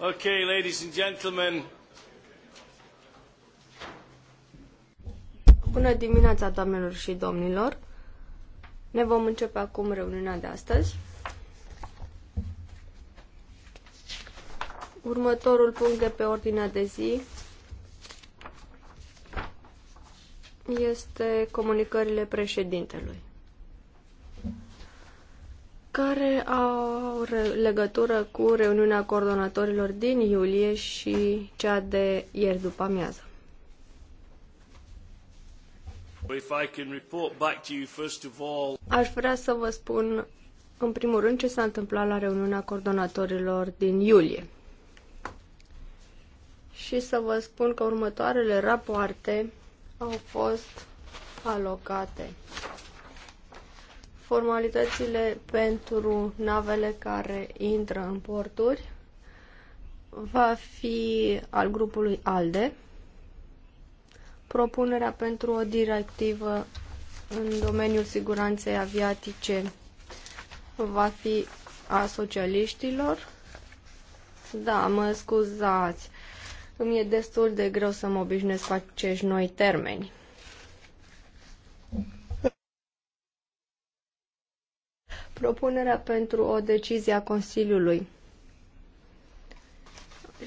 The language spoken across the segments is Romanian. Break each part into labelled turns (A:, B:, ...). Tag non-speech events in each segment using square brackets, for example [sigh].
A: Okay, ladies and gentlemen.
B: Bună dimineața, doamnelor și domnilor. Ne vom începe acum reuniunea de astăzi. Următorul punct de pe ordinea de zi este comunicările președintelui care au legătură cu reuniunea coordonatorilor din iulie și cea de ieri după amiază. Aș vrea să vă spun în primul rând ce s-a întâmplat la reuniunea coordonatorilor din iulie. Și să vă spun că următoarele rapoarte au fost alocate formalitățile pentru navele care intră în porturi va fi al grupului ALDE. Propunerea pentru o directivă în domeniul siguranței aviatice va fi a socialiștilor. Da, mă scuzați. Îmi e destul de greu să mă obișnuiesc cu acești noi termeni. propunerea pentru o decizie a Consiliului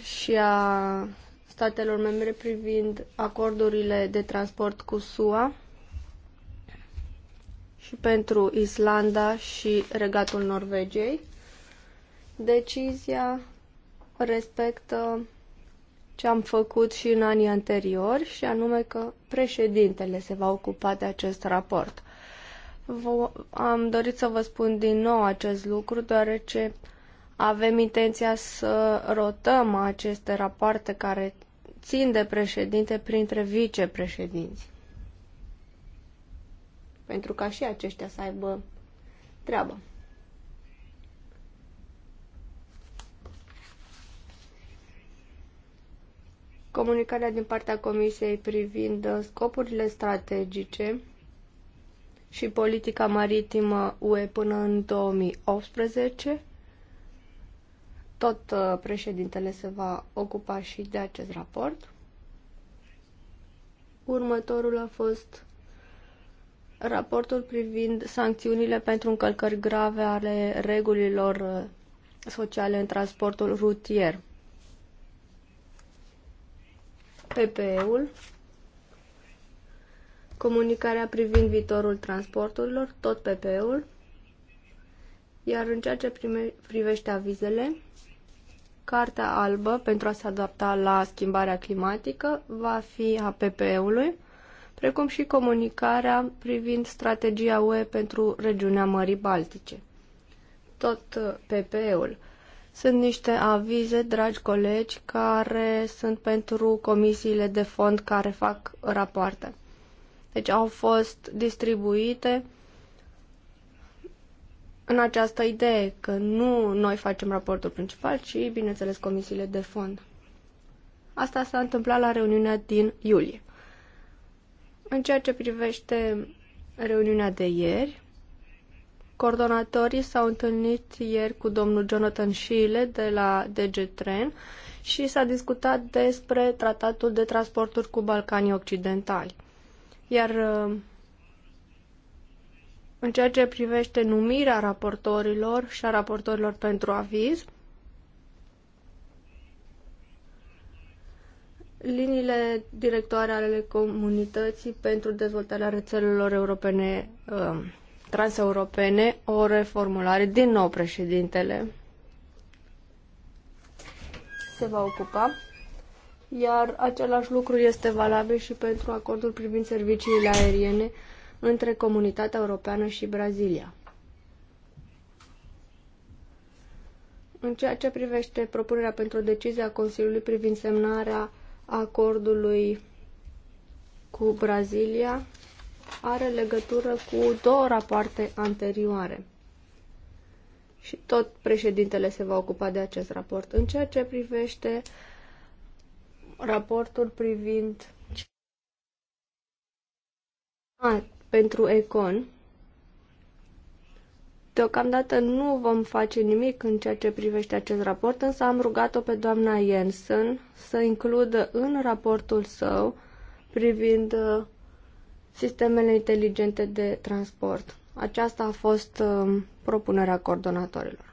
B: și a statelor membre privind acordurile de transport cu SUA și pentru Islanda și regatul Norvegiei. Decizia respectă ce am făcut și în anii anteriori și anume că președintele se va ocupa de acest raport am dorit să vă spun din nou acest lucru, deoarece avem intenția să rotăm aceste rapoarte care țin de președinte printre vicepreședinți. Pentru ca și aceștia să aibă treabă. Comunicarea din partea Comisiei privind scopurile strategice și politica maritimă UE până în 2018. Tot uh, președintele se va ocupa și de acest raport. Următorul a fost raportul privind sancțiunile pentru încălcări grave ale regulilor uh, sociale în transportul rutier. PPE-ul comunicarea privind viitorul transporturilor, tot PP-ul, iar în ceea ce prime, privește avizele, Cartea albă pentru a se adapta la schimbarea climatică va fi a pp ului precum și comunicarea privind strategia UE pentru regiunea Mării Baltice. Tot uh, PPE-ul. Sunt niște avize, dragi colegi, care sunt pentru comisiile de fond care fac rapoarte. Deci au fost distribuite în această idee că nu noi facem raportul principal, ci, bineînțeles, comisiile de fond. Asta s-a întâmplat la reuniunea din iulie. În ceea ce privește reuniunea de ieri, coordonatorii s-au întâlnit ieri cu domnul Jonathan Schiele de la DG Tren și s-a discutat despre tratatul de transporturi cu Balcanii Occidentali. Iar uh, în ceea ce privește numirea raportorilor și a raportorilor pentru aviz, liniile directoare ale comunității pentru dezvoltarea rețelelor europene uh, transeuropene, o reformulare, din nou președintele se va ocupa iar același lucru este valabil și pentru acordul privind serviciile aeriene între Comunitatea Europeană și Brazilia. În ceea ce privește propunerea pentru o decizie a Consiliului privind semnarea acordului cu Brazilia, are legătură cu două rapoarte anterioare. Și tot președintele se va ocupa de acest raport. În ceea ce privește uh, raportul privind A, pentru Econ. Deocamdată nu vom face nimic în ceea ce privește acest raport, însă am rugat-o pe doamna Jensen să includă în raportul său privind uh, sistemele inteligente de transport. Aceasta a fost uh, propunerea coordonatorilor.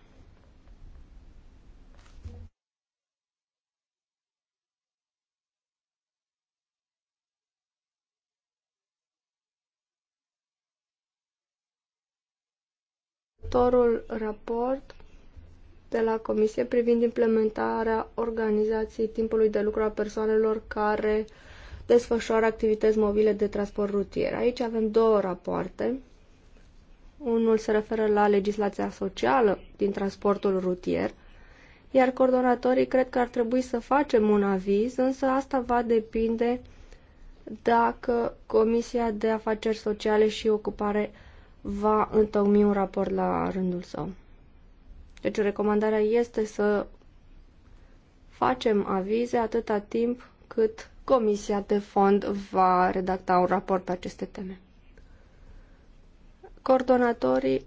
B: următorul raport de la Comisie privind implementarea organizației timpului de lucru a persoanelor care desfășoară activități mobile de transport rutier. Aici avem două rapoarte. Unul se referă la legislația socială din transportul rutier, iar coordonatorii cred că ar trebui să facem un aviz, însă asta va depinde dacă Comisia de Afaceri Sociale și Ocupare va întocmi un raport la rândul său. Deci recomandarea este să facem avize atâta timp cât Comisia de Fond va redacta un raport pe aceste teme. Coordonatorii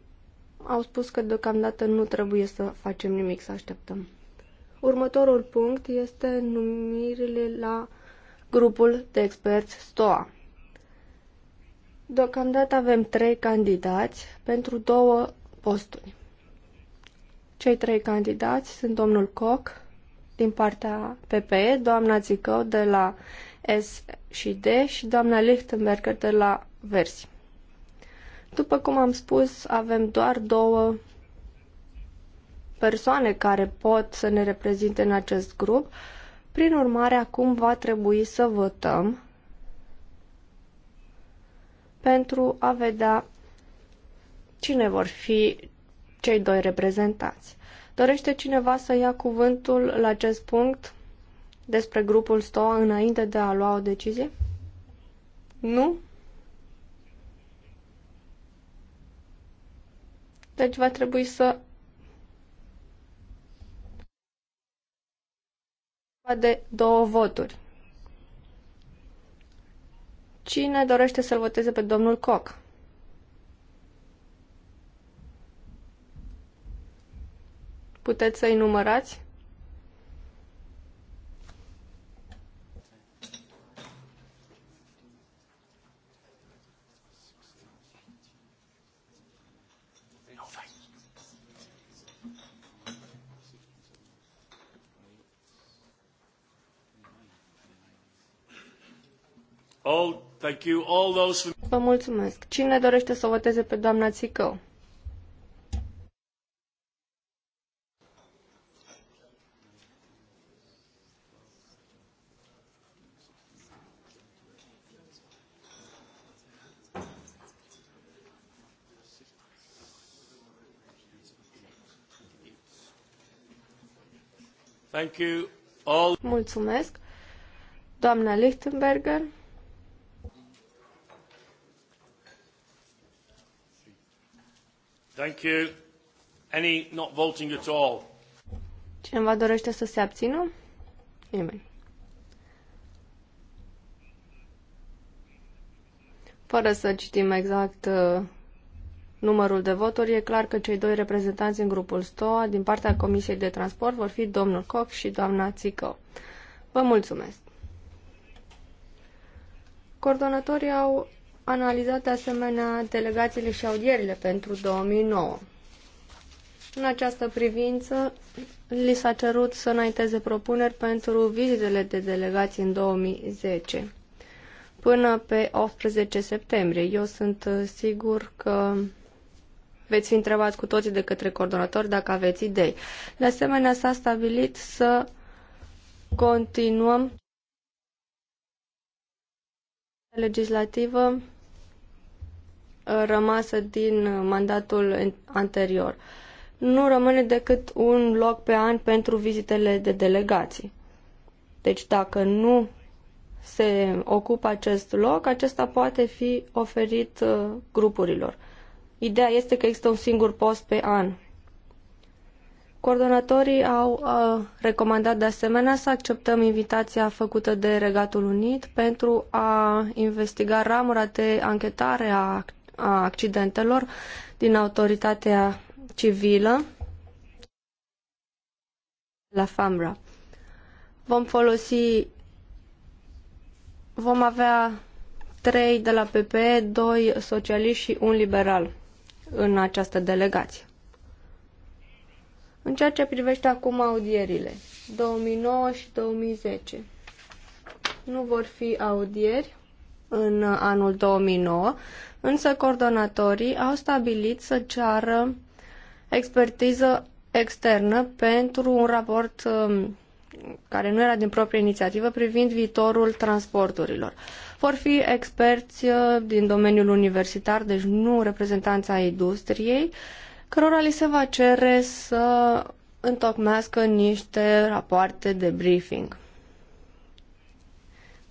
B: au spus că deocamdată nu trebuie să facem nimic, să așteptăm. Următorul punct este numirile la grupul de experți STOA. Deocamdată avem trei candidați pentru două posturi. Cei trei candidați sunt domnul Koch din partea PPE, doamna Zică de la S și D și doamna Lichtenberger de la Versi. După cum am spus, avem doar două persoane care pot să ne reprezinte în acest grup. Prin urmare, acum va trebui să votăm pentru a vedea cine vor fi cei doi reprezentanți. Dorește cineva să ia cuvântul la acest punct despre grupul STOA înainte de a lua o decizie? Nu? Deci va trebui să de două voturi. Cine dorește să-l voteze pe domnul Coc? Puteți să-i numărați?
A: All Thank you. All those...
B: Vă mulțumesc. Cine dorește să voteze pe doamna Țicău? Mulțumesc. Doamna Lichtenberger.
A: Any not voting at all?
B: Cineva dorește să se abțină? Nimeni. Fără să citim exact uh, numărul de voturi, e clar că cei doi reprezentanți în grupul STOA din partea Comisiei de Transport vor fi domnul Cox și doamna Țică. Vă mulțumesc! Coordonatorii au analizat de asemenea delegațiile și audierile pentru 2009. În această privință, li s-a cerut să înainteze propuneri pentru vizitele de delegații în 2010 până pe 18 septembrie. Eu sunt uh, sigur că veți fi întrebați cu toții de către coordonatori dacă aveți idei. De asemenea, s-a stabilit să continuăm legislativă uh, rămasă din mandatul anterior. Nu rămâne decât un loc pe an pentru vizitele de delegații. Deci dacă nu se ocupă acest loc, acesta poate fi oferit uh, grupurilor. Ideea este că există un singur post pe an Coordonatorii au uh, recomandat de asemenea să acceptăm invitația făcută de Regatul Unit pentru a investiga ramura de anchetare a, a accidentelor din autoritatea civilă la FAMRA. Vom folosi vom avea trei de la PPE, doi socialiști și un liberal în această delegație. În ceea ce privește acum audierile, 2009 și 2010, nu vor fi audieri în anul 2009, însă coordonatorii au stabilit să ceară expertiză externă pentru un raport um, care nu era din proprie inițiativă privind viitorul transporturilor. Vor fi experți uh, din domeniul universitar, deci nu reprezentanța industriei, cărora li se va cere să întocmească niște rapoarte de briefing.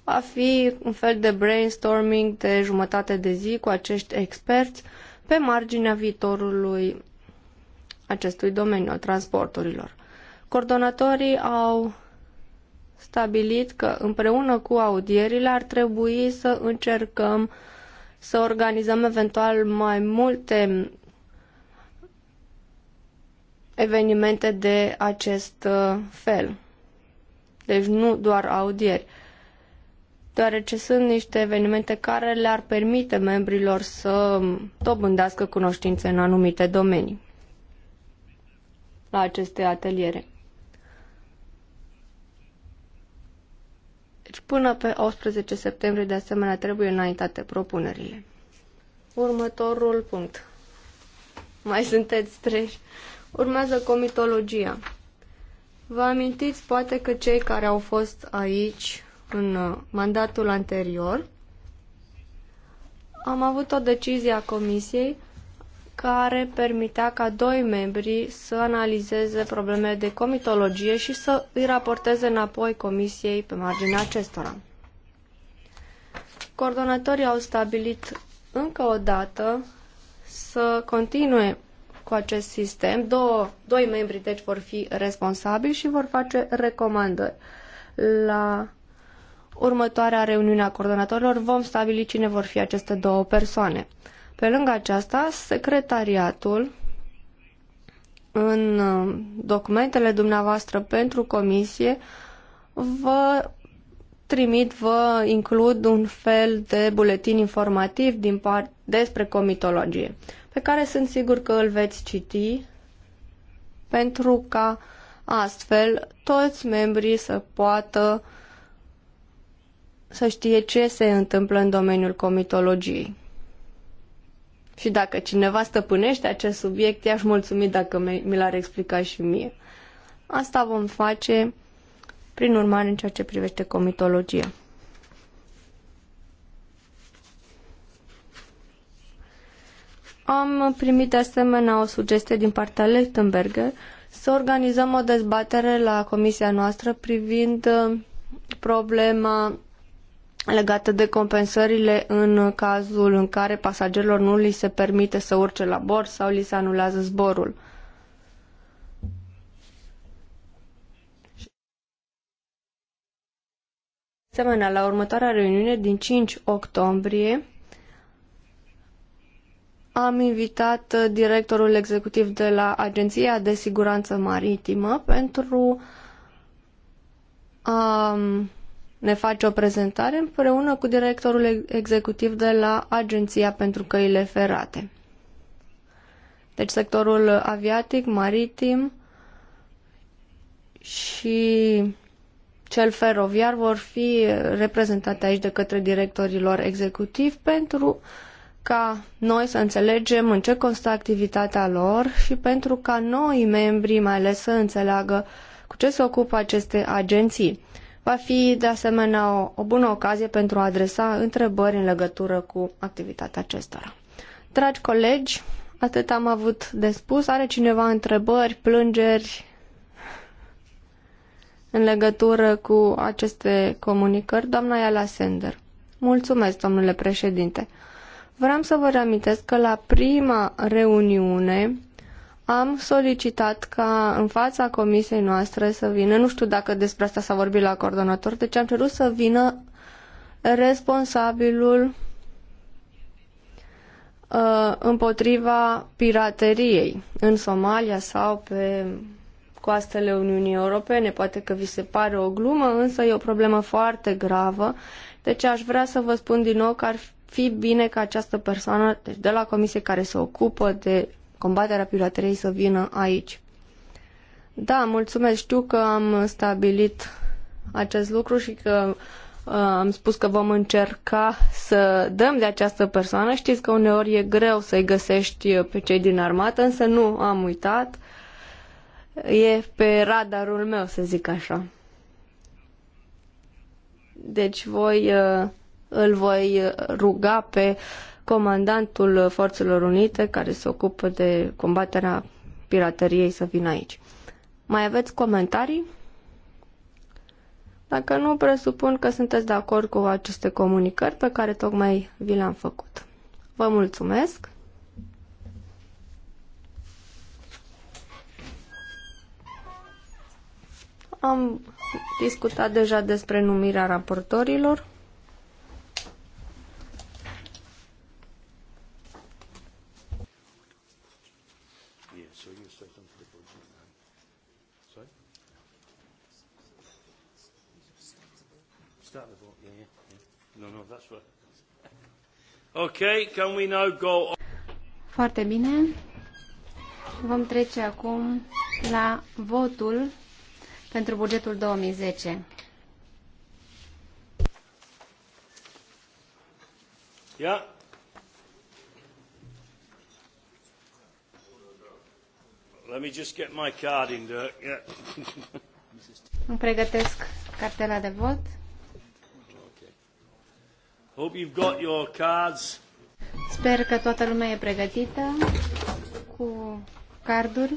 B: Va fi un fel de brainstorming de jumătate de zi cu acești experți pe marginea viitorului acestui domeniu al transporturilor. Coordonatorii au stabilit că împreună cu audierile ar trebui să încercăm să organizăm eventual mai multe evenimente de acest uh, fel. Deci nu doar audieri, deoarece sunt niște evenimente care le-ar permite membrilor să dobândească cunoștințe în anumite domenii la aceste ateliere. Deci până pe 18 septembrie, de asemenea, trebuie înaintate propunerile. Următorul punct. Mai sunteți treji. Urmează comitologia. Vă amintiți poate că cei care au fost aici în uh, mandatul anterior am avut o decizie a comisiei care permitea ca doi membri să analizeze probleme de comitologie și să îi raporteze înapoi comisiei pe marginea acestora. Coordonatorii au stabilit încă o dată să continue cu acest sistem. Două, doi membri, deci, vor fi responsabili și vor face recomandări. La următoarea reuniune a coordonatorilor vom stabili cine vor fi aceste două persoane. Pe lângă aceasta, secretariatul în uh, documentele dumneavoastră pentru comisie vă trimit, vă includ un fel de buletin informativ din part despre comitologie pe care sunt sigur că îl veți citi pentru ca astfel toți membrii să poată să știe ce se întâmplă în domeniul comitologiei. Și dacă cineva stăpânește acest subiect, i-aș mulțumi dacă mi l-ar explica și mie. Asta vom face, prin urmare, în ceea ce privește comitologia. Am primit de asemenea o sugestie din partea Lechtenberger să organizăm o dezbatere la comisia noastră privind uh, problema legată de compensările în cazul în care pasagerilor nu li se permite să urce la bord sau li se anulează zborul. De asemenea, la următoarea reuniune din 5 octombrie, am invitat uh, directorul executiv de la Agenția de Siguranță Maritimă pentru a um, ne face o prezentare împreună cu directorul executiv de la Agenția pentru Căile Ferate. Deci sectorul aviatic, maritim și cel feroviar vor fi reprezentate aici de către directorilor executivi pentru ca noi să înțelegem în ce constă activitatea lor și pentru ca noi membrii mai ales să înțeleagă cu ce se ocupă aceste agenții. Va fi de asemenea o, o bună ocazie pentru a adresa întrebări în legătură cu activitatea acestora. Dragi colegi, atât am avut de spus. Are cineva întrebări, plângeri în legătură cu aceste comunicări? Doamna Iala Sender. Mulțumesc, domnule președinte. Vreau să vă reamintesc că la prima reuniune am solicitat ca în fața comisiei noastre să vină, nu știu dacă despre asta s-a vorbit la coordonator, deci am cerut să vină responsabilul uh, împotriva pirateriei în Somalia sau pe coastele Uniunii Europene. Poate că vi se pare o glumă, însă e o problemă foarte gravă. Deci aș vrea să vă spun din nou că ar fi bine ca această persoană, deci de la comisie care se ocupă de combaterea pirateriei, să vină aici. Da, mulțumesc. Știu că am stabilit acest lucru și că uh, am spus că vom încerca să dăm de această persoană. Știți că uneori e greu să-i găsești pe cei din armată, însă nu am uitat. E pe radarul meu, să zic așa. Deci voi uh, îl voi ruga pe comandantul Forțelor Unite care se ocupă de combaterea pirateriei să vină aici. Mai aveți comentarii? Dacă nu, presupun că sunteți de acord cu aceste comunicări pe care tocmai vi le-am făcut. Vă mulțumesc! Am discutat deja despre numirea raportorilor.
A: Okay, can we now go...
C: Foarte bine. Vom trece acum la votul pentru bugetul 2010.
A: Yeah. Let me just get my card in there. Yeah. [laughs]
C: Îmi pregătesc cartela de vot.
A: Hope you've got your cards.
C: Sper că toată lumea e pregătită cu carduri.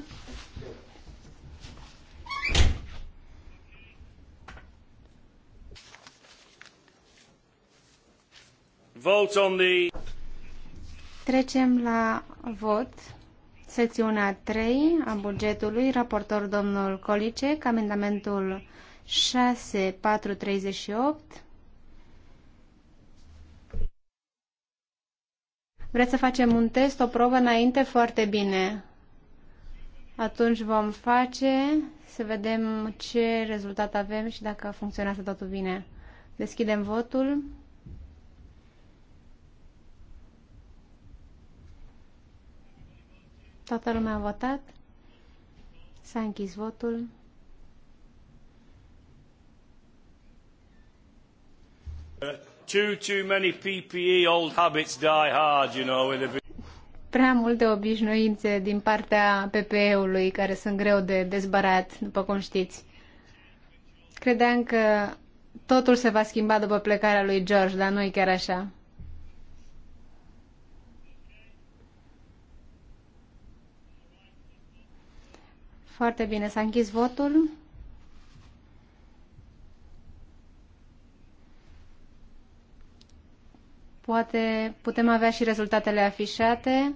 A: Vote on the...
C: Trecem la vot. Secțiunea 3 a bugetului, raportor domnul Colicec, amendamentul 6438. Vreți să facem un test, o probă înainte? Foarte bine. Atunci vom face să vedem ce rezultat avem și dacă funcționează totul bine. Deschidem votul. Toată lumea a votat. S-a închis votul.
A: Uh. Too, too many PPE old habits die hard, you know, with
C: Prea multe obișnuințe din partea PPE-ului care sunt greu de dezbarat, după cum știți. Credeam că totul se va schimba după plecarea lui George, dar nu e chiar așa. Foarte bine, s-a închis votul. poate putem avea și rezultatele afișate,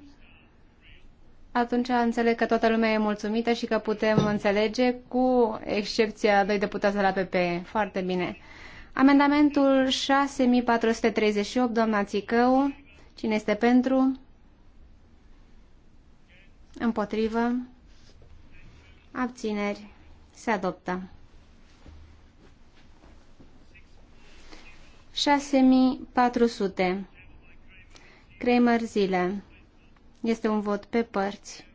C: atunci înțeleg că toată lumea e mulțumită și că putem înțelege, cu excepția doi deputați de la PP, Foarte bine. Amendamentul 6438, doamna Țicău. Cine este pentru? Împotrivă? Abțineri? Se adoptă. 6400. Kramer zile. Este un vot pe părți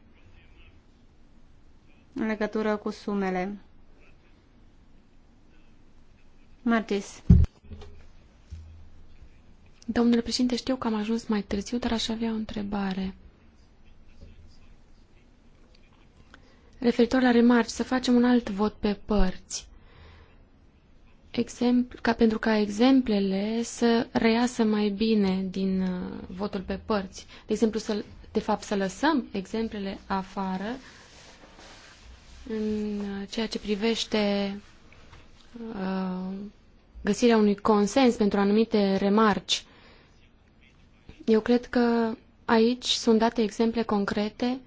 C: în legătură cu sumele.
D: Martis. Domnule președinte, știu că am ajuns mai târziu, dar aș avea o întrebare. Referitor la remarci, să facem un alt vot pe părți ca pentru ca exemplele să reiasă mai bine din uh, votul pe părți. De exemplu, să, de fapt să lăsăm exemplele afară în uh, ceea ce privește uh, găsirea unui consens pentru anumite remarci. Eu cred că aici sunt date exemple concrete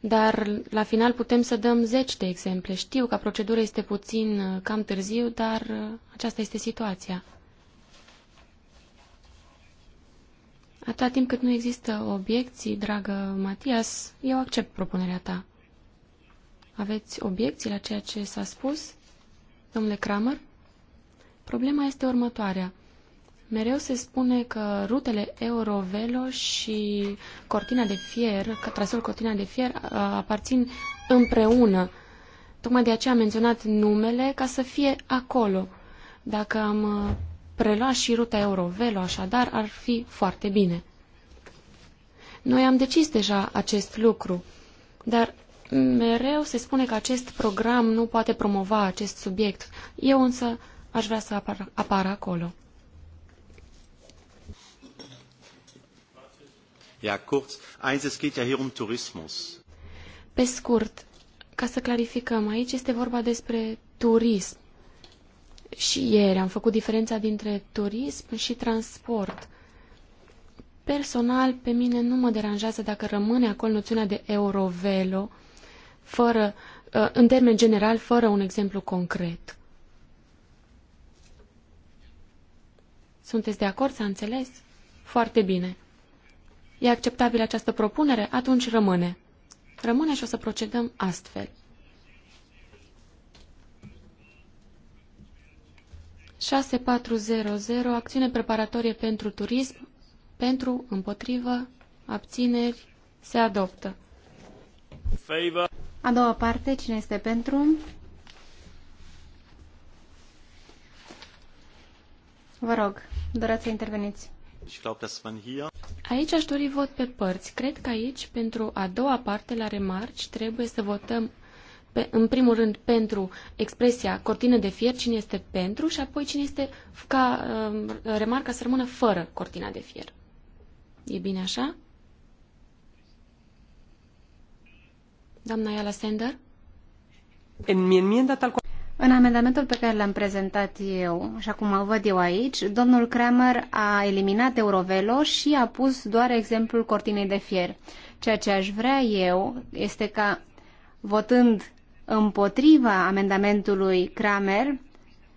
D: dar la final putem să dăm zeci de exemple. Știu că procedura este puțin uh, cam târziu, dar uh, aceasta este situația. Atâta timp cât nu există obiecții, dragă Matias, eu accept propunerea ta. Aveți obiecții la ceea ce s-a spus, domnule Kramer? Problema este următoarea. Mereu se spune că rutele Eurovelo și Cortina de Fier, traseul Cortina de Fier, aparțin împreună. Tocmai de aceea am menționat numele ca să fie acolo. Dacă am uh, preluat și ruta Eurovelo, așadar, ar fi foarte bine. Noi am decis deja acest lucru, dar mereu se spune că acest program nu poate promova acest subiect. Eu însă aș vrea să apar, apar acolo.
B: Um
D: pe scurt, ca să clarificăm, aici este vorba despre turism. Și ieri am făcut diferența dintre turism și transport. Personal, pe mine nu mă deranjează dacă rămâne acolo noțiunea de eurovelo, fără, uh, în termen general, fără un exemplu concret. Sunteți de acord? S-a înțeles? Foarte bine e acceptabilă această propunere, atunci rămâne. Rămâne și o să procedăm astfel. 6400 acțiune preparatorie pentru turism, pentru, împotrivă, abțineri, se adoptă. Favor. A doua parte, cine este pentru? Vă rog, doreți să interveniți. Aici aș dori vot pe părți. Cred că aici, pentru a doua parte la remarci, trebuie să votăm pe, în primul rând pentru expresia cortină de fier, cine este pentru și apoi cine este ca um, remarca să rămână fără cortina de fier. E bine așa? Doamna Iala Sender? În mi tal cual...
C: În amendamentul pe care l-am prezentat eu, așa cum mă văd eu aici, domnul Kramer a eliminat Eurovelo și a pus doar exemplul cortinei de fier. Ceea ce aș vrea eu este ca, votând împotriva amendamentului Kramer,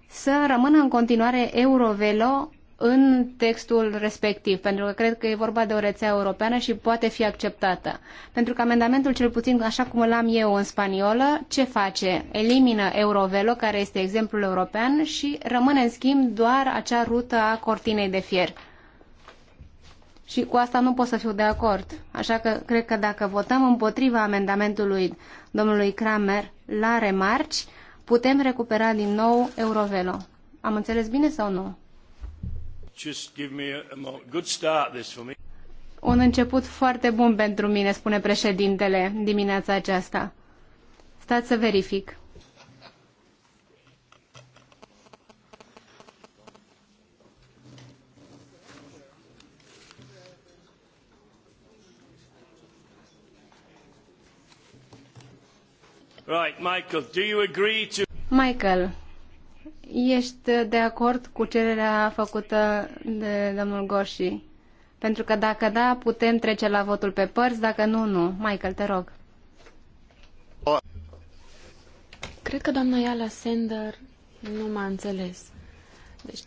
C: să rămână în continuare Eurovelo în textul respectiv, pentru că cred că e vorba de o rețea europeană și poate fi acceptată. Pentru că amendamentul, cel puțin așa cum îl am eu în spaniolă, ce face? Elimină Eurovelo, care este exemplul european, și rămâne în schimb doar acea rută a cortinei de fier. Și cu asta nu pot să fiu de acord. Așa că cred că dacă votăm împotriva amendamentului domnului Kramer la remarci, putem recupera din nou Eurovelo. Am înțeles bine sau nu? Un început foarte bun pentru mine, spune președintele dimineața aceasta. Stați să verific.
A: Right, Michael, do you agree to...
C: Michael, ești de acord cu cererea făcută de domnul Goshi? Pentru că dacă da, putem trece la votul pe părți, dacă
D: nu, nu. Michael, te rog. Cred că doamna Iala Sender nu m-a înțeles. Deci,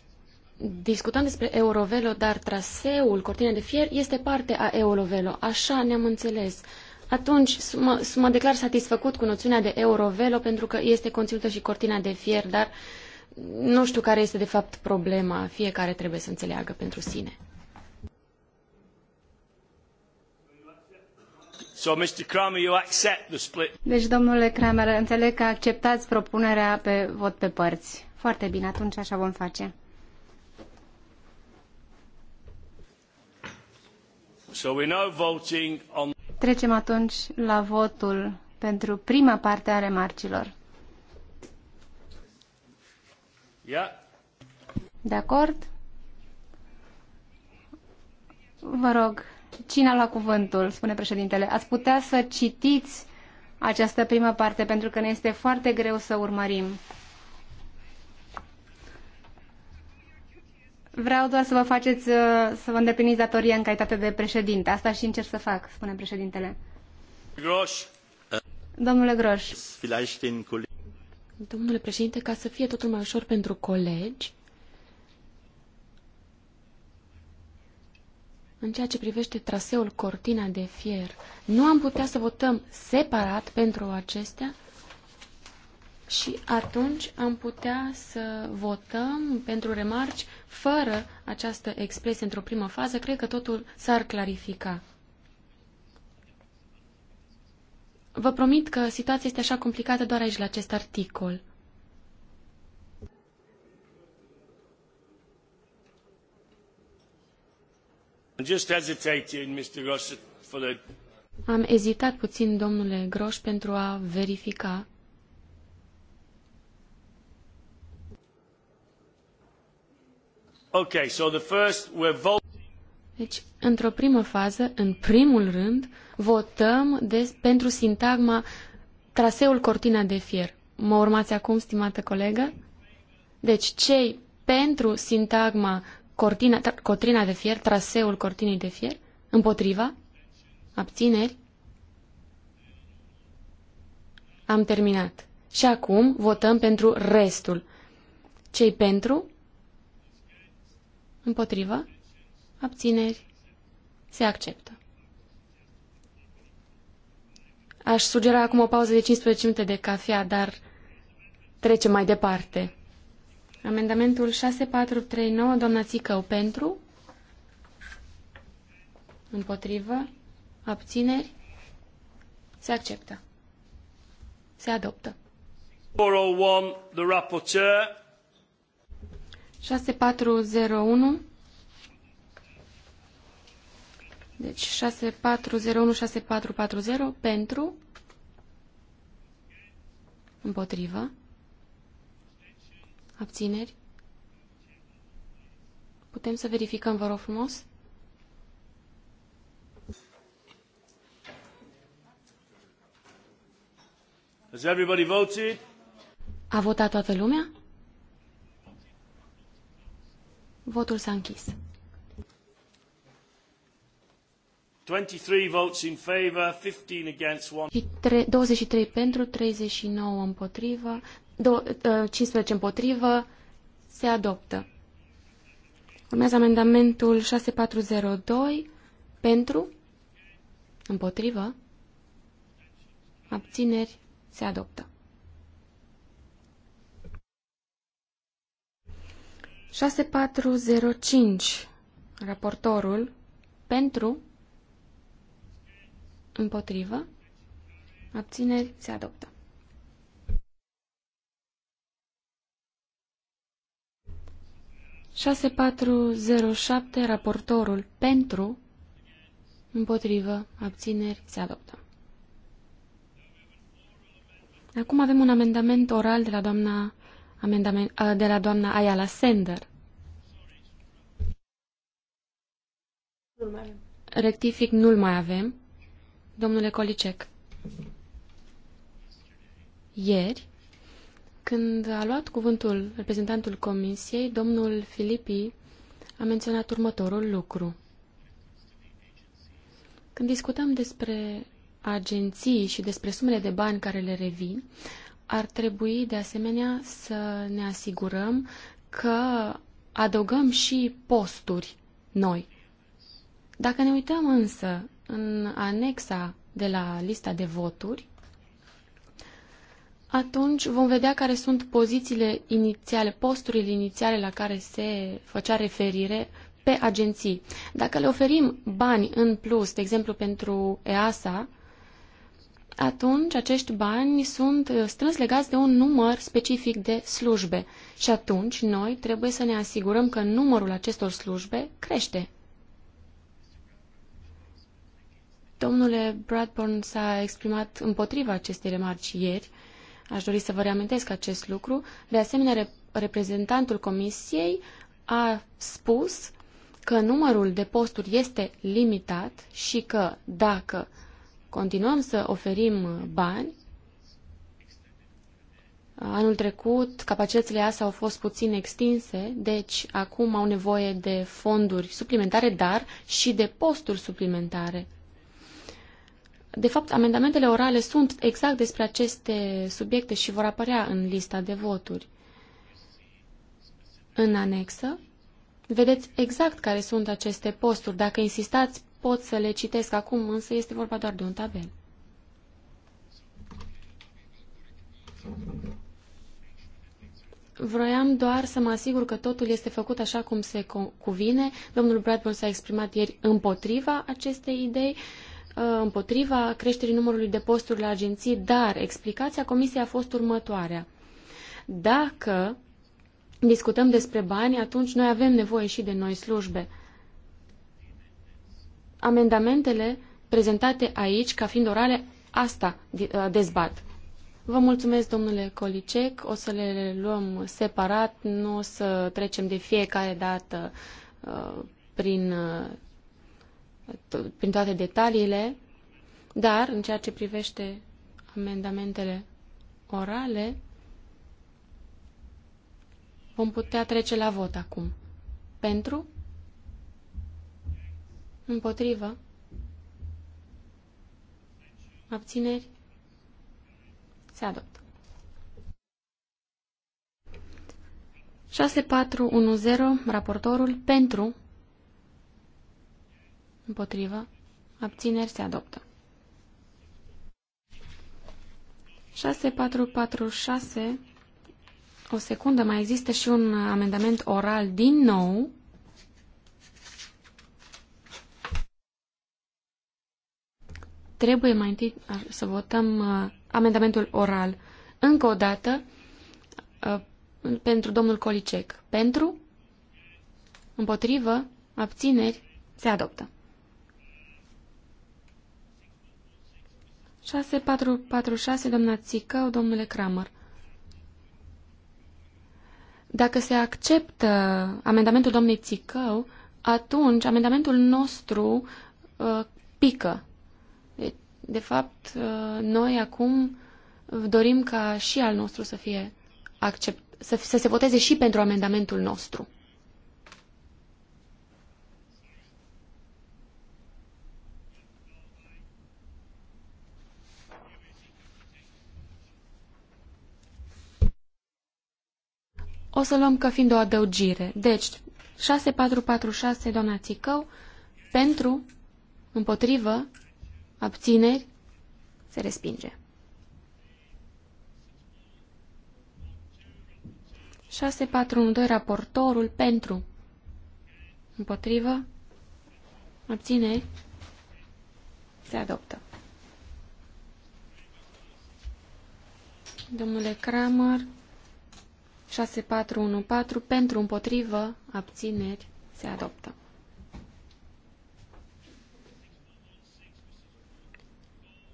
D: discutăm despre Eurovelo, dar traseul Cortina de Fier este parte a Eurovelo. Așa ne-am înțeles. Atunci mă, mă declar satisfăcut cu noțiunea de Eurovelo pentru că este conținută și Cortina de Fier, dar uh, nu știu care este de fapt problema, fiecare trebuie să înțeleagă pentru sine.
A: So, Mr. you accept the split.
C: Deci, domnule Kramer, înțeleg că acceptați propunerea pe vot pe părți. Foarte bine, atunci așa vom face.
A: So we're now voting on...
C: Trecem atunci la votul pentru prima parte a remarcilor. De acord? Vă rog, cine a luat cuvântul, spune președintele. Ați putea să citiți această primă parte, pentru că ne este foarte greu să urmărim. Vreau doar să vă faceți, uh, să vă îndepliniți datoria în calitate de președinte. Asta și încerc să fac, spune președintele.
A: Groș.
D: Domnule Groș. Domnule președinte, ca să fie totul mai ușor pentru colegi, în ceea ce privește traseul Cortina de Fier, nu am putea să votăm separat pentru acestea și atunci am putea să votăm pentru remarci fără această expresie într-o primă fază. Cred că totul s-ar clarifica. Vă promit că situația este așa complicată doar aici la acest articol. Am ezitat puțin, domnule Groș, pentru a verifica. deci, într-o primă fază, în primul rând, votăm pentru sintagma traseul cortina de fier. Mă urmați acum, stimată colegă? Deci cei pentru sintagma cortina, tra, cortina de fier, traseul cortinei de fier, împotriva, abțineri, am terminat. Și acum votăm pentru restul. Cei pentru? Împotriva? Abțineri? Se acceptă. Aș sugera acum o pauză de 15 minute de cafea, dar trecem mai departe. Amendamentul 6439, doamna Țicău, pentru? Împotrivă? Abțineri? Se acceptă. Se adoptă.
A: 401,
D: 6401, deci 6401, 6440 pentru, împotrivă, abțineri. Putem să verificăm, vă rog frumos?
A: Has everybody voted?
D: A votat toată lumea? Votul s-a
A: închis. 23 votes in favor, 15 against, 1.
D: 23 pentru, 39 împotrivă, 15 ă, împotrivă, se adoptă. Urmează amendamentul 6402 pentru, împotrivă, abțineri, se adoptă. 6405, raportorul, pentru, Împotrivă. Abțineri. Se adoptă. șase patru zero șapte raportorul pentru împotrivă abțineri se adoptă. Acum avem un amendament oral de la doamna, amendament, de la doamna Ayala Sender. Rectific, nu-l mai avem. Domnule Colicec, ieri, când a luat cuvântul reprezentantul Comisiei, domnul Filipi a menționat următorul lucru. Când discutăm despre agenții și despre sumele de bani care le revin, ar trebui de asemenea să ne asigurăm că adăugăm și posturi noi. Dacă ne uităm însă în anexa de la lista de voturi, atunci vom vedea care sunt pozițiile inițiale, posturile inițiale la care se făcea referire pe agenții. Dacă le oferim bani în plus, de exemplu pentru EASA, atunci acești bani sunt uh, strâns legați de un număr specific de slujbe și atunci noi trebuie să ne asigurăm că numărul acestor slujbe crește. Domnule Bradburn s-a exprimat împotriva acestei remarci ieri. Aș dori să vă reamintesc acest lucru. De asemenea, reprezentantul Comisiei a spus că numărul de posturi este limitat și că dacă continuăm să oferim bani, Anul trecut, capacitățile ASA au fost puțin extinse, deci acum au nevoie de fonduri suplimentare, dar și de posturi suplimentare. De fapt, amendamentele orale sunt exact despre aceste subiecte și vor apărea în lista de voturi. În anexă, vedeți exact care sunt aceste posturi. Dacă insistați, pot să le citesc acum, însă este vorba doar de un tabel. Vroiam doar să mă asigur că totul este făcut așa cum se cuvine. Domnul Bradburn s-a exprimat ieri împotriva acestei idei. Uh, Uh, împotriva creșterii numărului de posturi la agenții, dar explicația comisiei a fost următoarea. Dacă discutăm despre bani, atunci noi avem nevoie și de noi slujbe. Amendamentele prezentate aici, ca fiind orale, asta uh, dezbat. Vă mulțumesc, domnule Colicec. O să le luăm separat, nu o să trecem de fiecare dată uh, prin uh, prin toate detaliile, dar în ceea ce privește amendamentele orale, vom putea trece la vot acum. Pentru? Împotrivă? Abțineri? Se adoptă. 6410, raportorul, pentru, Împotrivă. Abțineri se adoptă. 6446. O secundă, mai există și un amendament oral din nou. Trebuie mai întâi să votăm amendamentul oral. Încă o dată, pentru domnul Colicec. Pentru? Împotrivă? Abțineri? Se adoptă. 6446, doamna Țicău, domnule Kramer. Dacă se acceptă amendamentul domnului Țicău, atunci amendamentul nostru uh, pică. De, de fapt, uh, noi acum dorim ca și al nostru să fie accept, să, să se voteze și pentru amendamentul nostru. o să luăm ca fiind o adăugire. Deci, 6446, doamna Țicău, pentru, împotrivă, abțineri, se respinge. 6412 raportorul, pentru, împotrivă, abțineri, se adoptă. Domnule Kramer, 6414 pentru împotrivă, abțineri, se adoptă.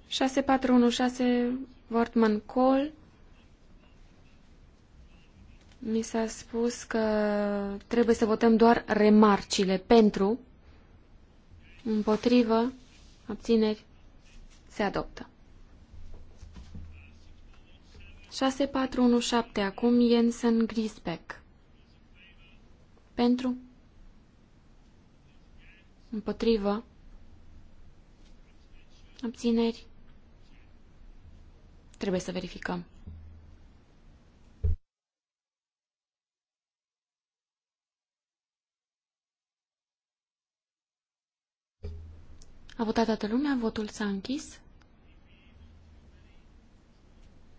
D: Șase patru unu șase Wortman Call. Mi s-a spus că trebuie să votăm doar remarcile pentru, împotrivă, abțineri, se adoptă. 6417 acum, Jensen Grisbeck. Pentru? Împotrivă? Abțineri? Trebuie să verificăm. A votat toată lumea, votul s-a închis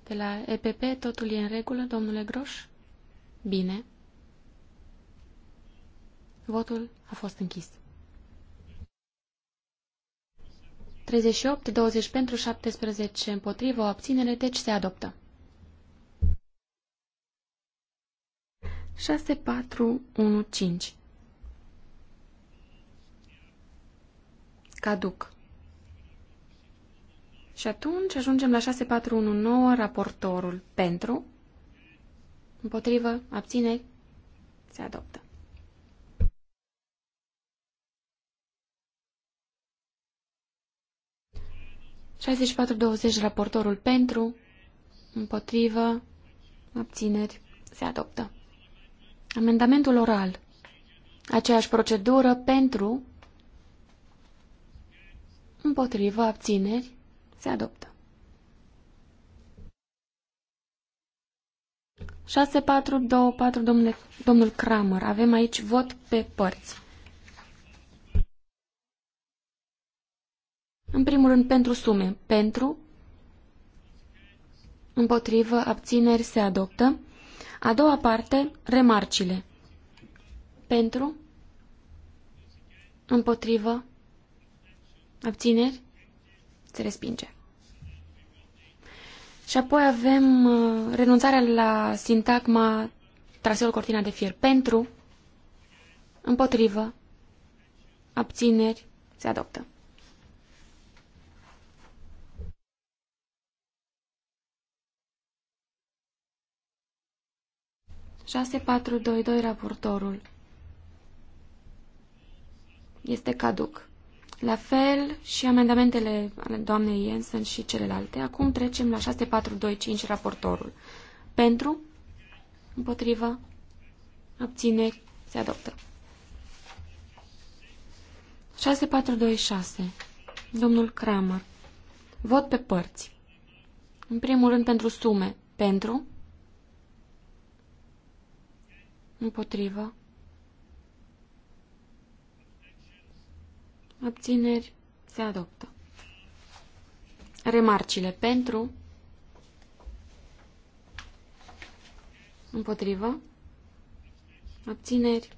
D: de la EPP totul e în regulă, domnule Groș? Bine. Votul a fost închis. 38, 20 pentru, 17 împotrivă, o abținere, deci se adoptă. 6, 4, 1, 5. Caduc. Și atunci ajungem la 6419, raportorul pentru, împotrivă, abține, se adoptă. Șaizeci raportorul pentru, împotrivă, abțineri, se adoptă. Amendamentul oral. Aceeași procedură pentru, împotrivă, abțineri, se adoptă. 6424, domnule, domnul Kramer. Avem aici vot pe părți. În primul rând, pentru sume. Pentru, împotrivă, abțineri, se adoptă. A doua parte, remarcile. Pentru, împotrivă, abțineri, se respinge. Și apoi avem uh, renunțarea la sintagma traseul cortina de fier pentru, împotrivă, abțineri, se adoptă. șase patru doi doi raportorul este caduc. La fel și amendamentele ale doamnei Jensen și celelalte. Acum trecem la 6425 raportorul. Pentru, împotrivă, Abține? se adoptă. 6426. Domnul Kramer. Vot pe părți. În primul rând pentru sume. Pentru. Împotrivă. abțineri, se adoptă. Remarcile pentru, împotrivă, abțineri,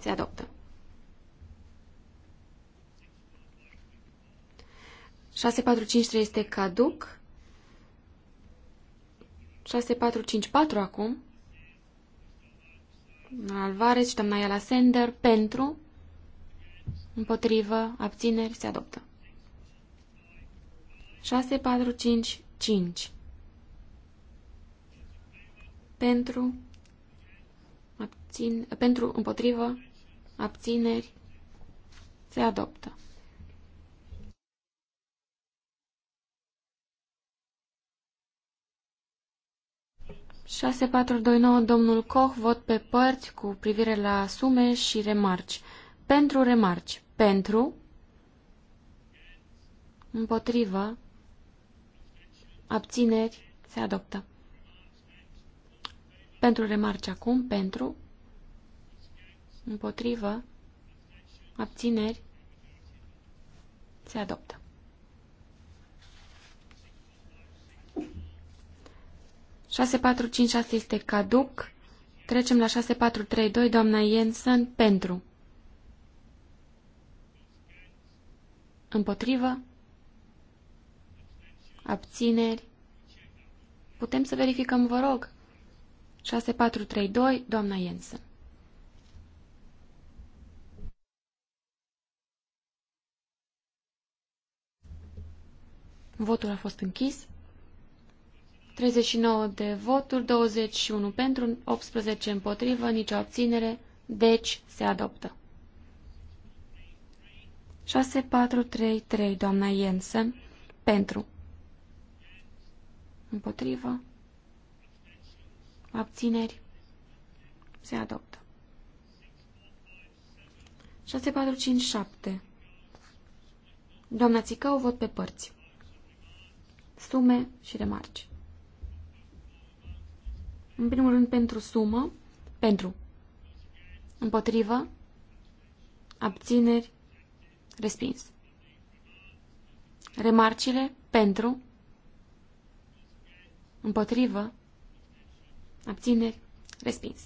D: se adoptă. 6453 este caduc. 6454 acum. Alvarez și la Sender pentru Împotrivă. Abțineri. Se adoptă. 6, 4, 5, 5. Pentru. Abțin, pentru. Împotrivă. Abțineri. Se adoptă. șase patru doi nouă domnul Koch, vot pe părți cu privire la sume și remarci. Pentru remarci. Pentru. Împotrivă. Abțineri. Se adoptă. Pentru remarci acum. Pentru. Împotrivă. Abțineri. Se adoptă. Șase, patru, cinci, este caduc. Trecem la 6432, doamna Jensen, pentru. Împotrivă? Abțineri? Putem să verificăm, vă rog? 6432, doamna Jensen. Votul a fost închis. 39 de voturi, 21 pentru, 18 împotrivă, nicio abținere, deci se adoptă. 6433, doamna Jensen, pentru. Împotrivă. Abțineri. Se adoptă. 6457. Doamna Țicău, vot pe părți. Sume și remarci. În primul rând pentru sumă, pentru. Împotrivă. Abțineri. Respins. Remarcile pentru, împotrivă, abțineri, respins.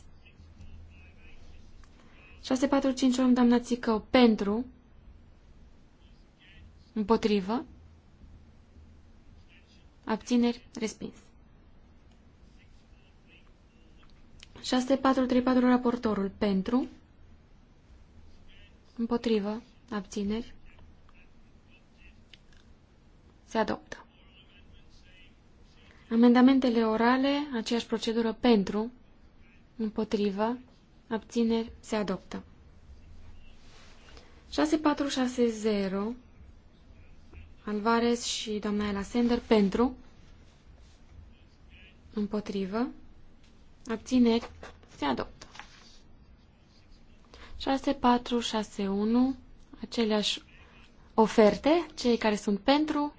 D: 6451, doamna Țicău, pentru, împotrivă, abțineri, respins. 6434, raportorul, pentru, împotrivă, Abțineri. Se adoptă. Amendamentele orale, aceeași procedură pentru, împotrivă, abțineri, se adoptă. 6460 Alvarez și doamna Ela Sender pentru, împotrivă, abțineri, se adoptă. 6461 aceleași oferte, cei care sunt pentru,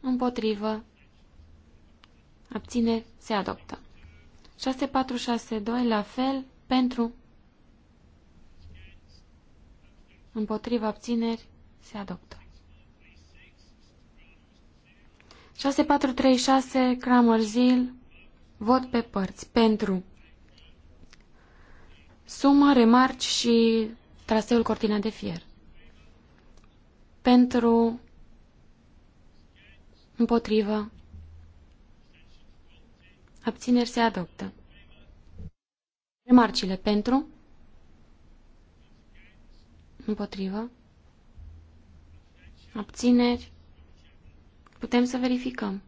D: împotrivă, abține, se adoptă. 6462 la fel, pentru, împotrivă, abțineri, se adoptă. 6436 Kramer Zil, vot pe părți, pentru, sumă, remarci și traseul cortina de fier pentru, împotrivă, abțineri se adoptă. Remarcile pentru, împotrivă, abțineri, putem să verificăm.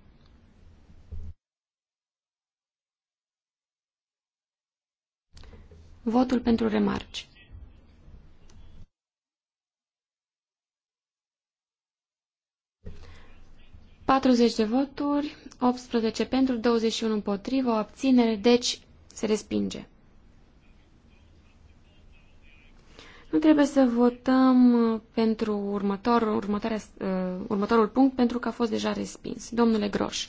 D: Votul pentru remarci. 40 de voturi, 18 pentru, 21 împotrivă, o abținere, deci se respinge. Nu trebuie să votăm pentru următor, următoarea, uh, următorul punct pentru că a fost deja respins. Domnule Groș.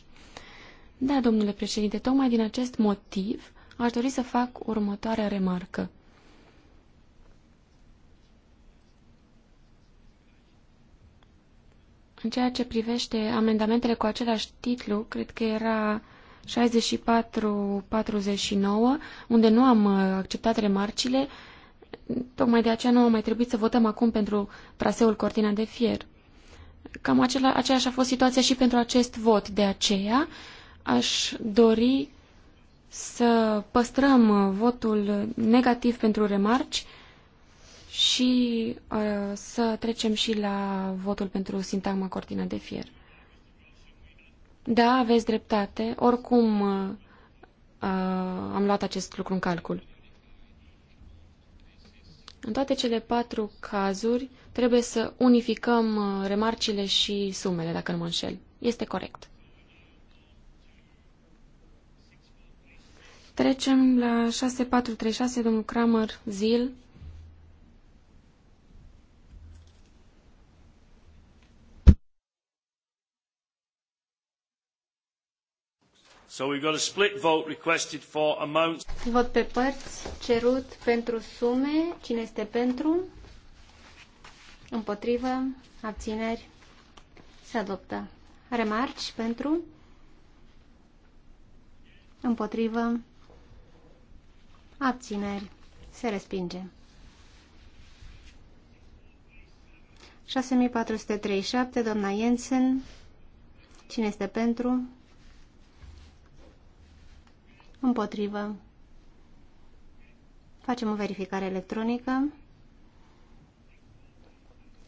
D: Da, domnule președinte, tocmai din acest motiv aș dori să fac următoarea remarcă. În ceea ce privește amendamentele cu același titlu, cred că era 64-49, unde nu am uh, acceptat remarcile, tocmai de aceea nu am mai trebuit să votăm acum pentru traseul Cortina de Fier. Cam acela, aceeași a fost situația și pentru acest vot. De aceea aș dori să păstrăm uh, votul negativ pentru remarci, și uh, să trecem și la votul pentru sintagma cortina de fier. Da, aveți dreptate. Oricum uh, uh am luat acest lucru în calcul. În toate cele patru cazuri trebuie să unificăm uh, remarcile și sumele, dacă nu mă înșel. Este corect. Trecem la 6436, domnul Kramer, Zil.
A: So we've got a split vote requested for amounts.
C: Vot pe părți cerut pentru sume. Cine este pentru? Împotrivă? Abțineri? Se adoptă. Remarci pentru? Împotrivă? Abțineri? Se respinge. 6437, doamna Jensen. Cine este pentru? Împotrivă. Facem o verificare electronică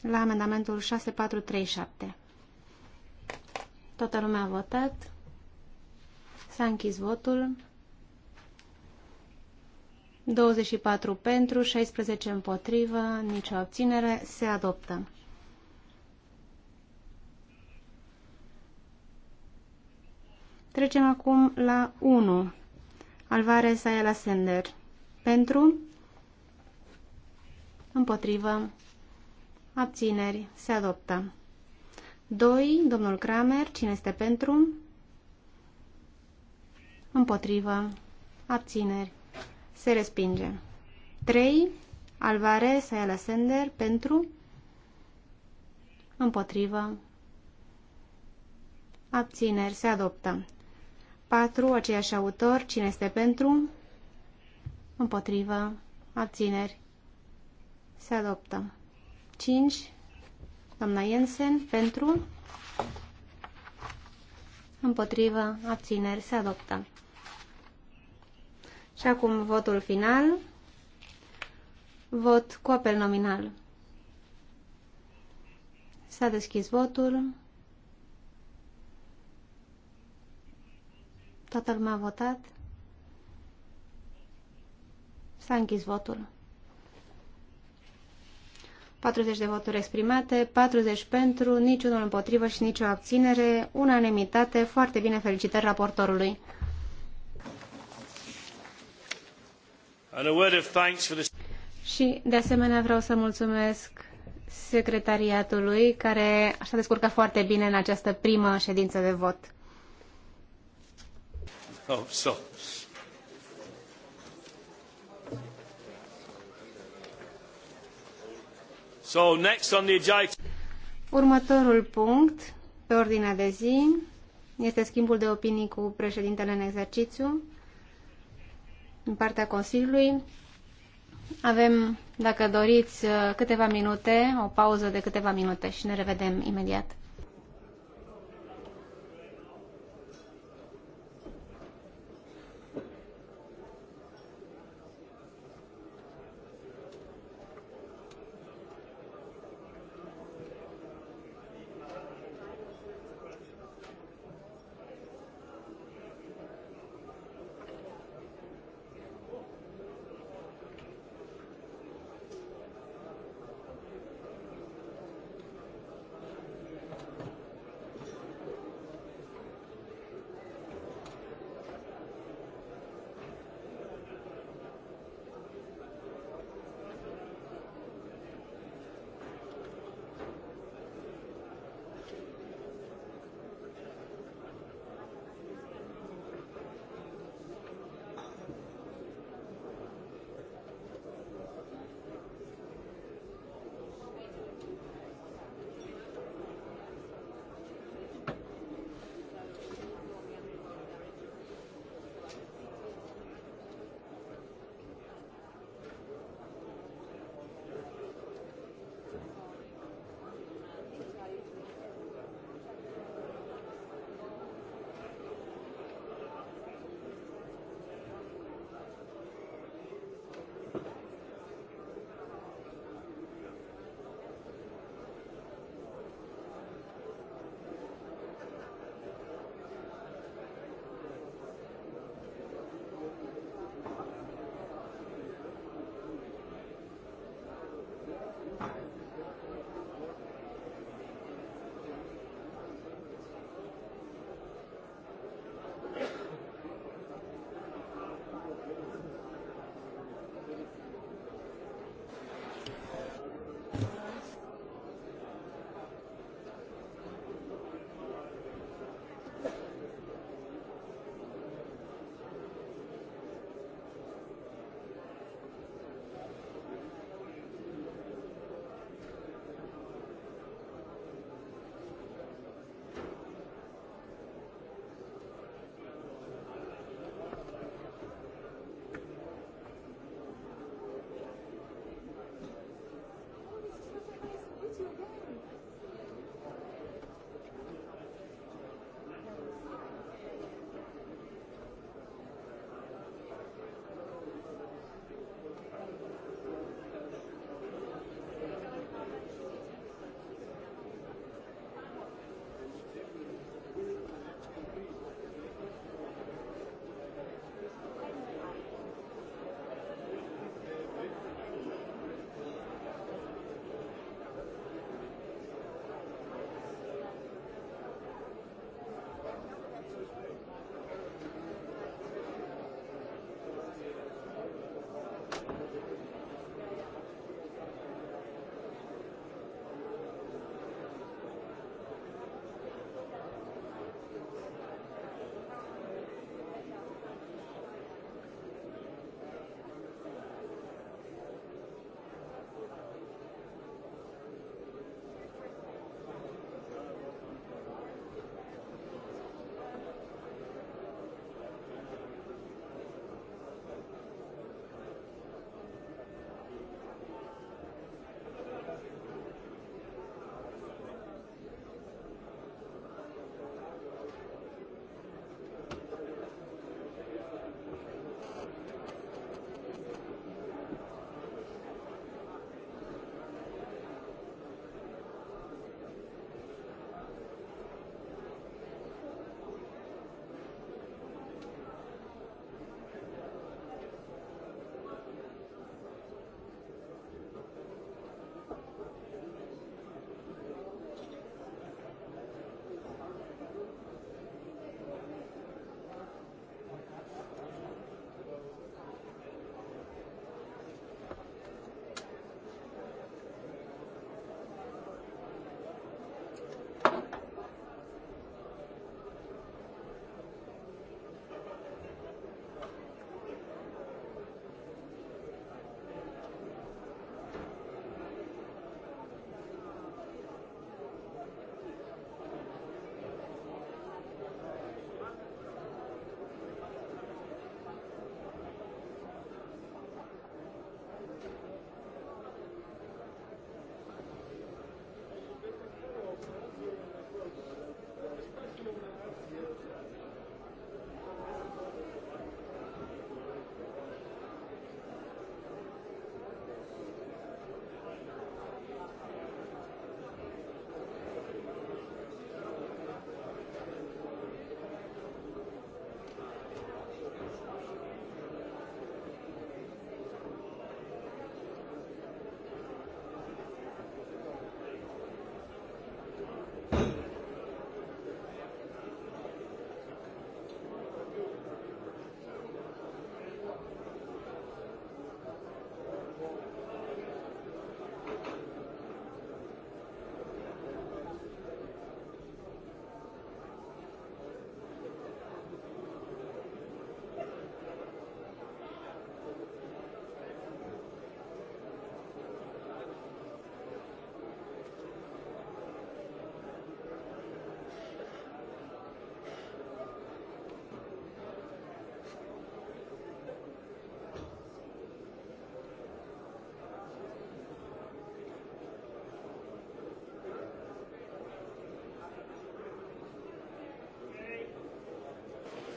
C: la amendamentul 6437. Toată lumea a votat. S-a închis votul. 24 pentru, 16 împotrivă, nicio abținere, se adoptă. Trecem acum la 1. Alvarez Ayala Sender. Pentru, împotrivă, abțineri, se adoptă. 2. Domnul Kramer, cine este pentru? Împotrivă, abțineri, se respinge. 3. Alvarez Ayala Sender, pentru, împotrivă, abțineri, se adoptă. 4, aceiași autor, cine este pentru, împotrivă, abțineri, se adoptă. 5, doamna Jensen, pentru, împotrivă, abțineri, se adoptă. Și acum votul final, vot cu apel nominal. S-a deschis votul. Toată lumea a votat? S-a închis votul. 40 de voturi exprimate, 40 pentru, niciunul împotrivă și nicio abținere, unanimitate, foarte bine felicitări raportorului. Și, de asemenea, vreau să mulțumesc secretariatului, care s-a descurcat foarte bine în această primă ședință de vot
A: hope so. So next on the agenda.
C: Următorul punct pe ordinea de zi este schimbul de opinii cu președintele în exercițiu din partea Consiliului. Avem, dacă doriți, câteva minute, o pauză de câteva minute și ne revedem imediat.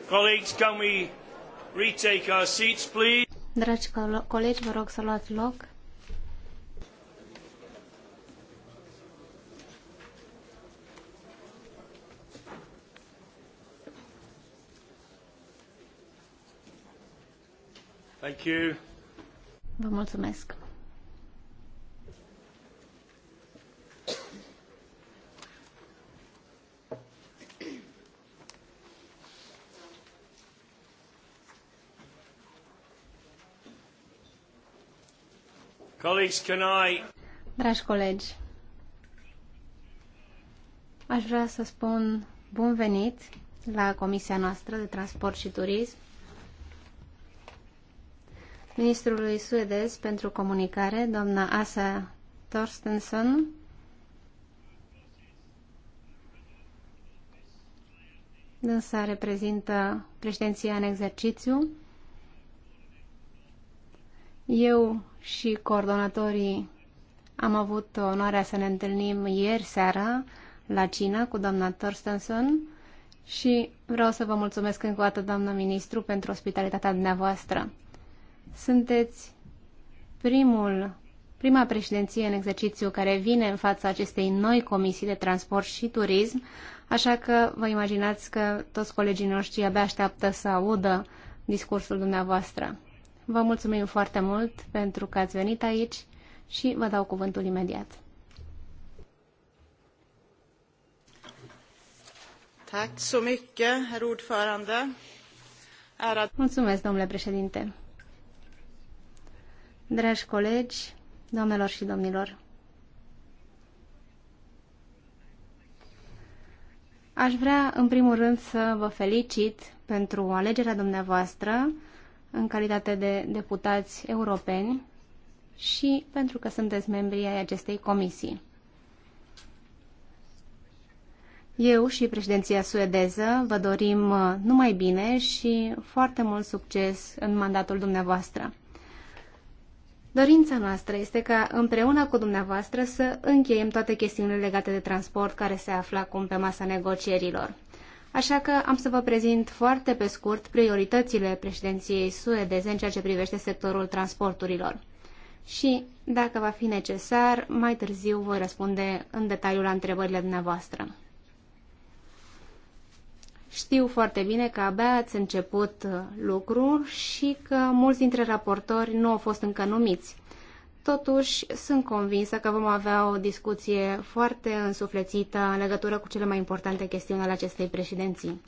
A: Colleagues, can we retake our seats, please?
C: Dragi colegi, vă rog să luați loc. Thank you. Vă mulțumesc.
A: Colleagues, can I...
C: Dragi colegi, aș vrea să spun bun venit la Comisia noastră de Transport și Turism, ministrului suedez pentru comunicare, doamna Asa Torstensson, dânsa reprezintă președinția în exercițiu, eu și coordonatorii am avut onoarea să ne întâlnim ieri seara la China cu doamna Torstenson și vreau să vă mulțumesc încă o dată, doamna ministru, pentru ospitalitatea dumneavoastră. Sunteți primul, prima președinție în exercițiu care vine în fața acestei noi comisii de transport și turism, așa că vă imaginați că toți colegii noștri abia așteaptă să audă discursul dumneavoastră. Vă mulțumim foarte mult pentru că ați venit aici și vă dau cuvântul imediat. Mulțumesc, domnule președinte. Dragi colegi, doamnelor și domnilor, aș vrea, în primul rând, să vă felicit pentru alegerea dumneavoastră în calitate de deputați europeni și pentru că sunteți membri ai acestei comisii. Eu și președinția suedeză vă dorim uh, numai bine și foarte mult succes în mandatul dumneavoastră. Dorința noastră este ca împreună cu dumneavoastră să încheiem toate chestiunile legate de transport care se află acum pe masa negocierilor. Așa că am să vă prezint foarte pe scurt prioritățile președinției suedeze în ceea ce privește sectorul transporturilor. Și, dacă va fi necesar, mai târziu voi răspunde în detaliu la întrebările dumneavoastră. Știu foarte bine că abia ați început lucru și că mulți dintre raportori nu au fost încă numiți. Totuși, sunt convinsă că vom avea o discuție foarte însuflețită în legătură cu cele mai importante chestiuni ale acestei președinții.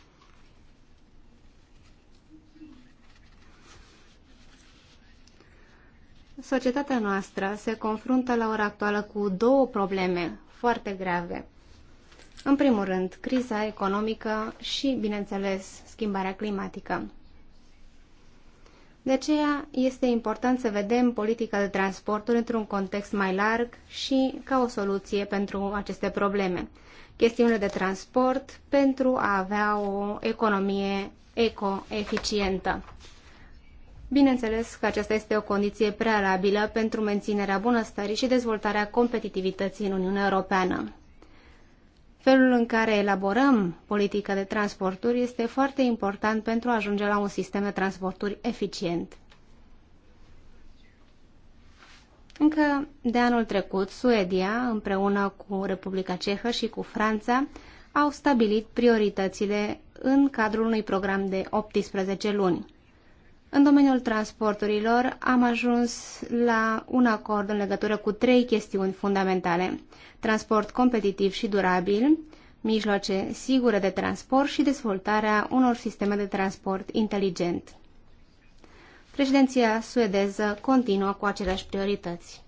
C: Societatea noastră se confruntă la ora actuală cu două probleme foarte grave. În primul rând, criza economică și, bineînțeles, schimbarea climatică. De aceea este important să vedem politica de transporturi într-un context mai larg și ca o soluție pentru aceste probleme. Chestiunile de transport pentru a avea o economie eco-eficientă. Bineînțeles că aceasta este o condiție prealabilă pentru menținerea bunăstării și dezvoltarea competitivității în Uniunea Europeană. Felul în care elaborăm politica de transporturi este foarte important pentru a ajunge la un sistem de transporturi eficient. Încă de anul trecut, Suedia, împreună cu Republica Cehă și cu Franța, au stabilit prioritățile în cadrul unui program de 18 luni. În domeniul transporturilor am ajuns la un acord în legătură cu trei chestiuni fundamentale. Transport competitiv și durabil, mijloace sigure de transport și dezvoltarea unor sisteme de transport inteligent. Președinția suedeză continuă cu aceleași priorități.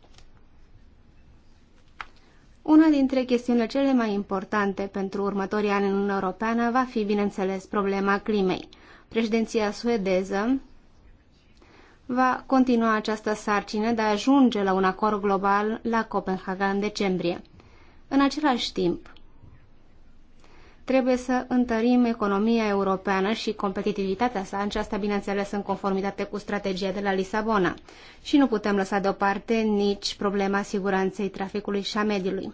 C: Una dintre chestiunile cele mai importante pentru următorii ani în Uniunea Europeană va fi, bineînțeles, problema climei. Președinția suedeză va continua această sarcină de a ajunge la un acord global la Copenhaga în decembrie. În același timp, trebuie să întărim economia europeană și competitivitatea sa, aceasta, bineînțeles, în conformitate cu strategia de la Lisabona. Și nu putem lăsa deoparte nici problema siguranței traficului și a mediului.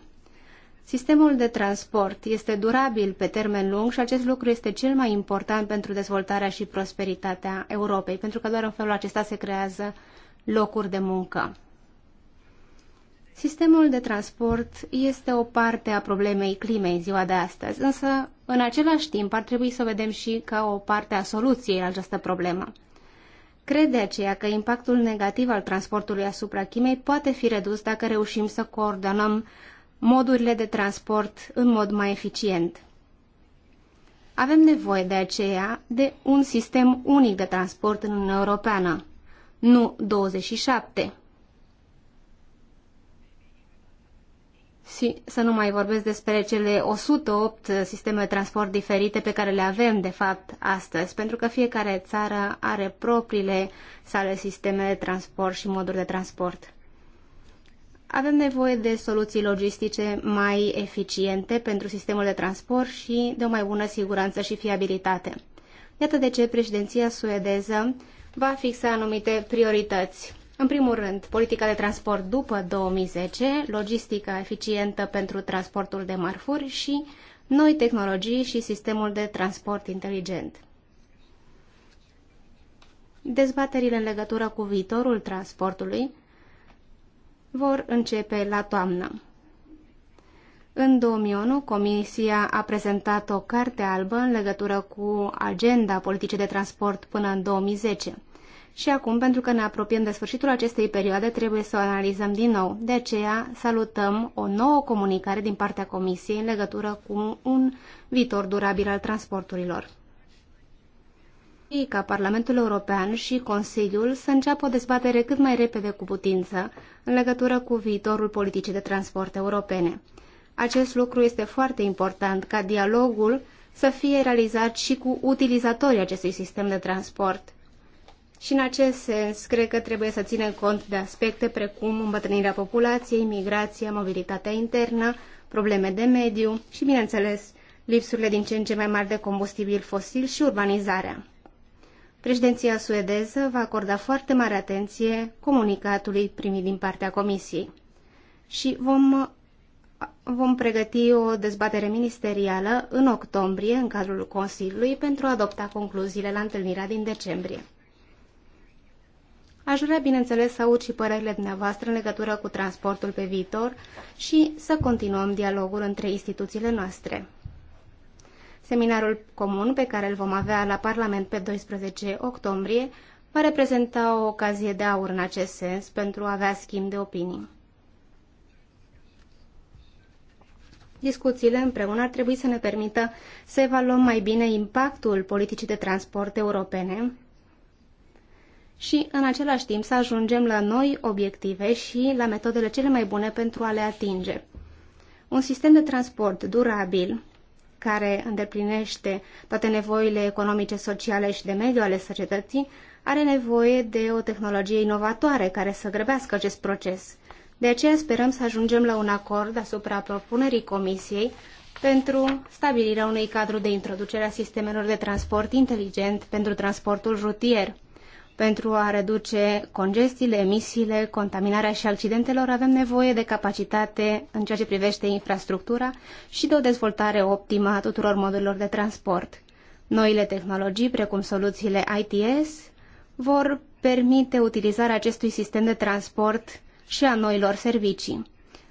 C: Sistemul de transport este durabil pe termen lung și acest lucru este cel mai important pentru dezvoltarea și prosperitatea Europei, pentru că doar în felul acesta se creează locuri de muncă. Sistemul de transport este o parte a problemei climei în ziua de astăzi, însă în același timp ar trebui să o vedem și ca o parte a soluției la această problemă. Cred de aceea că impactul negativ al transportului asupra climei poate fi redus dacă reușim să coordonăm modurile de transport în mod mai eficient. Avem nevoie de aceea de un sistem unic de transport în Uniunea Europeană, nu 27. Și să nu mai vorbesc despre cele 108 sisteme de transport diferite pe care le avem, de fapt, astăzi, pentru că fiecare țară are propriile sale sisteme de transport și moduri de transport. Avem nevoie de soluții logistice mai eficiente pentru sistemul de transport și de o mai bună siguranță și fiabilitate. Iată de ce președinția suedeză va fixa anumite priorități. În primul rând, politica de transport după 2010, logistica eficientă pentru transportul de marfuri și noi tehnologii și sistemul de transport inteligent. Dezbaterile în legătură cu viitorul transportului vor începe la toamnă. În 2001, Comisia a prezentat o carte albă în legătură cu agenda politicii de transport până în 2010. Și acum, pentru că ne apropiem de sfârșitul acestei perioade, trebuie să o analizăm din nou. De aceea, salutăm o nouă comunicare din partea Comisiei în legătură cu un viitor durabil al transporturilor ca Parlamentul European și Consiliul să înceapă o dezbatere cât mai repede cu putință în legătură cu viitorul politicii de transport europene. Acest lucru este foarte important ca dialogul să fie realizat și cu utilizatorii acestui sistem de transport. Și în acest sens, cred că trebuie să ținem cont de aspecte precum îmbătrânirea populației, migrația, mobilitatea internă, probleme de mediu și, bineînțeles, lipsurile din ce în ce mai mari de combustibil fosil și urbanizarea. Președinția suedeză va acorda foarte mare atenție comunicatului primit din partea Comisiei și vom, vom pregăti o dezbatere ministerială în octombrie în cadrul Consiliului pentru a adopta concluziile la întâlnirea din decembrie. Aș vrea, bineînțeles, să aud și părerile dumneavoastră în legătură cu transportul pe viitor și să continuăm dialogul între instituțiile noastre. Seminarul comun pe care îl vom avea la Parlament pe 12 octombrie va reprezenta o ocazie de aur în acest sens pentru a avea schimb de opinii. Discuțiile împreună ar trebui să ne permită să evaluăm mai bine impactul politicii de transport europene și, în același timp, să ajungem la noi obiective și la metodele cele mai bune pentru a le atinge. Un sistem de transport durabil care îndeplinește toate nevoile economice, sociale și de mediu ale societății, are nevoie de o tehnologie inovatoare care să grăbească acest proces. De aceea sperăm să ajungem la un acord asupra propunerii Comisiei pentru stabilirea unui cadru de introducere a sistemelor de transport inteligent pentru transportul rutier pentru a reduce congestiile, emisiile, contaminarea și accidentelor, avem nevoie de capacitate în ceea ce privește infrastructura și de o dezvoltare optimă a tuturor modurilor de transport. Noile tehnologii, precum soluțiile ITS, vor permite utilizarea acestui sistem de transport și a noilor servicii.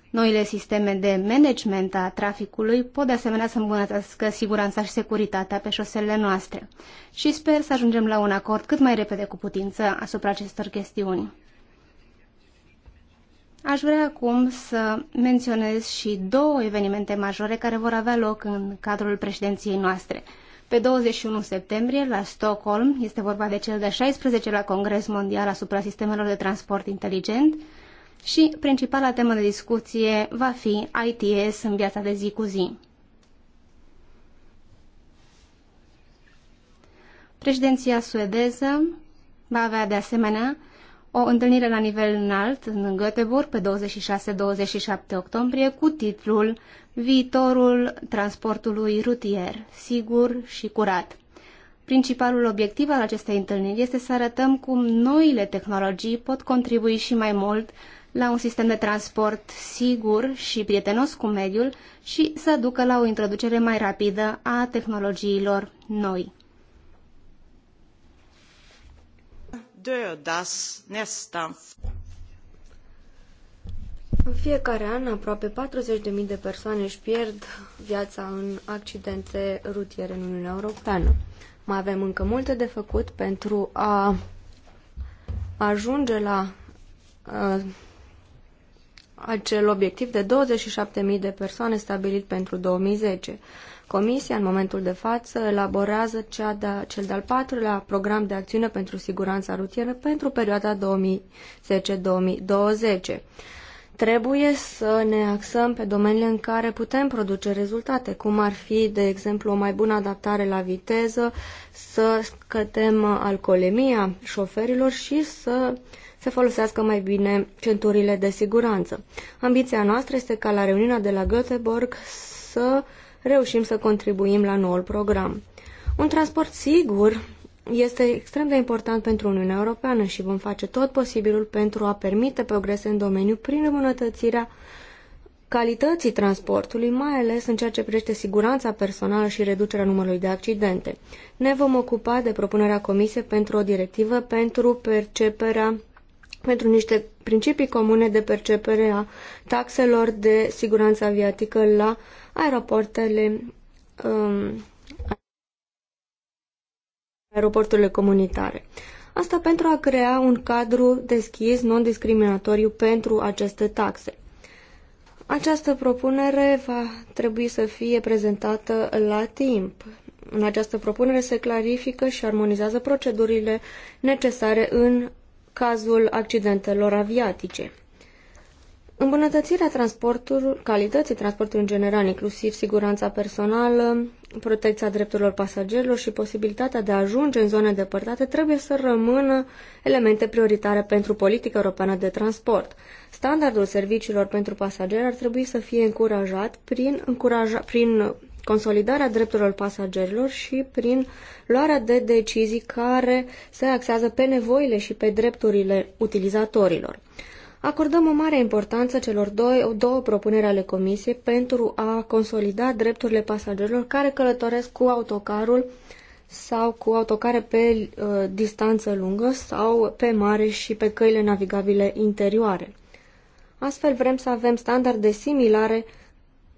C: Noile sisteme de management a traficului pot de asemenea să îmbunătățească siguranța și securitatea pe șoselele noastre și sper să ajungem la un acord cât mai repede cu putință asupra acestor chestiuni. Aș vrea acum să menționez și două evenimente majore care vor avea loc în cadrul președinției noastre. Pe 21 septembrie, la Stockholm, este vorba de cel de 16-lea Congres Mondial asupra sistemelor de transport inteligent, și principala temă de discuție va fi ITS în viața de zi cu zi. Președinția suedeză va avea de asemenea o întâlnire la nivel înalt în Göteborg pe 26-27 octombrie cu titlul Viitorul transportului rutier, sigur și curat. Principalul obiectiv al acestei întâlniri este să arătăm cum noile tehnologii pot contribui și mai mult la un sistem de transport sigur și prietenos cu mediul și să ducă la o introducere mai rapidă a tehnologiilor noi.
A: Dödas nästan.
B: În fiecare an, aproape 40.000 de persoane își pierd viața în accidente rutiere în Uniunea Europeană. Mai avem încă multe de făcut pentru a ajunge la uh, acel obiectiv de 27.000 de persoane stabilit pentru 2010. Comisia, în momentul de față, elaborează cea de, cel de-al patrulea program de acțiune pentru siguranța rutieră pentru perioada 2010-2020. Trebuie să ne axăm pe domeniile în care putem produce rezultate, cum ar fi, de exemplu, o mai bună adaptare la viteză, să scătem alcoolemia șoferilor și să uh, se folosească mai bine centurile de siguranță. Ambiția noastră este ca la reuniunea de la Göteborg să reușim să contribuim la noul program. Un transport sigur este extrem de important pentru Uniunea Europeană și vom face tot posibilul pentru a permite progrese în domeniu prin îmbunătățirea calității transportului, mai ales în ceea ce privește siguranța personală și reducerea numărului de accidente. Ne vom ocupa de propunerea Comisiei pentru o directivă pentru perceperea pentru niște principii comune de percepere a taxelor de siguranță aviatică la aeroportele um, aeroporturile comunitare. Asta pentru a crea un cadru deschis, non-discriminatoriu pentru aceste taxe. Această propunere va trebui să fie prezentată la timp. În această propunere se clarifică și armonizează procedurile necesare în cazul accidentelor aviatice. Îmbunătățirea transportului, calității transportului în general, inclusiv siguranța personală, protecția drepturilor pasagerilor și posibilitatea de a ajunge în zone depărtate trebuie să rămână elemente prioritare pentru politica europeană de transport. Standardul serviciilor pentru pasageri ar trebui să fie încurajat prin, încuraja, prin consolidarea drepturilor pasagerilor și prin luarea de decizii care se axează pe nevoile și pe drepturile utilizatorilor. Acordăm o mare importanță celor doi, două propuneri ale Comisiei pentru a consolida drepturile pasagerilor care călătoresc cu autocarul sau cu autocare pe uh, distanță lungă sau pe mare și pe căile navigabile interioare. Astfel vrem să avem standarde similare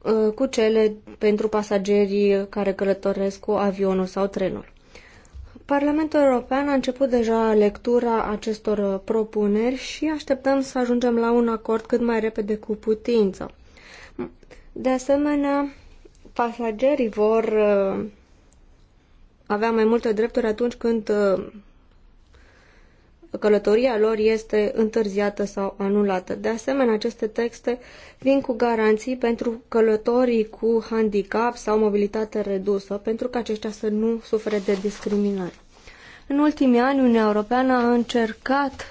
B: Uh, cu cele pentru pasagerii care călătoresc cu avionul sau trenul. Parlamentul European a început deja lectura acestor uh, propuneri și așteptăm să ajungem la un acord cât mai repede cu putință. De asemenea, pasagerii vor uh, avea mai multe drepturi atunci când călătoria lor este întârziată sau anulată. De asemenea, aceste texte vin cu garanții pentru călătorii cu handicap sau mobilitate redusă, pentru că aceștia să nu sufere de discriminare. În ultimii ani, Uniunea Europeană a încercat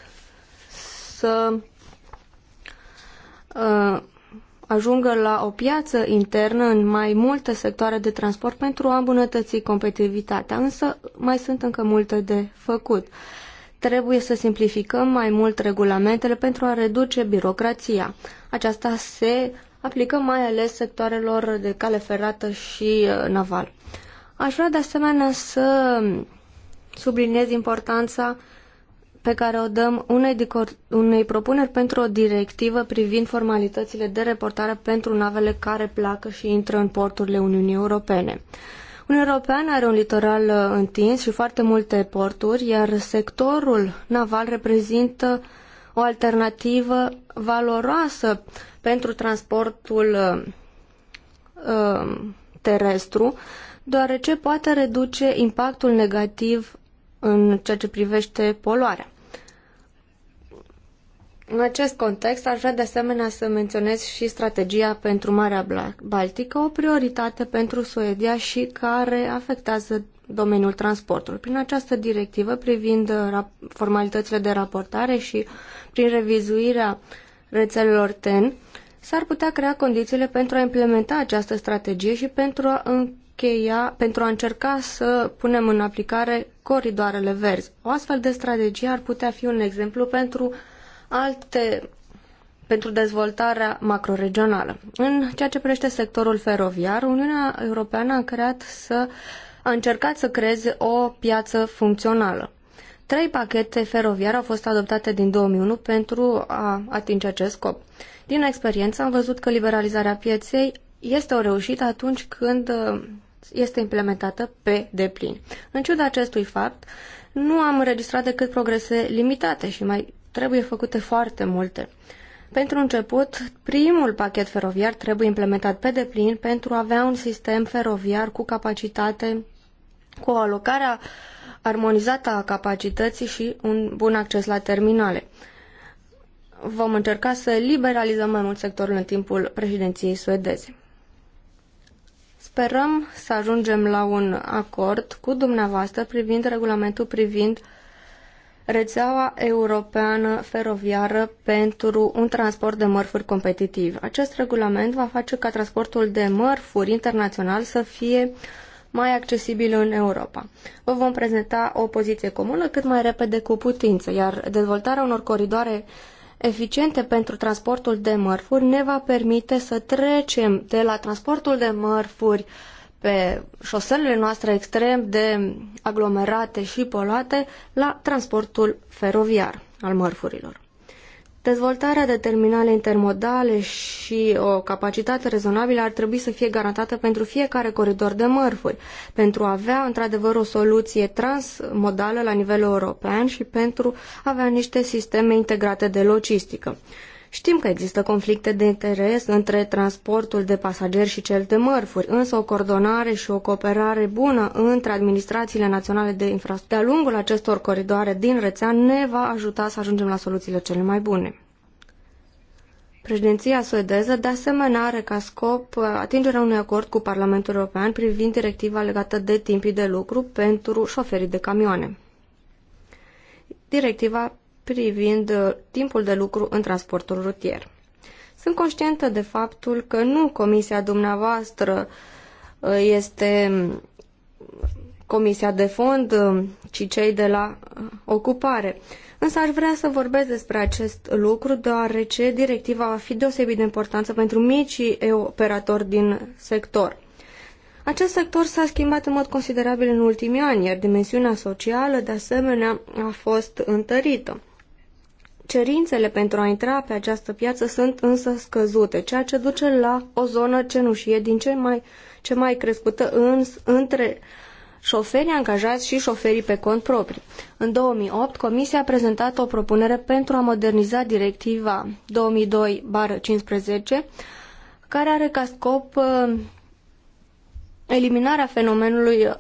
B: să uh, ajungă la o piață internă în mai multe sectoare de transport pentru a îmbunătăți competitivitatea, însă mai sunt încă multe de făcut. Trebuie să simplificăm mai mult regulamentele pentru a reduce birocrația. Aceasta se aplică mai ales sectoarelor de cale ferată și uh, naval. Aș vrea de asemenea să subliniez importanța pe care o dăm unei, unei propuneri pentru o directivă privind formalitățile de reportare pentru navele care pleacă și intră în porturile Uniunii Europene. Uniunea Europeană are un litoral uh, întins și foarte multe porturi, iar sectorul naval reprezintă o alternativă valoroasă pentru transportul uh, uh terestru, deoarece poate reduce impactul negativ în ceea ce privește poluarea. În acest context, aș vrea de asemenea să menționez și strategia pentru Marea Baltică, o prioritate pentru Suedia și care afectează domeniul transportului. Prin această directivă, privind uh, formalitățile de raportare și prin revizuirea rețelelor TEN, s-ar putea crea condițiile pentru a implementa această strategie și pentru a încheia, pentru a încerca să punem în aplicare coridoarele verzi. O astfel de strategie ar putea fi un exemplu pentru alte pentru dezvoltarea macroregională. În ceea ce privește sectorul feroviar, Uniunea Europeană a creat să a încercat să creeze o piață funcțională. Trei pachete feroviare au fost adoptate din 2001 pentru a atinge acest scop. Din experiență am văzut că liberalizarea pieței este o reușită atunci când uh, este implementată pe deplin. În ciuda acestui fapt, nu am înregistrat decât progrese limitate și mai trebuie făcute foarte multe. Pentru început, primul pachet feroviar trebuie implementat pe deplin pentru a avea un sistem feroviar cu capacitate, cu o armonizată a capacității și un bun acces la terminale. Vom încerca să liberalizăm mai mult sectorul în timpul președinției suedeze. Sperăm să ajungem la un acord cu dumneavoastră privind regulamentul privind uh, rețeaua europeană feroviară pentru un transport de mărfuri competitiv. Acest regulament va face ca transportul de mărfuri internațional să fie mai accesibil în Europa. Vă vom prezenta o poziție comună cât mai repede cu putință, iar dezvoltarea unor coridoare eficiente pentru transportul de mărfuri ne va permite să trecem de la transportul de mărfuri uh, pe șoselele noastre extrem de aglomerate și poluate la transportul feroviar al mărfurilor. Dezvoltarea de terminale intermodale și o capacitate rezonabilă ar trebui să fie garantată pentru fiecare coridor de mărfuri, pentru a avea într-adevăr o soluție transmodală la nivel european și pentru a avea niște sisteme integrate de logistică. Știm că există conflicte de interes între transportul de pasageri și cel de mărfuri, însă o coordonare și o cooperare bună între administrațiile naționale de infrastructură de-a lungul acestor coridoare din rețea ne va ajuta să ajungem la soluțiile cele mai bune. Președinția suedeză, de asemenea, are ca scop uh, atingerea unui acord cu Parlamentul European privind directiva legată de timpii de lucru pentru șoferii de camioane. Directiva privind uh, timpul de lucru în transportul rutier. Sunt conștientă de faptul că nu comisia dumneavoastră uh, este mm, comisia de fond, uh, ci cei de la ocupare. Însă aș vrea să vorbesc despre acest lucru, deoarece directiva va fi deosebit de importanță pentru micii operatori din sector. Acest sector s-a schimbat în mod considerabil în ultimii ani, iar dimensiunea socială, de asemenea, a fost întărită. Cerințele pentru a intra pe această piață sunt însă scăzute, ceea ce duce la o zonă cenușie din ce mai, ce mai crescută în, între șoferii angajați și șoferii pe cont propriu. În 2008, Comisia a prezentat o propunere pentru a moderniza directiva 2002-15, care are ca scop uh, eliminarea fenomenului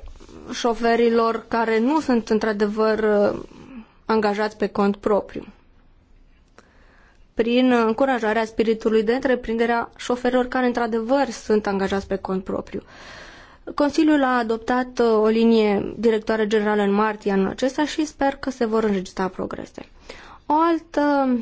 B: șoferilor care nu sunt într-adevăr uh, angajați pe cont propriu prin încurajarea spiritului de întreprindere a șoferilor care într-adevăr sunt angajați pe cont propriu. Consiliul a adoptat uh, o linie directoare generală în martie anul acesta și sper că se vor înregistra progrese. O altă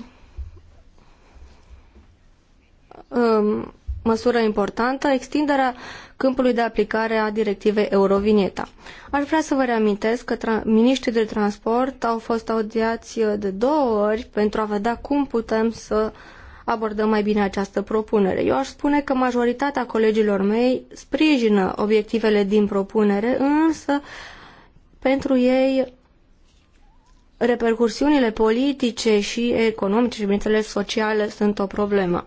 B: um, măsură importantă extinderea câmpului de aplicare a directivei Eurovineta. Aș vrea să vă reamintesc că tra- miniștrii de transport au fost audiați uh, de două ori pentru a vedea cum putem să abordăm mai bine această propunere. Eu aș spune că majoritatea colegilor mei sprijină obiectivele din propunere, însă pentru ei repercursiunile politice și economice și, bineînțeles, sociale sunt o problemă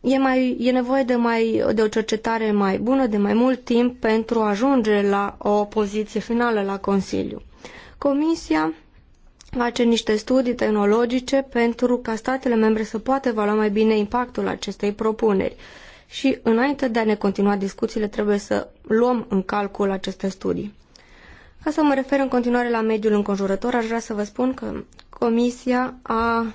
B: e, mai, e nevoie de, mai, de o cercetare mai bună, de mai mult timp pentru a ajunge la o poziție finală la Consiliu. Comisia face niște studii tehnologice pentru ca statele membre să poată evalua mai bine impactul acestei propuneri. Și înainte de a ne continua discuțiile, trebuie să luăm în calcul aceste studii. Ca să mă refer în continuare la mediul înconjurător, aș vrea să vă spun că Comisia a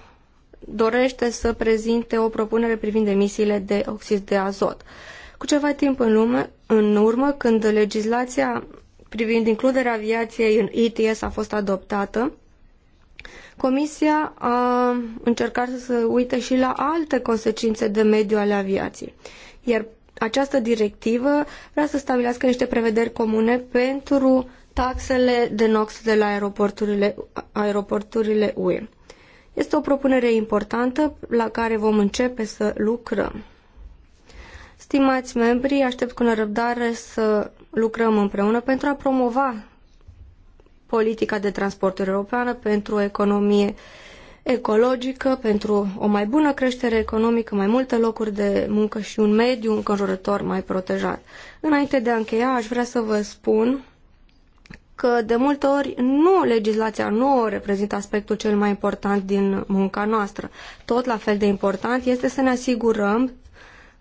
B: dorește să prezinte o propunere privind emisiile de oxid de azot. Cu ceva timp în, lume, în urmă, când legislația privind includerea aviației în ETS a fost adoptată, Comisia a încercat să se uite și la alte consecințe de mediu ale aviației. Iar această directivă vrea să stabilească niște prevederi comune pentru taxele de NOx de la aeroporturile, aeroporturile UE. Este o propunere importantă la care vom începe să lucrăm. Stimați membri, aștept cu nerăbdare să lucrăm împreună pentru a promova politica de transport europeană pentru o economie ecologică, pentru o mai bună creștere economică, mai multe locuri de muncă și un mediu înconjurător mai protejat. Înainte de a încheia, aș vrea să vă spun că de multe ori nu legislația nouă reprezintă aspectul cel mai important din munca noastră. Tot la fel de important este să ne asigurăm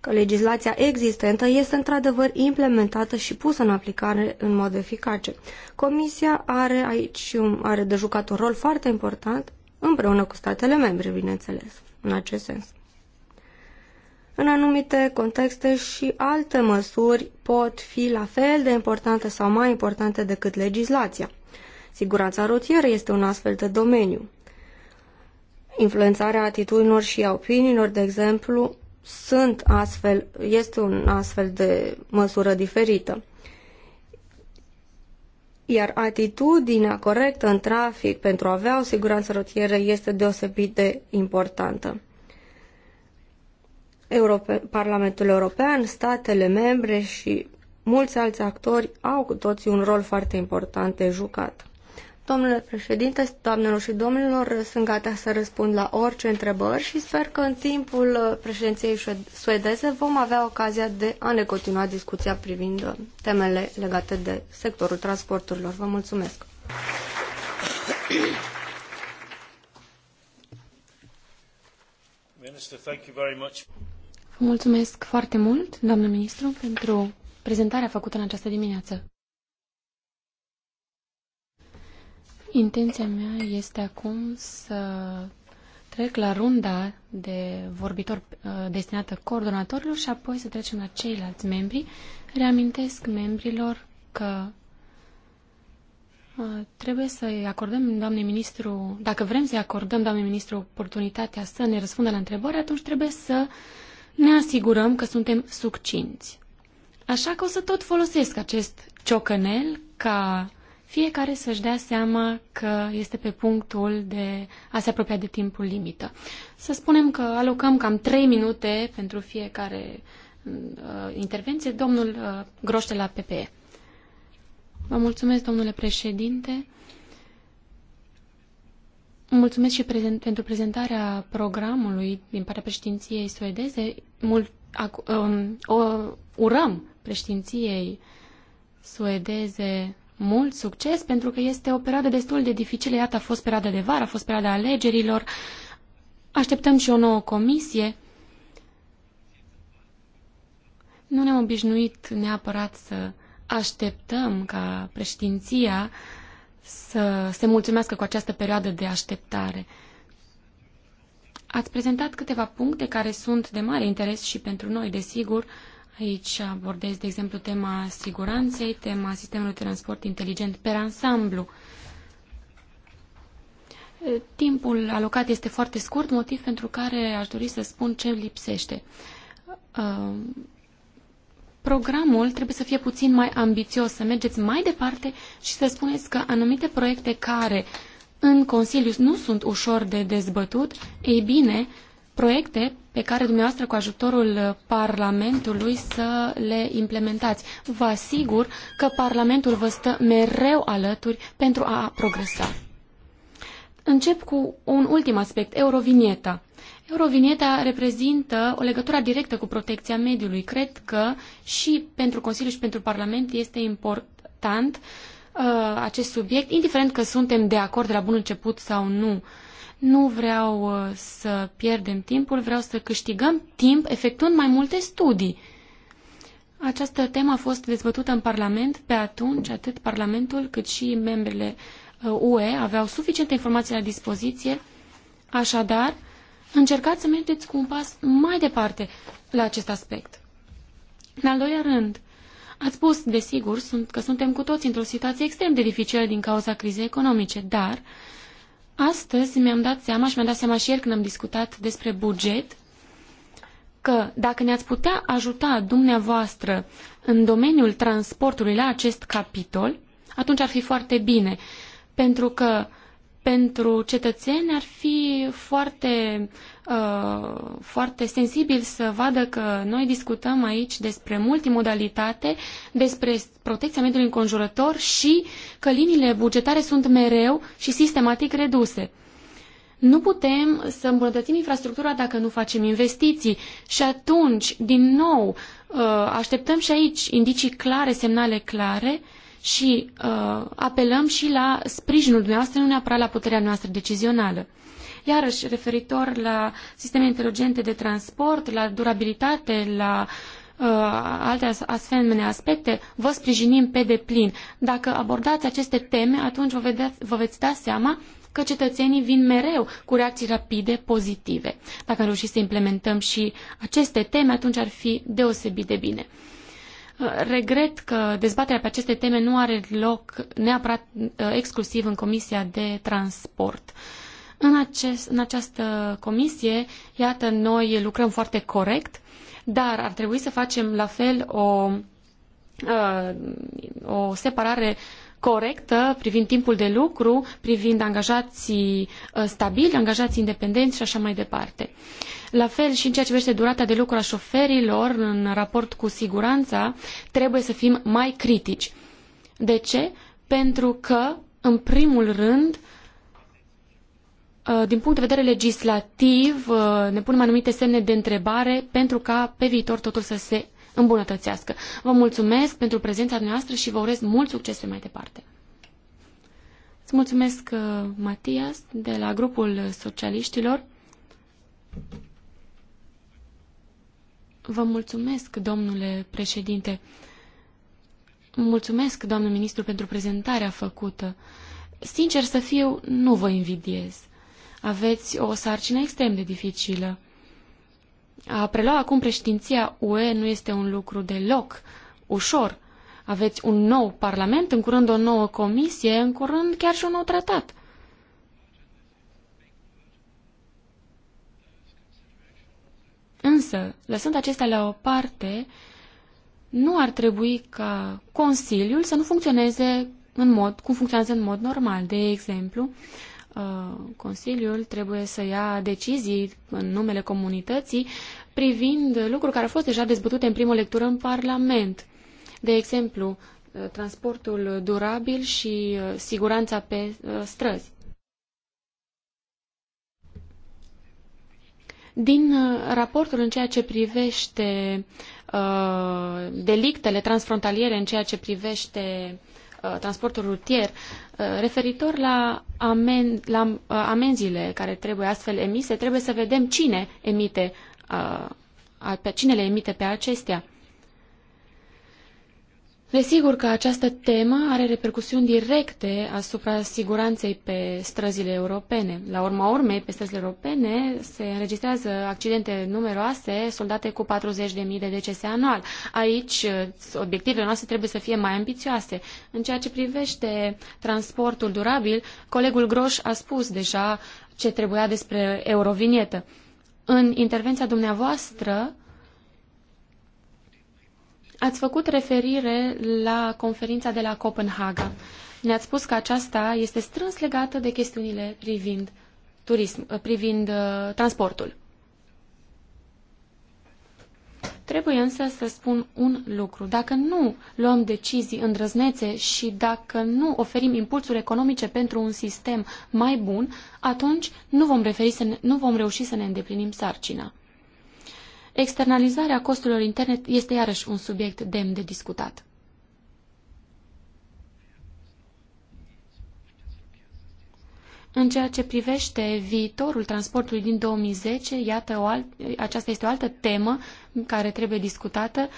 B: că legislația existentă este într-adevăr implementată și pusă în aplicare în mod eficace. Comisia are aici are de jucat un rol foarte important împreună cu statele membre, bineînțeles, în acest sens. În anumite contexte și alte măsuri pot fi la fel de importante sau mai importante decât legislația. Siguranța rutieră este un astfel de domeniu. Influențarea atitudinilor și opiniilor, de exemplu, sunt astfel, este un astfel de măsură diferită. Iar atitudinea corectă în trafic pentru a avea o siguranță rutieră este deosebit de importantă. Europe- Parlamentul European, statele membre și mulți alți actori au cu toții un rol foarte important de jucat. Domnule președinte, doamnelor și domnilor, sunt gata să răspund la orice întrebări și sper că în timpul președinției suedeze vom avea ocazia de a ne continua discuția privind temele legate de sectorul transporturilor. Vă mulțumesc!
A: Minister, thank you very much.
D: Mulțumesc foarte mult, doamnă ministru, pentru prezentarea făcută în această dimineață. Intenția mea este acum să trec la runda de vorbitor uh, destinată coordonatorilor și apoi să trecem la ceilalți membri. Reamintesc membrilor că uh, trebuie să-i acordăm, doamne ministru, dacă vrem să-i acordăm, doamne ministru, oportunitatea să ne răspundă la întrebări, atunci trebuie să uh, ne asigurăm că suntem succinți. Așa că o să tot folosesc acest ciocănel ca fiecare să-și dea seama că este pe punctul de a se apropia de timpul limită. Să spunem că alocăm cam 3 minute pentru fiecare uh, intervenție. Domnul uh, Groș la PPE. Vă mulțumesc, domnule președinte. Mulțumesc și prezent, pentru prezentarea programului din partea președinției suedeze. Mult, ac, um, o, urăm președinției suedeze mult succes pentru că este o perioadă destul de dificilă. Iată, a fost perioada de vară, a fost perioada alegerilor. Așteptăm și o nouă comisie. Nu ne-am obișnuit neapărat să așteptăm ca președinția uh, să se mulțumească cu această perioadă de așteptare. Ați prezentat câteva puncte care sunt de mare interes și pentru noi, desigur. Aici abordez, de exemplu, tema siguranței, tema sistemului de transport inteligent per ansamblu. Timpul alocat este foarte scurt, motiv pentru care aș dori să spun ce lipsește. Uh, programul trebuie să fie puțin mai ambițios, să mergeți mai departe și să spuneți că anumite proiecte care în Consiliu nu sunt ușor de dezbătut, ei bine, proiecte pe care dumneavoastră cu ajutorul Parlamentului să le implementați. Vă asigur că Parlamentul vă stă mereu alături pentru a progresa. Încep cu un ultim aspect, Eurovinieta. Eurovineta reprezintă o legătură directă cu protecția mediului. Cred că și pentru Consiliu și pentru Parlament este important uh, acest subiect, indiferent că suntem de acord de la bun început sau nu. Nu vreau uh, să pierdem timpul, vreau să câștigăm timp efectuând mai multe studii. Această temă a fost dezbătută în Parlament pe atunci, atât Parlamentul cât și membrele UE uh, aveau suficiente informații la dispoziție, așadar, încercați să mergeți cu un pas mai departe la acest aspect. În al doilea rând, ați spus, desigur, sunt, că suntem cu toți într-o situație extrem de dificilă din cauza crizei economice, dar astăzi mi-am dat seama și mi-am dat seama și ieri când am discutat despre buget, că dacă ne-ați putea ajuta dumneavoastră în domeniul transportului la acest capitol, atunci ar fi foarte bine, pentru că pentru cetățeni ar fi foarte, uh, foarte sensibil să vadă că noi discutăm aici despre multimodalitate, despre protecția mediului înconjurător și că liniile bugetare sunt mereu și sistematic reduse. Nu putem să îmbunătățim infrastructura dacă nu facem investiții și atunci, din nou, uh, așteptăm și aici indicii clare, semnale clare uh, și uh, apelăm și la sprijinul dumneavoastră, nu neapărat la puterea noastră decizională. Iarăși, referitor la sisteme inteligente de transport, la durabilitate, la uh, alte asemenea aspecte, vă sprijinim pe deplin. Dacă abordați aceste teme, atunci vă, vedeți, vă veți da seama că cetățenii vin mereu cu reacții rapide, pozitive. Dacă am să implementăm și aceste teme, atunci ar fi deosebit de bine. Regret că dezbaterea pe aceste teme nu are loc neapărat uh, exclusiv în Comisia de Transport. În, acest, în această comisie, iată, noi lucrăm foarte corect, dar ar trebui să facem la fel o, uh, o separare corectă privind timpul de lucru, privind angajații uh, stabili, angajații independenți și așa mai departe. Uh, la fel și în ceea ce privește durata de lucru a șoferilor în raport cu siguranța, trebuie să fim mai critici. De ce? Pentru că, în primul rând, uh, din punct de vedere legislativ, uh, ne punem anumite semne de întrebare pentru ca pe viitor totul să se îmbunătățească. Vă mulțumesc pentru prezența noastră și vă urez mult succes pe mai departe. Îți mulțumesc, uh, Matias, de la grupul socialiștilor. Vă mulțumesc, domnule președinte. Mulțumesc, doamnă ministru, pentru prezentarea făcută. Sincer să fiu, nu vă invidiez. Aveți o sarcină extrem de dificilă. A prelua acum președinția UE nu este un lucru deloc ușor. Aveți un nou parlament, în curând o nouă comisie, în curând chiar și un nou tratat. Însă, lăsând acestea la o parte, nu ar trebui ca Consiliul să nu funcționeze în mod, cum funcționează în mod normal. De exemplu, uh, Consiliul trebuie să ia decizii în numele comunității privind lucruri care au fost deja dezbătute în primă lectură în Parlament. De exemplu, uh, transportul durabil și uh, siguranța pe străzi. Din uh, raportul în ceea ce privește uh, delictele transfrontaliere, în ceea ce privește uh, transportul rutier, uh, referitor la, amen, la amenziile care trebuie astfel emise, trebuie să vedem cine emite, uh, pe, cine le emite pe acestea. Uh, Desigur că această temă are repercusiuni directe asupra siguranței pe străzile europene. La urma urmei, pe străzile europene se înregistrează accidente numeroase soldate cu 40.000 de decese anual. Aici, uh, obiectivele noastre trebuie să fie mai ambițioase. În ceea ce privește transportul durabil, colegul Groș a spus deja ce trebuia despre eurovinietă. În intervenția dumneavoastră, Ați făcut referire la conferința de la Copenhaga. Ne-ați spus că aceasta este strâns legată de chestiunile privind turism, eh, privind uh, transportul. Trebuie însă să spun un lucru. Dacă nu luăm decizii îndrăznețe și dacă nu oferim impulsuri economice pentru un sistem mai bun, atunci nu vom, referi să ne, nu vom reuși să ne îndeplinim sarcina externalizarea costurilor internet este iarăși un subiect demn de discutat. În ceea ce privește viitorul transportului din 2010, iată, o alt, aceasta este o altă temă care trebuie discutată.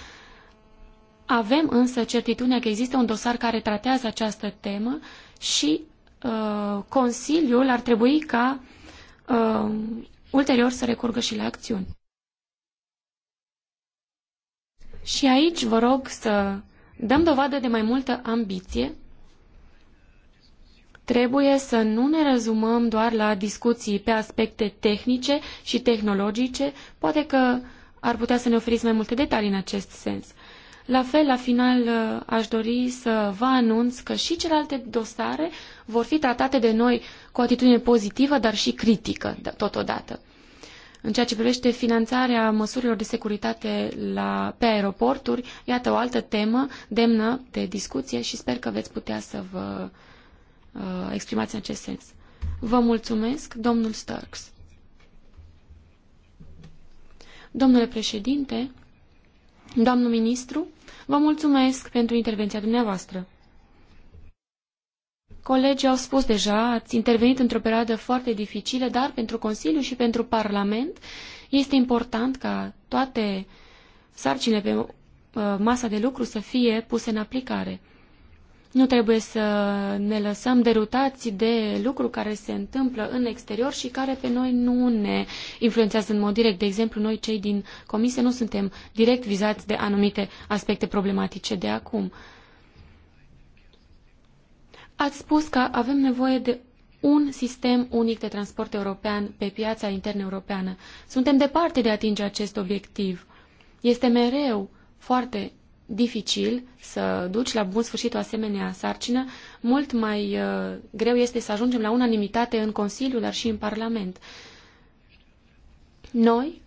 D: Avem însă certitudinea că există un dosar care tratează această temă și uh, Consiliul ar trebui ca uh, ulterior să recurgă și la acțiuni. Și aici vă rog să dăm dovadă de mai multă ambiție. Trebuie să nu ne rezumăm doar la discuții pe aspecte tehnice și tehnologice. Poate că ar putea să ne oferiți mai multe detalii în acest sens. La fel, la final, uh, aș dori să vă anunț că și celelalte dosare vor fi tratate de noi cu o atitudine pozitivă, dar și critică totodată. În ceea ce privește finanțarea măsurilor de securitate la, pe aeroporturi, iată o altă temă demnă de discuție și sper că veți putea să vă uh, exprimați în acest sens. Vă mulțumesc, domnul Starks. Domnule președinte, doamnă ministru, vă mulțumesc pentru intervenția dumneavoastră. Colegii au spus deja, ați intervenit într-o perioadă foarte dificilă, dar pentru Consiliu și pentru Parlament este important ca toate sarcinile pe uh, masa de lucru să fie puse în aplicare. Nu trebuie să ne lăsăm derutați de lucruri care se întâmplă în exterior și care pe noi nu ne influențează în mod direct. De exemplu, noi cei din comisie nu suntem direct vizați de anumite aspecte problematice de acum. Ați spus că avem nevoie de un sistem unic de transport european pe piața internă europeană. Suntem departe de a atinge acest obiectiv. Este mereu foarte dificil să duci la bun sfârșit o asemenea sarcină, mult mai uh, greu este să ajungem la unanimitate în Consiliu, dar și în Parlament. Noi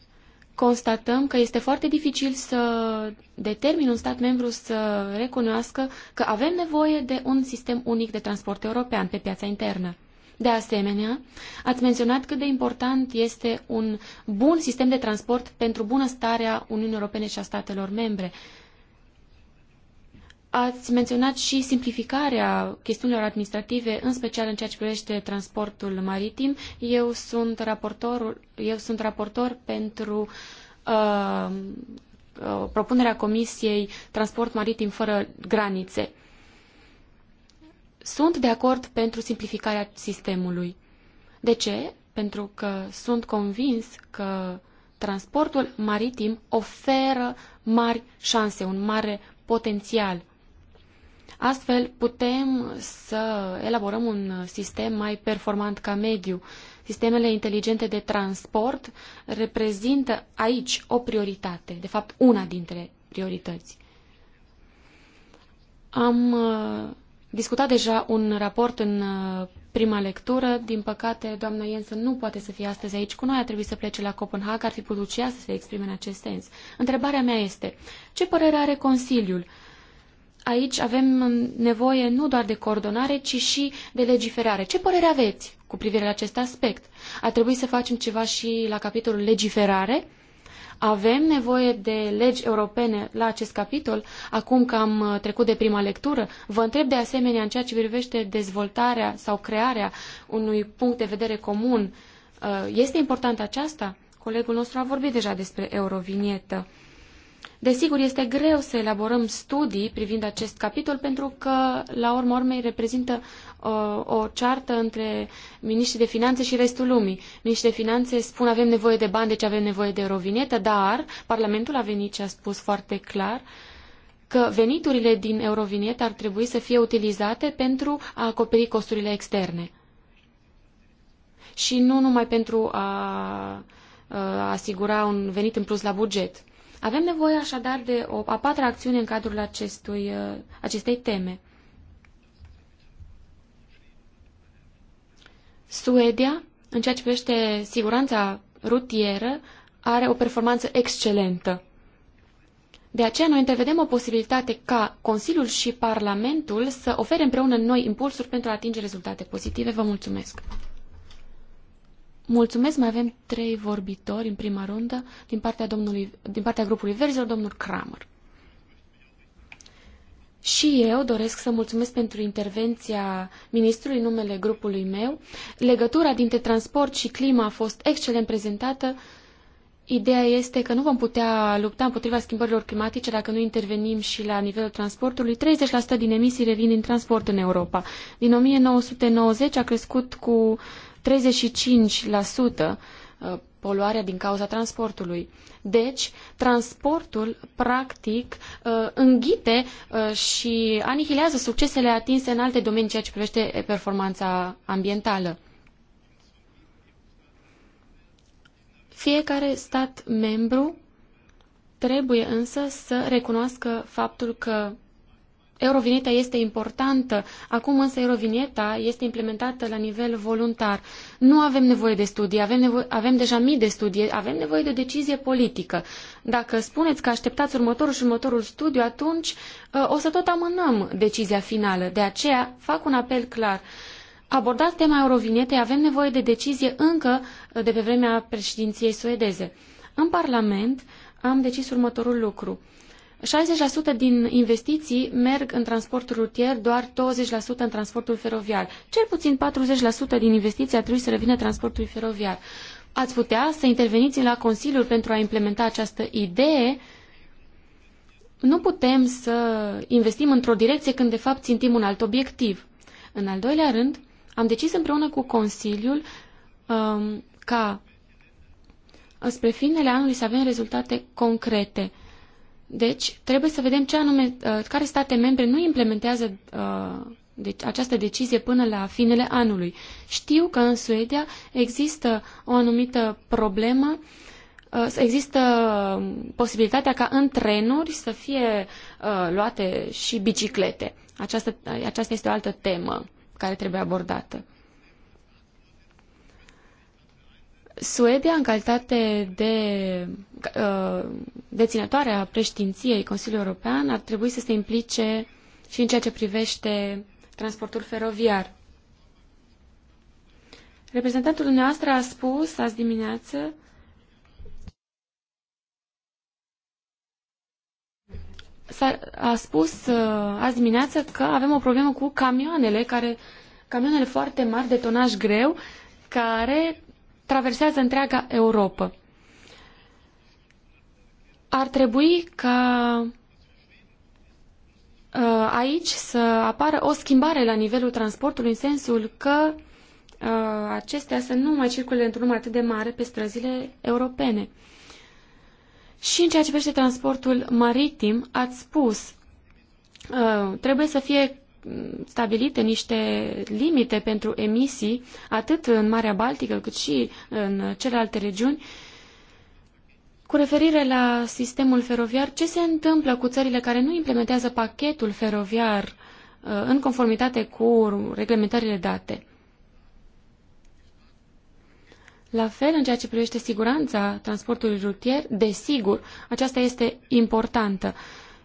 D: constatăm că este foarte dificil să determin un stat membru să recunoască că avem nevoie de un sistem unic de transport european pe piața internă. De asemenea, ați menționat cât de important este un bun sistem de transport pentru bunăstarea Uniunii Europene și a statelor membre. Ați menționat și simplificarea chestiunilor administrative, în special în ceea ce privește transportul maritim. Eu sunt, eu sunt raportor pentru uh, uh, propunerea Comisiei Transport Maritim fără granițe. Sunt de acord pentru simplificarea sistemului. De ce? Pentru că sunt convins că transportul maritim oferă mari șanse, un mare potențial Astfel putem să elaborăm un sistem mai performant ca mediu. Sistemele inteligente de transport reprezintă aici o prioritate, de fapt una dintre priorități. Am uh, discutat deja un raport în uh, prima lectură. Din păcate, doamna Jensen nu poate să fie astăzi aici cu noi, a trebuit să plece la Copenhaga, ar fi putut și ea să se exprime în acest sens. Întrebarea mea este, ce părere are Consiliul? aici avem nevoie nu doar de coordonare, ci și de legiferare. Ce părere aveți cu privire la acest aspect? Ar trebui să facem ceva și la capitolul legiferare? Avem nevoie de legi europene la acest capitol, acum că am uh, trecut de prima lectură? Vă întreb de asemenea în ceea ce privește dezvoltarea sau crearea unui punct de vedere comun. Uh, este important aceasta? Colegul nostru a vorbit deja despre eurovinietă. Desigur, este greu să elaborăm studii privind acest capitol pentru că, la urma urmei, reprezintă o, uh, o ceartă între miniștrii de finanțe și restul lumii. Miniștrii de finanțe spun avem nevoie de bani, deci avem nevoie de eurovinietă, dar Parlamentul a venit și a spus foarte clar că veniturile din eurovinietă ar trebui să fie utilizate pentru a acoperi costurile externe. Și nu numai pentru a, a uh, asigura un venit în plus la buget. Avem nevoie așadar de o a patra acțiune în cadrul acestui, uh, acestei teme. Suedia, în ceea ce privește siguranța rutieră, are o performanță excelentă. De aceea noi întrevedem o posibilitate ca Consiliul și Parlamentul să ofere împreună noi impulsuri pentru a atinge rezultate pozitive. Vă mulțumesc! Mulțumesc, mai avem trei vorbitori în prima rundă din partea, domnului, din partea grupului Verzilor, domnul Kramer. Și eu doresc să mulțumesc pentru intervenția ministrului numele grupului meu. Legătura dintre transport și climă a fost excelent prezentată. Ideea este că nu vom putea lupta împotriva schimbărilor climatice dacă nu intervenim și la nivelul transportului. 30% din emisii revin din transport în Europa. Din 1990 a crescut cu 35% uh, poluarea din cauza transportului. Deci, transportul, practic, uh, înghite uh, și anihilează succesele atinse în alte domenii, ceea ce privește eh, performanța ambientală. Fiecare stat membru trebuie însă să recunoască faptul că Eurovineta este importantă, acum însă eurovineta este implementată la nivel voluntar. Nu avem nevoie de studii, avem, nevoie, avem deja mii de studii, avem nevoie de o decizie politică. Dacă spuneți că așteptați următorul și următorul studiu, atunci uh, o să tot amânăm decizia finală. De aceea fac un apel clar. Abordați tema Eurovinietei, avem nevoie de decizie încă de pe vremea președinției suedeze. În Parlament am decis următorul lucru – 60% din investiții merg în transportul rutier, doar 20% în transportul feroviar. Cel puțin 40% din investiții ar trebui să revină transportului feroviar. Ați putea să interveniți la Consiliul pentru a implementa această idee? Nu putem să investim într-o direcție când de fapt țintim un alt obiectiv. În al doilea rând, am decis împreună cu Consiliul um, ca spre finele anului să avem rezultate concrete – deci, trebuie să vedem ce anume, uh, care state membre nu implementează uh, deci, această decizie până la finele anului. Știu că în Suedia există o anumită problemă, uh, există posibilitatea ca în trenuri să fie uh, luate și biciclete. Aceasta, uh, aceasta este o altă temă care trebuie abordată. Suedia, în calitate de uh, deținătoare a preștinției Consiliului European, ar trebui să se implice și în ceea ce privește transportul feroviar. Reprezentantul dumneavoastră a spus azi dimineață a a spus uh, azi dimineață că avem o problemă cu camioanele care camioanele foarte mari de tonaj greu care traversează întreaga Europa. Ar trebui ca uh, aici să apară o schimbare la nivelul transportului în sensul că uh, acestea să nu mai circule într-un număr atât de mare pe străzile europene. Și în ceea ce privește transportul maritim, ați spus uh, trebuie să fie stabilite niște limite pentru emisii, atât în Marea Baltică cât și în celelalte regiuni, cu referire la sistemul feroviar, ce se întâmplă cu țările care nu implementează pachetul feroviar uh, în conformitate cu reglementările date? La fel, în ceea ce privește siguranța transportului rutier, desigur, aceasta este importantă.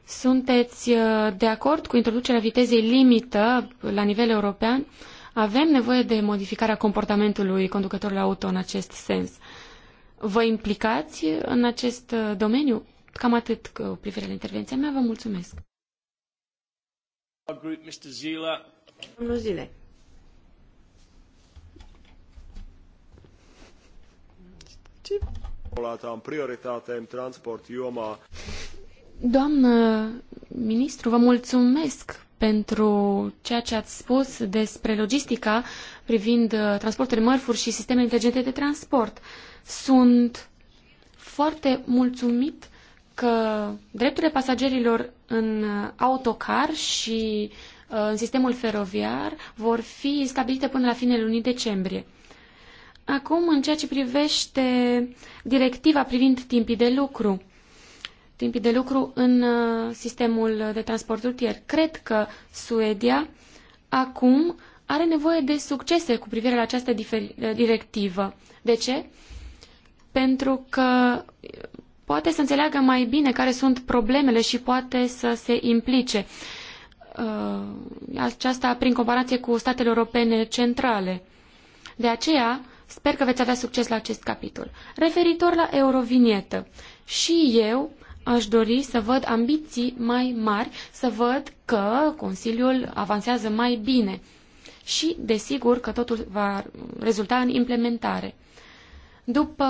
D: Sunteți uh, de acord cu introducerea vitezei limită la nivel european? Avem nevoie de modificarea comportamentului conducătorului auto în acest sens. Vă implicați în acest uh, domeniu? Cam atât cu privire la intervenția mea. Vă mulțumesc. Domnul
A: Zile. Prioritātēm transporta jomā.
D: Doamnă ministru, vă mulțumesc pentru ceea ce ați spus despre logistica privind uh, transportul de mărfuri și sisteme inteligente de transport. Sunt foarte mulțumit că drepturile pasagerilor în uh, autocar și uh, în sistemul feroviar vor fi stabilite până la finele lunii decembrie. Acum, în ceea ce privește directiva privind timpii de lucru, timpii de lucru în uh, sistemul de transport rutier. Cred că Suedia acum are nevoie de succese cu privire la această uh, directivă. De ce? Pentru că poate să înțeleagă mai bine care sunt problemele și poate să se implice. Uh, aceasta prin comparație cu statele europene centrale. De aceea, sper că veți avea succes la acest capitol. Referitor la Eurovinietă, și eu aș dori să văd ambiții mai mari, să văd că Consiliul avansează mai bine și, desigur, că totul va rezulta în implementare. După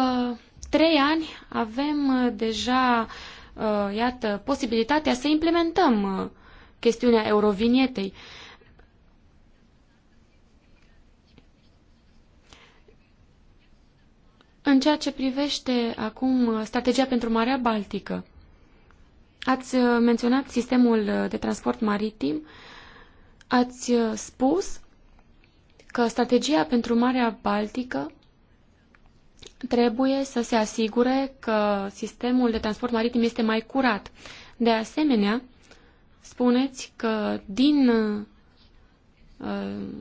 D: trei ani avem uh, deja, uh, iată, posibilitatea să implementăm uh, chestiunea eurovinietei. În ceea ce privește acum strategia pentru Marea Baltică, Ați uh, menționat sistemul uh, de transport maritim, ați uh, spus că strategia pentru Marea Baltică trebuie să se asigure că sistemul de transport maritim este mai curat. De asemenea, spuneți că din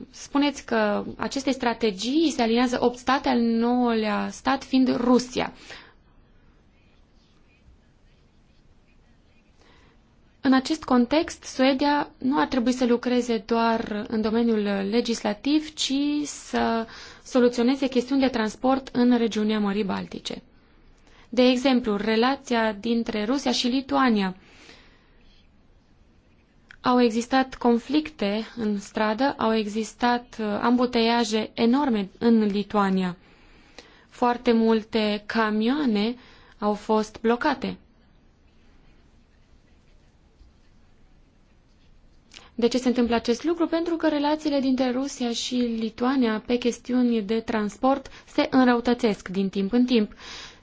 D: spuneți că aceste strategii se alinează 8 state, al 9-lea stat fiind Rusia. În acest context, Suedia nu ar trebui să lucreze doar în domeniul legislativ, ci să soluționeze chestiuni de transport în regiunea Mării Baltice. De exemplu, relația dintre Rusia și Lituania. Au existat conflicte în stradă, au existat uh, ambuteiaje enorme în Lituania. Foarte multe camioane au fost blocate. De ce se întâmplă acest lucru? Pentru că relațiile dintre Rusia și Lituania pe chestiuni de transport se înrăutățesc din timp în timp.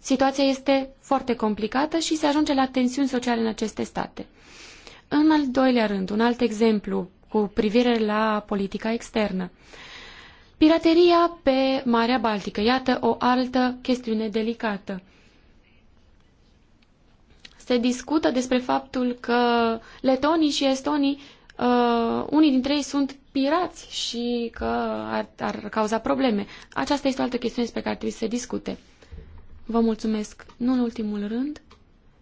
D: Situația este foarte complicată și se ajunge la tensiuni sociale în aceste state. În al doilea rând, un alt exemplu cu privire la politica externă. Pirateria pe Marea Baltică, iată o altă chestiune delicată. Se discută despre faptul că letonii și estonii uh, unii dintre ei sunt pirați și că ar, ar cauza probleme. Aceasta este o altă chestiune despre care trebuie să se discute. Vă mulțumesc, nu în ultimul rând,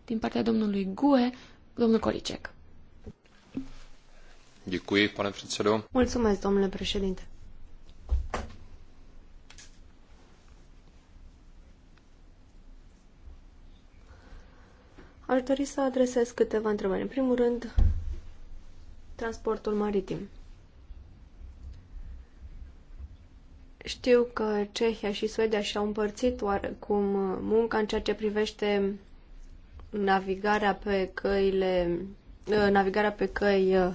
D: din partea domnului Gue, domnul Colicec. Děkuji, pane předsedo. Mulțumesc,
B: domnule președinte. Aș dori să adresez câteva întrebări. În primul rând, transportul maritim. Știu că Cehia și Suedia și-au împărțit oarecum munca în ceea ce privește navigarea pe căile ă, navigarea pe căi ă,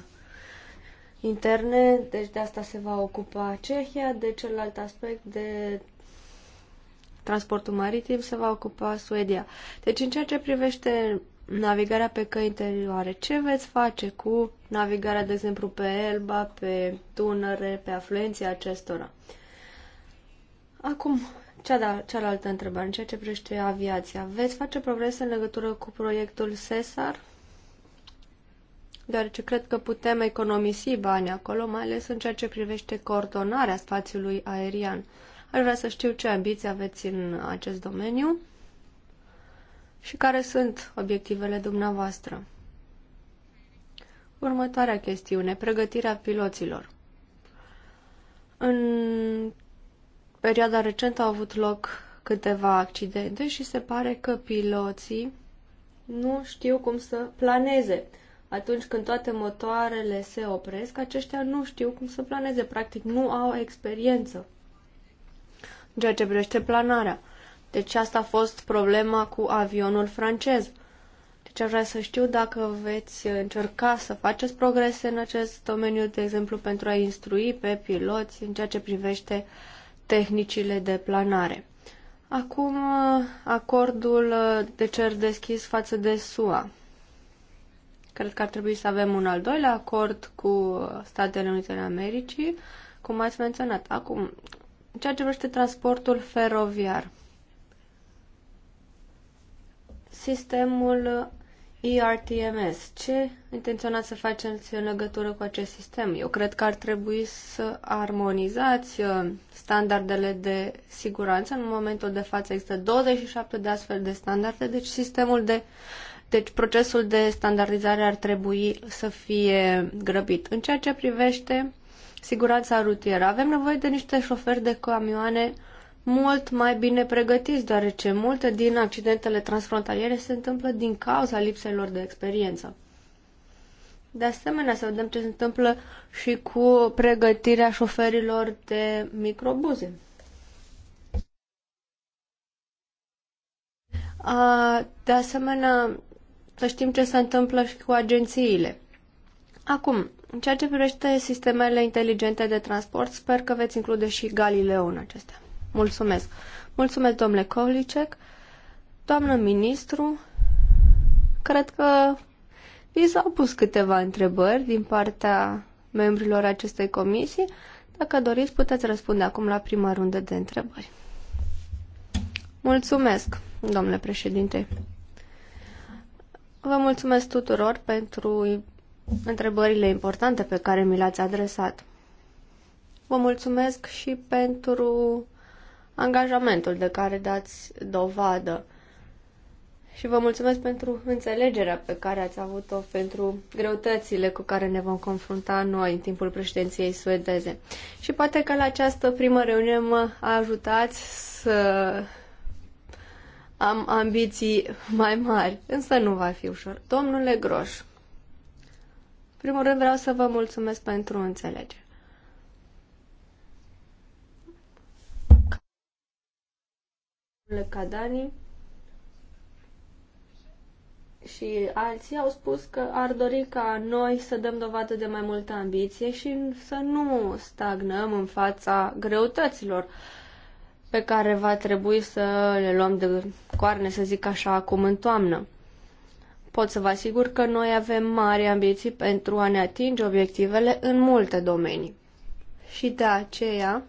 B: interne, deci de asta se va ocupa Cehia, de celălalt aspect de transportul maritim se va ocupa Suedia. Deci în ceea ce privește navigarea pe căi interioare. Ce veți face cu navigarea, de exemplu, pe Elba, pe Dunăre, pe afluenții acestora? Acum, cea de cealaltă întrebare, în ceea ce privește aviația. Veți face progrese în legătură cu proiectul SESAR? Deoarece cred că putem economisi bani acolo, mai ales în ceea ce privește coordonarea spațiului aerian. Aș vrea să știu ce ambiții aveți în acest domeniu. Și care sunt obiectivele dumneavoastră? Următoarea chestiune, pregătirea piloților. În perioada recentă au avut loc câteva accidente și se pare că piloții nu știu cum să planeze. Atunci când toate motoarele se opresc, aceștia nu știu cum să planeze, practic nu au experiență în ceea ce privește planarea. Deci asta a fost problema cu avionul francez. Deci aș vrea să știu dacă veți încerca să faceți progrese în acest domeniu, de exemplu, pentru a instrui pe piloți în ceea ce privește tehnicile de planare. Acum, acordul de cer deschis față de SUA. Cred că ar trebui să avem un al doilea acord cu Statele Unite ale Americii, cum ați menționat. Acum, în ceea ce privește transportul feroviar, sistemul ERTMS. Ce intenționați să faceți în legătură cu acest sistem? Eu cred că ar trebui să armonizați uh, standardele de siguranță. În momentul de față există 27 de astfel de standarde, deci sistemul de deci procesul de standardizare ar trebui să fie grăbit. În ceea ce privește siguranța rutieră, avem nevoie de niște șoferi de camioane uh, mult mai bine pregătiți, deoarece multe din accidentele transfrontaliere se întâmplă din cauza lipselor de experiență. De asemenea, să vedem ce se întâmplă și cu pregătirea șoferilor de microbuze. De asemenea, să știm ce se întâmplă și cu agențiile. Acum, în ceea ce privește sistemele inteligente de transport, sper că veți include și Galileo în acestea. Mulțumesc. Mulțumesc, domnule Kohlicek. Doamnă ministru, cred că vi s-au pus câteva întrebări din partea membrilor acestei comisii. Dacă doriți, puteți răspunde acum la prima rundă de întrebări. Mulțumesc, domnule președinte. Vă mulțumesc tuturor pentru întrebările importante pe care mi le-ați adresat. Vă mulțumesc și pentru angajamentul de care dați dovadă. Și vă mulțumesc pentru înțelegerea pe care ați avut-o pentru greutățile cu care ne vom confrunta noi în timpul președinției suedeze. Și poate că la această primă reuniune mă ajutați să am ambiții mai mari, însă nu va fi ușor. Domnule Groș, primul rând vreau să vă mulțumesc pentru înțelegere. domnule Cadani și alții au spus că ar dori ca noi să dăm dovadă de mai multă ambiție și să nu stagnăm în fața greutăților pe care va trebui să le luăm de coarne, să zic așa, acum în toamnă. Pot să vă asigur că noi avem mari ambiții pentru a ne atinge obiectivele în multe domenii. Și de aceea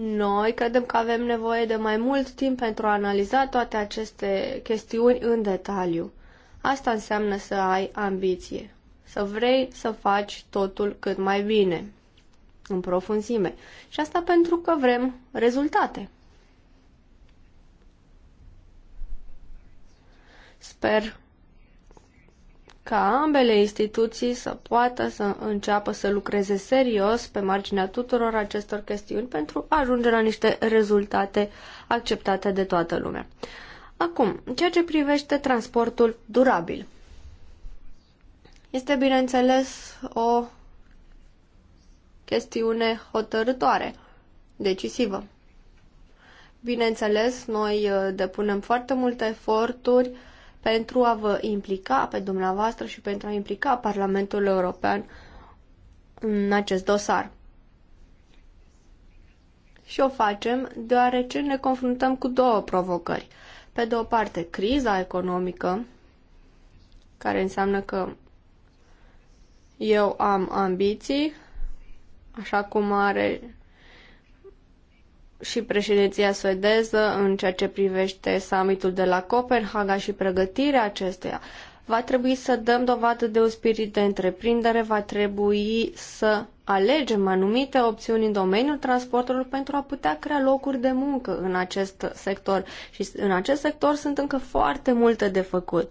B: Noi credem că avem nevoie de mai mult timp pentru a analiza toate aceste chestiuni în detaliu. Asta înseamnă să ai ambiție, să vrei să faci totul cât mai bine, în profunzime. Și asta pentru că vrem rezultate. Sper ca ambele instituții să poată să înceapă să lucreze serios pe marginea tuturor acestor chestiuni pentru a ajunge la niște rezultate acceptate de toată lumea. Acum, în ceea ce privește transportul durabil, este bineînțeles o chestiune hotărătoare, decisivă. Bineînțeles, noi uh, depunem foarte multe eforturi uh, pentru a vă implica pe dumneavoastră și pentru a implica Parlamentul European în acest dosar. Și o facem deoarece ne confruntăm cu două provocări. Pe de o parte, criza economică, care înseamnă că eu am ambiții, așa cum are și președinția suedeză în ceea ce privește summitul de la Copenhaga și pregătirea acestuia. Va trebui să dăm dovadă de un spirit de întreprindere, va trebui să alegem anumite opțiuni în domeniul transporturilor pentru a putea crea locuri de muncă în acest sector. Și în acest sector sunt încă foarte multe de făcut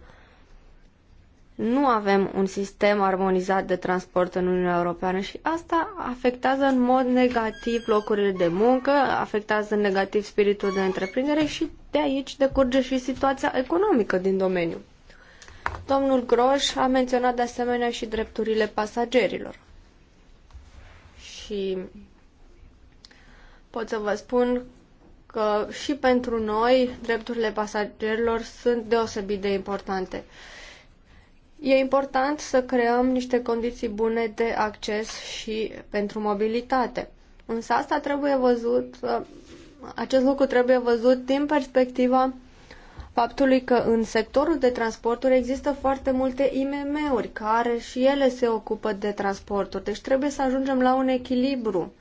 B: nu avem un sistem armonizat de transport în Uniunea Europeană și asta afectează în mod negativ locurile de muncă, afectează în negativ spiritul de întreprindere și de aici decurge și situația economică din domeniu. Domnul Groș a menționat de asemenea și drepturile pasagerilor. Și pot să vă spun că și pentru noi drepturile pasagerilor sunt deosebit de importante. Uh, E important să creăm niște condiții bune de acces și pentru mobilitate. Însă asta trebuie văzut, uh, acest lucru trebuie văzut din perspectiva faptului că în sectorul de transporturi există foarte multe IMM-uri care și ele se ocupă de transporturi. Deci trebuie să ajungem la un echilibru.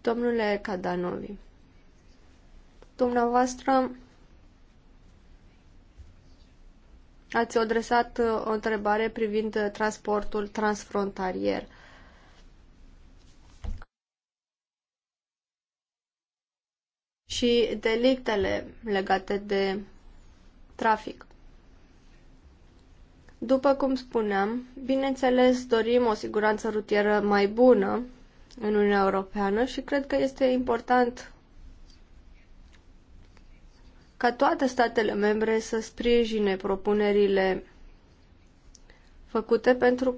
B: Domnule Cadanovi. Dumneavoastră ați adresat uh, o întrebare privind uh, transportul transfrontalier. și delictele legate de trafic. După cum spuneam, bineînțeles dorim o siguranță rutieră mai bună în Uniunea Europeană și cred că este important ca toate statele membre să sprijine propunerile făcute pentru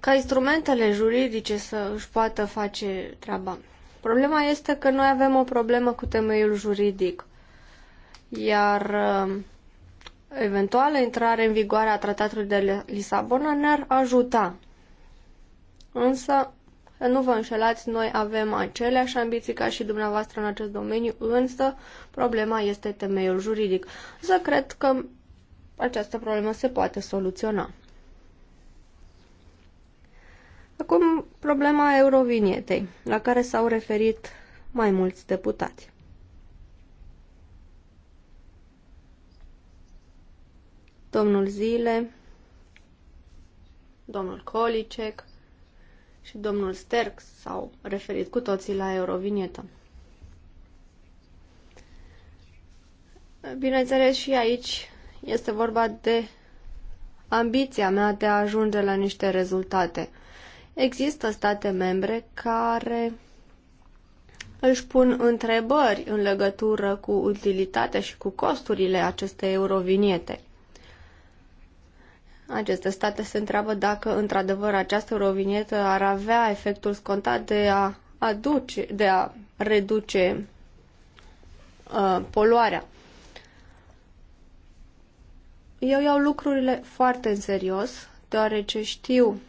B: ca instrumentele juridice să își poată face treaba. Problema este că noi avem o problemă cu temeiul juridic, iar uh, eventuală intrare în vigoare a tratatului de Lisabona ne-ar ajuta. Însă, nu vă înșelați, noi avem aceleași ambiții ca și dumneavoastră în acest domeniu, însă problema este temeiul juridic. Să cred că această problemă se poate soluționa. Acum, problema eurovinietei, la care s-au referit mai mulți deputați. Domnul Zile, domnul Colicec, și domnul Sterk s-au referit cu toții la Eurovinietă. Bineînțeles, și aici este vorba de ambiția mea de a ajunge la niște rezultate. Există state membre care își pun întrebări în legătură cu utilitatea și cu costurile acestei euroviniete. Aceste state se întreabă dacă, într-adevăr, această rovinietă ar avea efectul scontat de a aduce, de a reduce uh, poluarea. Eu iau lucrurile foarte în serios, deoarece știu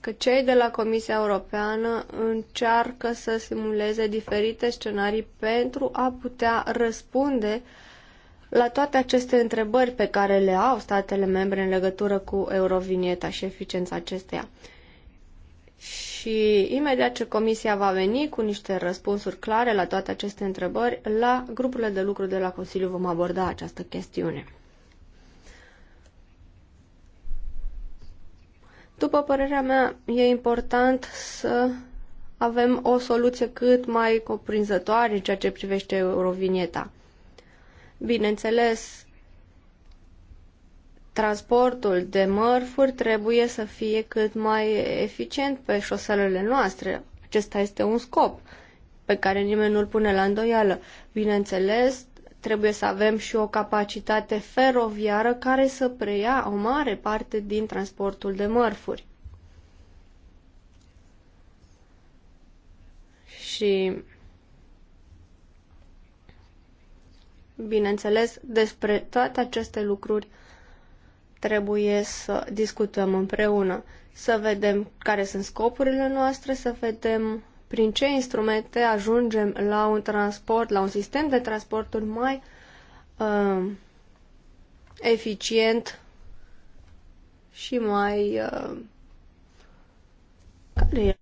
B: că cei de la Comisia Europeană încearcă să simuleze diferite scenarii pentru a putea răspunde uh, la toate aceste întrebări pe care le au statele membre în legătură cu Eurovinieta și eficiența acesteia. Și imediat ce Comisia va veni cu niște răspunsuri clare la toate aceste întrebări, la grupurile de lucru de la Consiliu vom aborda această chestiune. După părerea mea, e important să avem o soluție cât mai cuprinzătoare în ceea ce privește Eurovinieta. Bineînțeles, transportul de mărfuri trebuie să fie cât mai eficient pe șoselele noastre. Acesta este un scop pe care nimeni nu-l pune la îndoială. Bineînțeles, trebuie să avem și o capacitate feroviară care să preia o mare parte din transportul de mărfuri. Și Bineînțeles, despre toate aceste lucruri trebuie să discutăm împreună, să vedem care sunt scopurile noastre, să vedem prin ce instrumente ajungem la un transport, la un sistem de transporturi mai uh, eficient și mai uh, care e?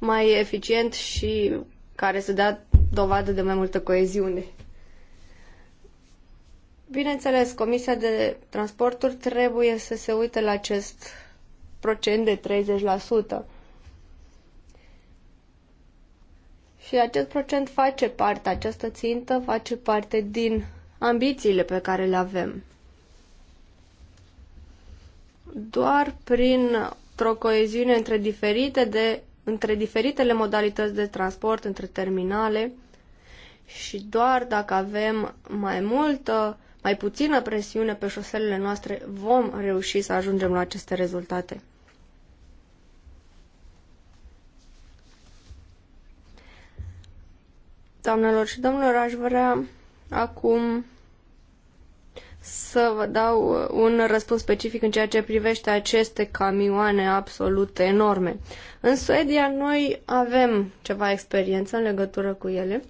B: mai eficient și care să dea dovadă de mai multă coeziune. Bineînțeles, Comisia de Transporturi trebuie să se uite la acest procent de 30%. Și acest procent face parte, această țintă face parte din ambițiile pe care le avem. Doar prin o coeziune între diferite de între diferitele modalități de transport, între terminale și doar dacă avem mai multă, mai puțină presiune pe șoselele noastre, vom reuși să ajungem la aceste rezultate. Doamnelor și domnilor, aș vrea acum să vă dau uh, un răspuns specific în ceea ce privește aceste camioane absolut enorme. În Suedia noi avem ceva experiență în legătură cu ele.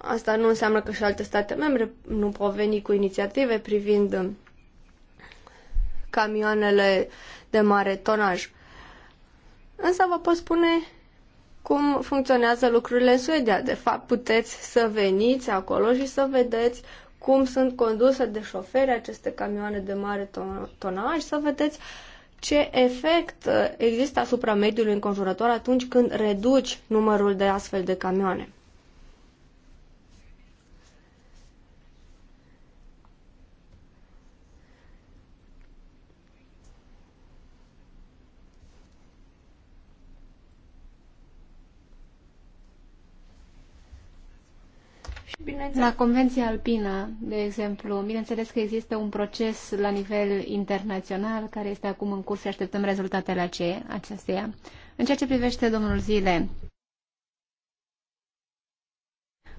B: Asta nu înseamnă că și alte state membre nu pot veni cu inițiative privind uh, camioanele de mare tonaj. Însă vă pot spune cum funcționează lucrurile în Suedia. De fapt, puteți să veniți acolo și să vedeți cum sunt conduse de șoferi aceste camioane de mare tonaj, să vedeți ce efect uh, există asupra mediului înconjurător atunci când reduci numărul de astfel de camioane. bineînțeles...
C: La Convenția Alpina, de exemplu, bineînțeles că există un proces la nivel internațional care este acum în curs și așteptăm rezultatele acesteia. În ceea ce privește domnul Zile,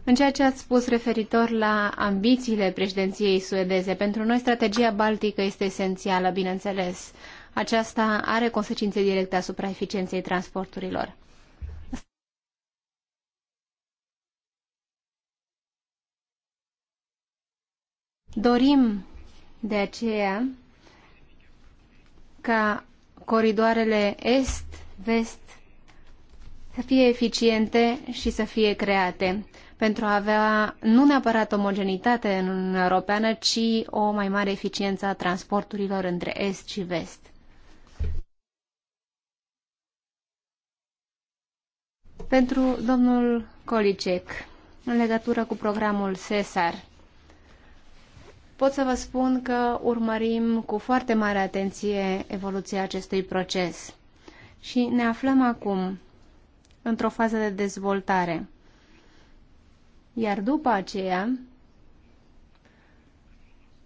C: în ceea ce ați spus referitor la ambițiile președinției suedeze, pentru noi strategia baltică este esențială, bineînțeles. Aceasta are consecințe directe asupra eficienței transporturilor. Dorim de aceea ca coridoarele est-vest să fie eficiente și să fie create pentru a avea nu neapărat omogenitate în Uniunea Europeană, ci o mai mare eficiență a transporturilor între est și vest. Pentru domnul Kolicek, în legătură cu programul CESAR, pot să vă spun că urmărim cu foarte mare atenție evoluția acestui proces și ne aflăm acum într-o fază de dezvoltare. Iar după aceea,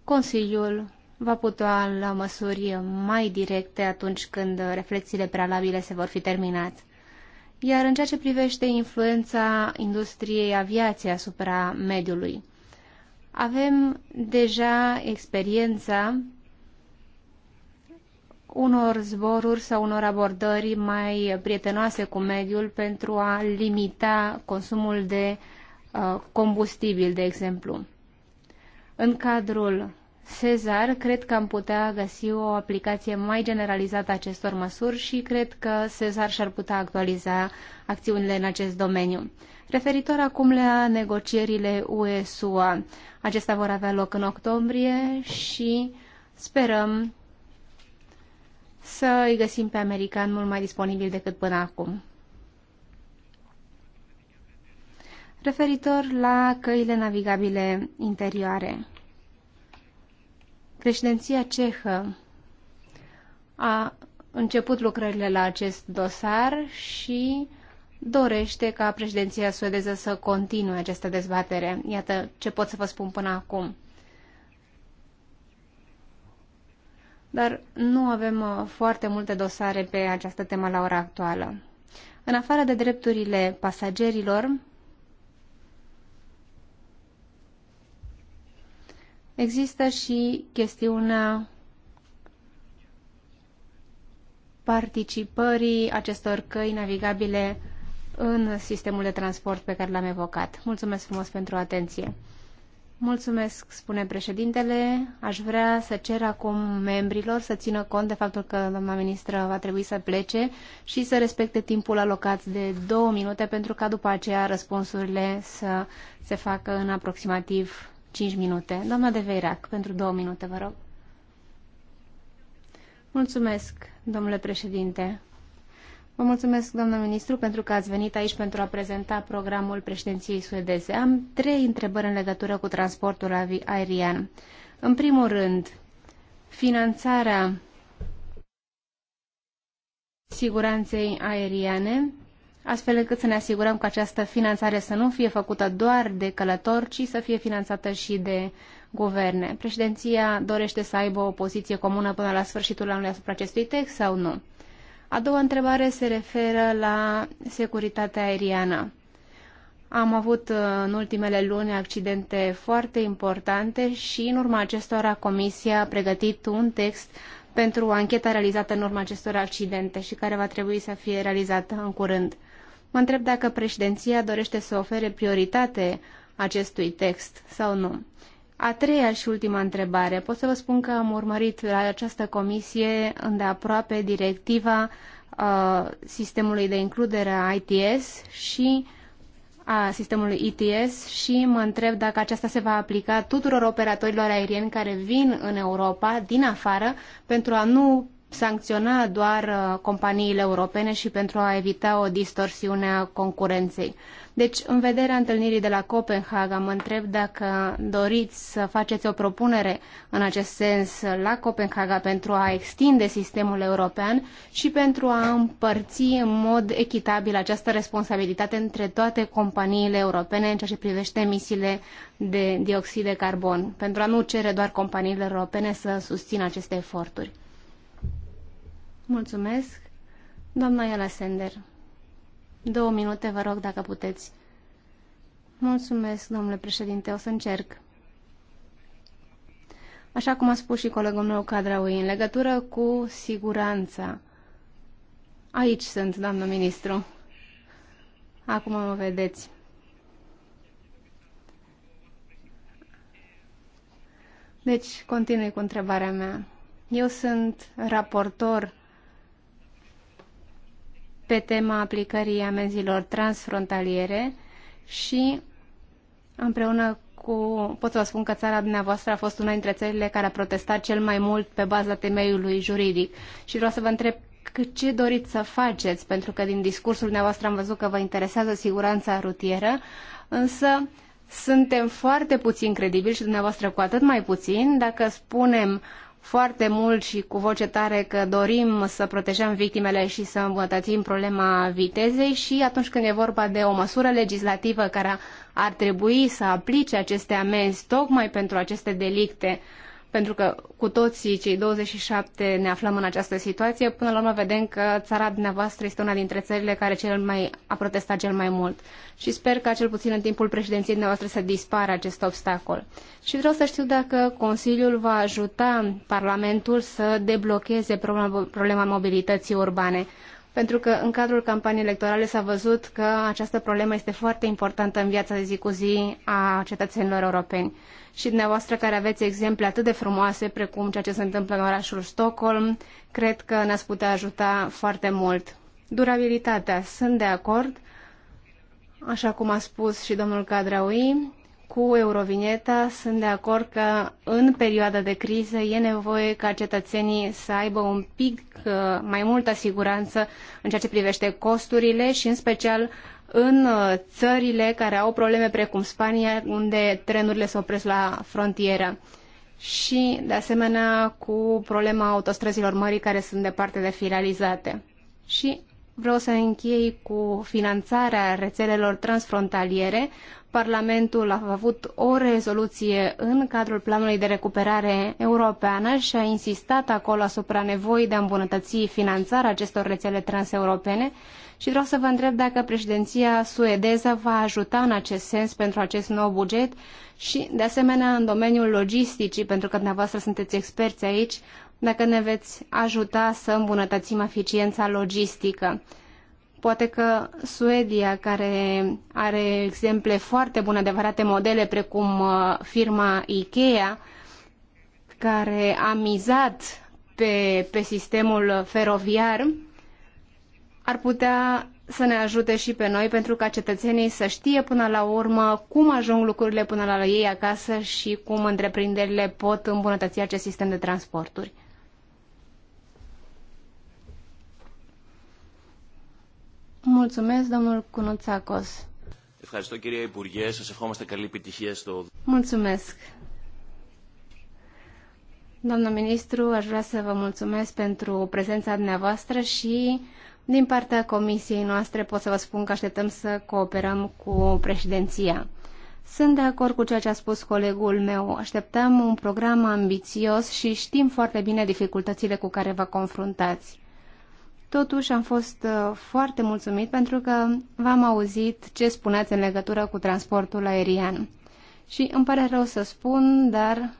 C: Consiliul va putea la măsuri mai directe atunci când reflexiile prealabile se vor fi terminat. Iar în ceea ce privește influența industriei aviației asupra mediului, avem deja experiența unor zboruri sau unor abordări mai prietenoase cu mediul pentru a limita consumul de uh, combustibil, de exemplu. În cadrul Cezar, cred că am putea găsi o aplicație mai generalizată a acestor măsuri și cred că Cezar și-ar putea actualiza acțiunile în acest domeniu. Referitor acum la negocierile UE-SUA, acestea vor avea loc în octombrie și sperăm să îi găsim pe american mult mai disponibil decât până acum. Referitor la căile navigabile interioare, președinția cehă a început lucrările la acest dosar și dorește ca președinția suedeză să continue această dezbatere. Iată ce pot să vă spun până acum. Dar nu avem uh, foarte multe dosare pe această temă la ora actuală. În afară de drepturile pasagerilor, există și chestiunea participării acestor căi navigabile în sistemul de transport pe care l-am evocat. Mulțumesc frumos pentru atenție. Mulțumesc, spune președintele. Aș vrea să cer acum membrilor să țină cont de faptul că doamna ministră va trebui să plece și să respecte timpul alocat de două minute pentru ca după aceea răspunsurile să se facă în aproximativ 5 minute. Doamna de Veirac, pentru două minute, vă rog. Mulțumesc, domnule președinte. Vă mulțumesc, domnul ministru, pentru că ați venit aici pentru a prezenta programul președinției suedeze. Am trei întrebări în legătură cu transportul aerian. În primul rând, finanțarea siguranței aeriane, astfel încât să ne asigurăm că această finanțare să nu fie făcută doar de călători, ci să fie finanțată și de guverne. Președinția dorește să aibă o poziție comună până la sfârșitul anului asupra acestui text sau nu? A doua întrebare se referă la securitatea aeriană. Am avut uh, în ultimele luni accidente foarte importante și în urma acestora Comisia a pregătit un text pentru ancheta realizată în urma acestor accidente și care va trebui să fie realizată în curând. Mă întreb dacă președinția dorește să ofere prioritate acestui text sau nu. A treia și ultima întrebare. Pot să vă spun că am urmărit la această comisie îndeaproape directiva uh, sistemului de includere a ITS și a sistemului ITS și mă întreb dacă aceasta se va aplica tuturor operatorilor aerieni care vin în Europa din afară pentru a nu sancționa doar uh, companiile europene și pentru a evita o distorsiune a concurenței. Uh, deci, în vederea întâlnirii de la Copenhaga, mă întreb dacă doriți să faceți o propunere în acest sens la Copenhaga pentru a extinde sistemul european și pentru a împărți în mod echitabil această responsabilitate între toate companiile europene în ceea ce privește emisiile de dioxid de carbon, pentru a nu cere doar companiile europene să susțină aceste eforturi. Mulțumesc, doamna Iala Sender. Două minute, vă rog, dacă puteți. Mulțumesc, domnule președinte, o să încerc. Așa cum a spus și colegul meu Cadraui, în legătură cu siguranța. Aici sunt, doamnă ministru. Acum mă vedeți. Deci, continui cu întrebarea mea. Eu sunt raportor pe tema aplicării amenzilor transfrontaliere și împreună cu, pot să vă spun că țara dumneavoastră a fost una dintre țările care a protestat cel mai mult pe baza temeiului juridic. Și vreau să vă întreb ce doriți să faceți, pentru că din discursul dumneavoastră am văzut că vă interesează siguranța rutieră, însă suntem foarte puțin credibili și dumneavoastră cu atât mai puțin dacă spunem uh, foarte mult și cu voce tare că dorim să protejăm victimele și să îmbunătățim problema vitezei și atunci când e vorba de o măsură legislativă care ar trebui să aplice aceste amenzi tocmai pentru aceste delicte pentru că cu toții cei 27 ne aflăm în această situație, până la urmă vedem că țara dumneavoastră este una dintre țările care cel mai a protestat cel mai mult. Și sper că cel puțin în timpul președinției dumneavoastră să dispară acest obstacol. Și vreau să știu dacă Consiliul va ajuta Parlamentul să deblocheze problema mobilității urbane pentru că în cadrul campaniei electorale s-a văzut că această problemă este foarte importantă în viața de zi cu zi a cetățenilor europeni. Și dumneavoastră care aveți exemple atât de frumoase, precum ceea ce se întâmplă în orașul Stockholm, cred că ne-ați putea ajuta foarte mult. Durabilitatea, sunt de acord, așa cum a spus și domnul Cadraui, cu Eurovineta sunt de acord că în perioada de criză e nevoie ca cetățenii să aibă un pic uh, mai multă siguranță în ceea ce privește costurile și în special în uh, țările care au probleme precum Spania, unde trenurile se opresc la frontieră. Și, de asemenea, cu problema autostrăzilor mării care sunt departe de fi realizate. Și vreau să închei cu finanțarea rețelelor transfrontaliere, Parlamentul a avut o rezoluție în cadrul planului de recuperare europeană și a insistat acolo asupra nevoii de a îmbunătăți finanțarea acestor rețele transeuropene și vreau să vă întreb dacă președinția suedeză va ajuta în acest sens pentru acest nou buget și, de asemenea, în domeniul logisticii, pentru că dumneavoastră sunteți experți aici, dacă ne veți ajuta să îmbunătățim eficiența logistică Poate că Suedia, care are exemple foarte bune, adevărate modele, precum uh, firma IKEA, care a mizat pe, pe sistemul feroviar, ar putea să ne ajute și pe noi pentru ca cetățenii să știe până la urmă cum ajung lucrurile până la ei acasă și cum întreprinderile pot îmbunătăți acest sistem de transporturi. Mulțumesc, domnul Cunuțacos.
A: Ευχαριστώ κύριε Υπουργέ, σας ευχόμαστε καλή επιτυχία στο...
C: Mulțumesc. Doamnă ministru, aș vrea să vă mulțumesc pentru prezența dumneavoastră și din partea comisiei noastre pot să vă spun că așteptăm să cooperăm cu președinția. Sunt de acord cu ceea ce a spus colegul meu. Așteptăm un program ambițios și știm foarte bine dificultățile cu care vă confruntați. Totuși am fost uh, foarte mulțumit pentru că v-am auzit ce spuneați în legătură cu transportul aerian. Și îmi pare rău să spun, dar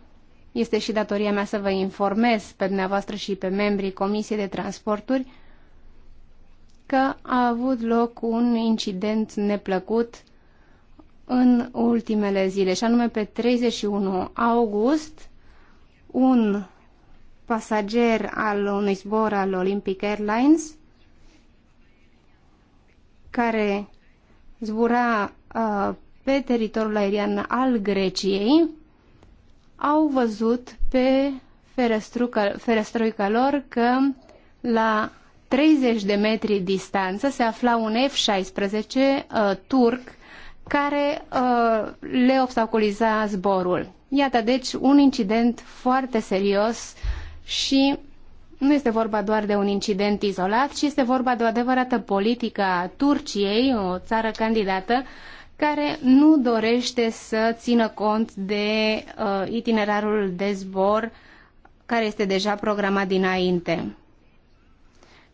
C: este și datoria mea să vă informez pe dumneavoastră și pe membrii Comisiei de Transporturi că a avut loc un incident neplăcut în ultimele zile, și anume pe 31 august, un pasager al unui zbor al Olympic Airlines care zbura uh, pe teritoriul aerian al Greciei au văzut pe ferestruica lor că la 30 de metri distanță se afla un F-16 uh, turc care uh, le obstaculiza zborul. Iată deci un incident foarte serios uh, și nu este vorba doar de un incident izolat, ci este vorba de o adevărată politică a Turciei, o țară candidată, care nu dorește să țină cont de uh, itinerarul de zbor care este deja programat dinainte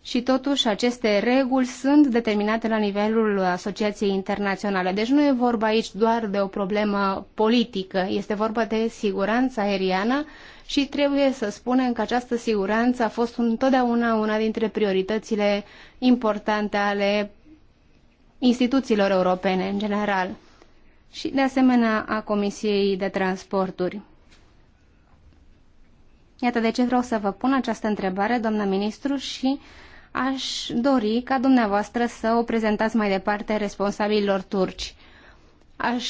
C: și totuși aceste reguli sunt determinate la nivelul Asociației Internaționale. Deci nu e vorba aici doar de o problemă politică, este vorba de siguranța aeriană și trebuie să spunem că această siguranță a fost întotdeauna una dintre prioritățile importante ale instituțiilor europene în general și de asemenea a Comisiei de Transporturi. Iată de ce vreau să vă pun această întrebare, doamna ministru, și aș dori ca dumneavoastră să o prezentați mai departe responsabililor turci. Aș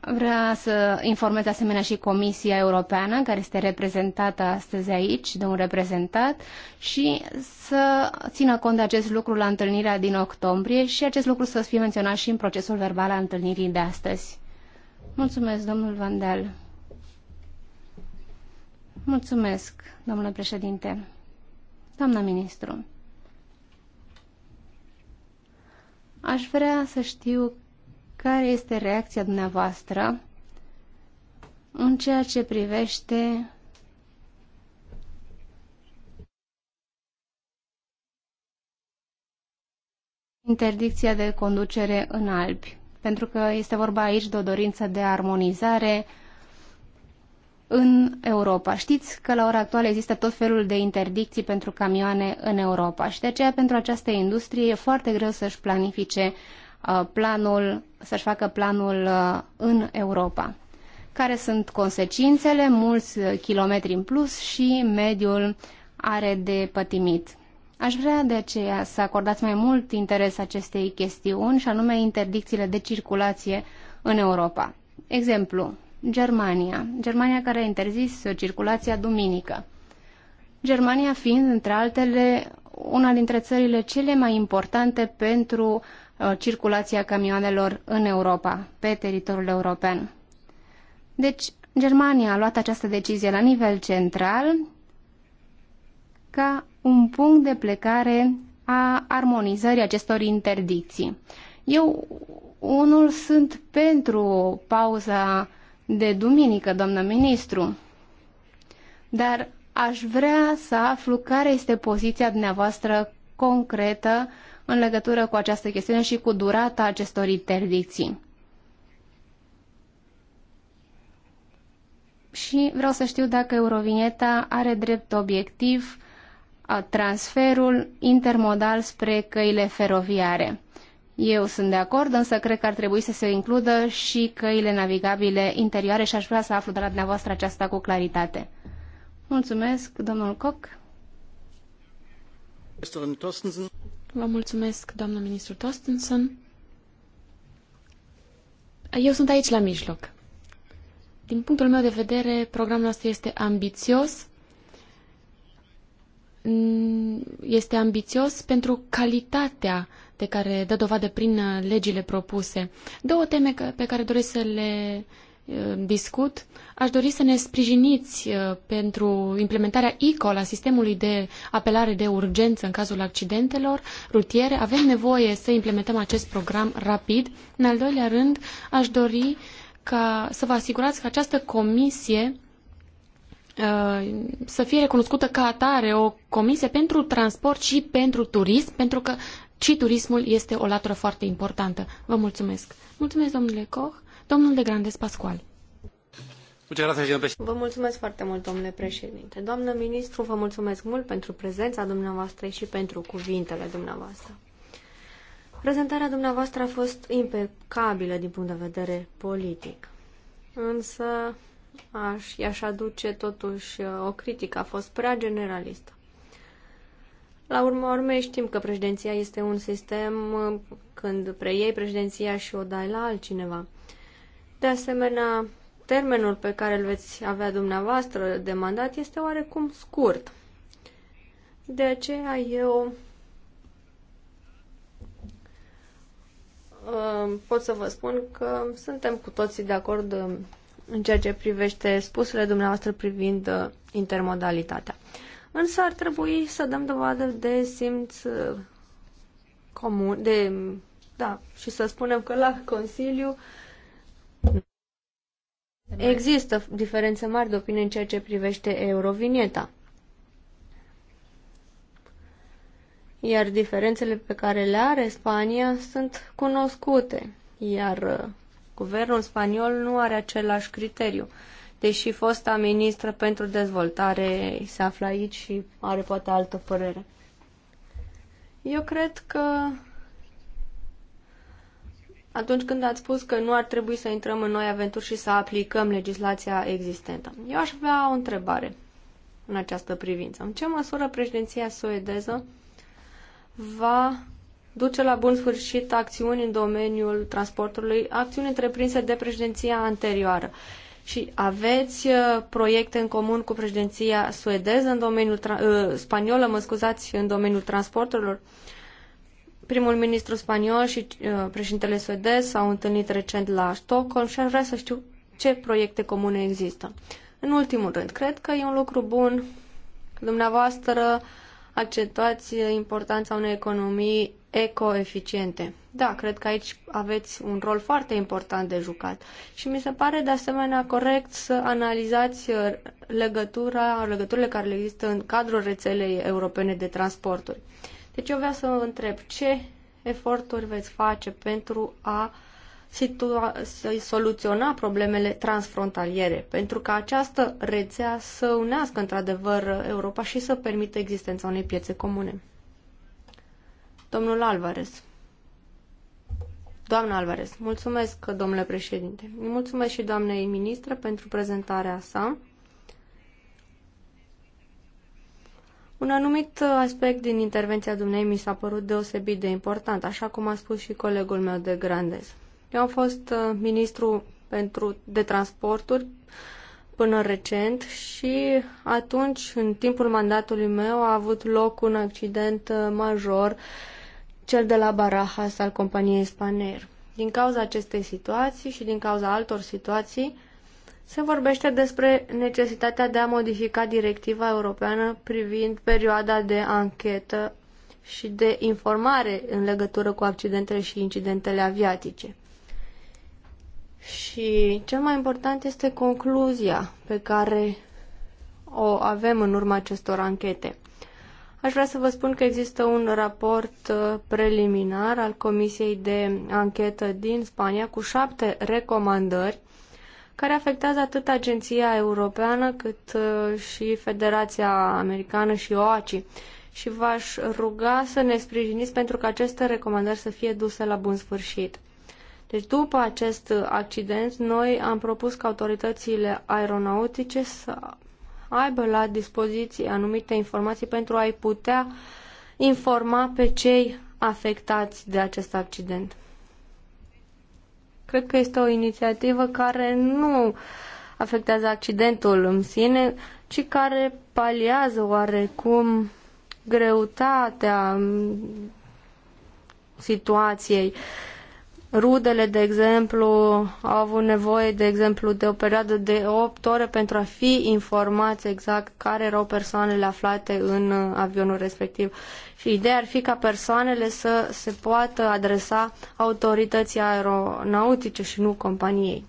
C: vrea să informez asemenea și Comisia Europeană, care este reprezentată astăzi aici de un reprezentat, și să țină cont de acest lucru la întâlnirea din octombrie și acest lucru să fie menționat și în procesul verbal al întâlnirii de astăzi. Mulțumesc, domnul Vandel. Mulțumesc, domnule președinte. Doamna ministru. Aș vrea să știu care este reacția dumneavoastră în ceea ce privește interdicția de conducere în albi, pentru că este vorba aici de o dorință de armonizare în Europa. Știți că la ora actuală există tot felul de interdicții pentru camioane în Europa și de aceea pentru această industrie e foarte greu să-și planifice uh, planul, să-și facă planul uh, în Europa. Care sunt consecințele? Mulți uh, kilometri în plus și mediul are de pătimit. Aș vrea de aceea să acordați mai mult interes acestei chestiuni și anume interdicțiile de circulație în Europa. Exemplu, Germania. Germania care a interzis circulația duminică. Germania fiind, între altele, una dintre țările cele mai importante pentru uh, circulația camioanelor în Europa, pe teritoriul european. Deci, Germania a luat această decizie la nivel central ca un punct de plecare a armonizării acestor interdicții. Eu, unul, sunt pentru pauza uh, de duminică, doamnă ministru. Dar aș vrea să aflu care este poziția dumneavoastră concretă în legătură cu această chestiune și cu durata acestor interdicții. Și vreau să știu dacă Eurovineta are drept obiectiv transferul intermodal spre căile feroviare. Eu sunt de acord, însă cred că ar trebui să se includă și căile navigabile interioare și aș vrea să aflu de la dumneavoastră aceasta cu claritate. Mulțumesc, domnul Koch.
D: Vă mulțumesc, doamnă ministru Tostenson. Eu sunt aici la mijloc. Din punctul meu de vedere, programul nostru este ambițios. Este ambițios pentru calitatea uh, de care dă dovadă prin uh, legile propuse. Două teme pe care doresc să le uh, discut. Aș dori să ne sprijiniți uh, pentru implementarea ICOL a sistemului de apelare de urgență în cazul accidentelor rutiere. Avem nevoie să implementăm acest program rapid. În al doilea rând, aș dori ca să vă asigurați că această comisie să fie recunoscută ca atare o comisie pentru transport și pentru turism, pentru că ci turismul este o latură foarte importantă. Vă mulțumesc. Mulțumesc, domnule Koch. Domnul de Grandes Pascual. Vă mulțumesc foarte
B: mult, domnule președinte. Doamnă ministru, vă mulțumesc mult pentru prezența dumneavoastră și pentru cuvintele dumneavoastră. Prezentarea dumneavoastră a fost impecabilă din punct de vedere politic. Însă aș, i-aș aduce totuși uh, o critică, a fost prea generalistă. La urma urmei știm că președinția este un sistem când preiei președinția și o dai la altcineva. De asemenea, termenul pe care îl veți avea dumneavoastră de mandat este oarecum scurt. De aceea eu uh, pot să vă spun că suntem cu toții de acord în ceea ce privește spusele dumneavoastră privind uh, intermodalitatea. Însă ar trebui să dăm dovadă de simț uh, comun, de, da, și să spunem că la Consiliu există diferențe mari de opinie în ceea ce privește Eurovinieta. Iar diferențele pe care le are Spania sunt cunoscute, iar uh, guvernul spaniol nu are același criteriu deși fosta ministră pentru dezvoltare se află aici și are poate altă părere. Eu cred că atunci când ați spus că nu ar trebui să intrăm în noi aventuri și să aplicăm legislația existentă, eu aș avea o întrebare în această privință. În ce măsură președinția suedeză va duce la bun sfârșit acțiuni în domeniul transportului, acțiuni întreprinse de președinția anterioară și aveți uh, proiecte în comun cu președinția suedeză în domeniul uh, spaniolă, mă scuzați, în domeniul transporturilor? Primul ministru spaniol și uh, președintele suedez s-au întâlnit recent la Stockholm și aș vrea să știu ce proiecte comune există. În ultimul rând, cred că e un lucru bun. Dumneavoastră acceptați importanța unei economii ecoeficiente. Da, cred că aici aveți un rol foarte important de jucat și mi se pare de asemenea corect să analizați uh, legătura, legăturile care există în cadrul rețelei europene de transporturi. Deci eu vreau să vă întreb ce eforturi veți face pentru a situa- să soluționa problemele transfrontaliere, pentru ca această rețea să unească într-adevăr Europa și să permită existența unei piețe comune. Domnul Alvarez. Doamna Alvarez, mulțumesc, domnule președinte. Mulțumesc și doamnei ministră pentru prezentarea sa. Un anumit aspect din intervenția dumnei mi s-a părut deosebit de important, așa cum a spus și colegul meu de Grandes. Eu am fost uh, ministru pentru, de transporturi până recent și atunci, în timpul mandatului meu, a avut loc un accident uh, major uh, cel de la Barajas al companiei Spanair. Din cauza acestei situații și din cauza altor situații, se vorbește despre necesitatea de a modifica directiva europeană privind perioada de anchetă și de informare în legătură cu accidentele și incidentele aviatice. Și cel mai important este concluzia pe care o avem în urma acestor anchete. Aș vrea să vă spun că există un raport uh, preliminar al Comisiei de Anchetă din Spania cu șapte recomandări care afectează atât Agenția Europeană cât uh, și Federația Americană și OACI. Și v-aș ruga să ne sprijiniți pentru că aceste recomandări să fie duse la bun sfârșit. Deci după acest accident, noi am propus ca autoritățile aeronautice să aibă la dispoziție anumite informații pentru a-i putea informa pe cei afectați de acest accident. Cred că este o inițiativă care nu afectează accidentul în sine, ci care paliază oarecum greutatea mm, situației. Uh, Rudele, de exemplu, au avut nevoie, de exemplu, de o perioadă de 8 ore pentru a fi informați exact care erau persoanele aflate în uh, avionul respectiv. Și ideea ar fi ca persoanele să se poată adresa autorității aeronautice și nu companiei.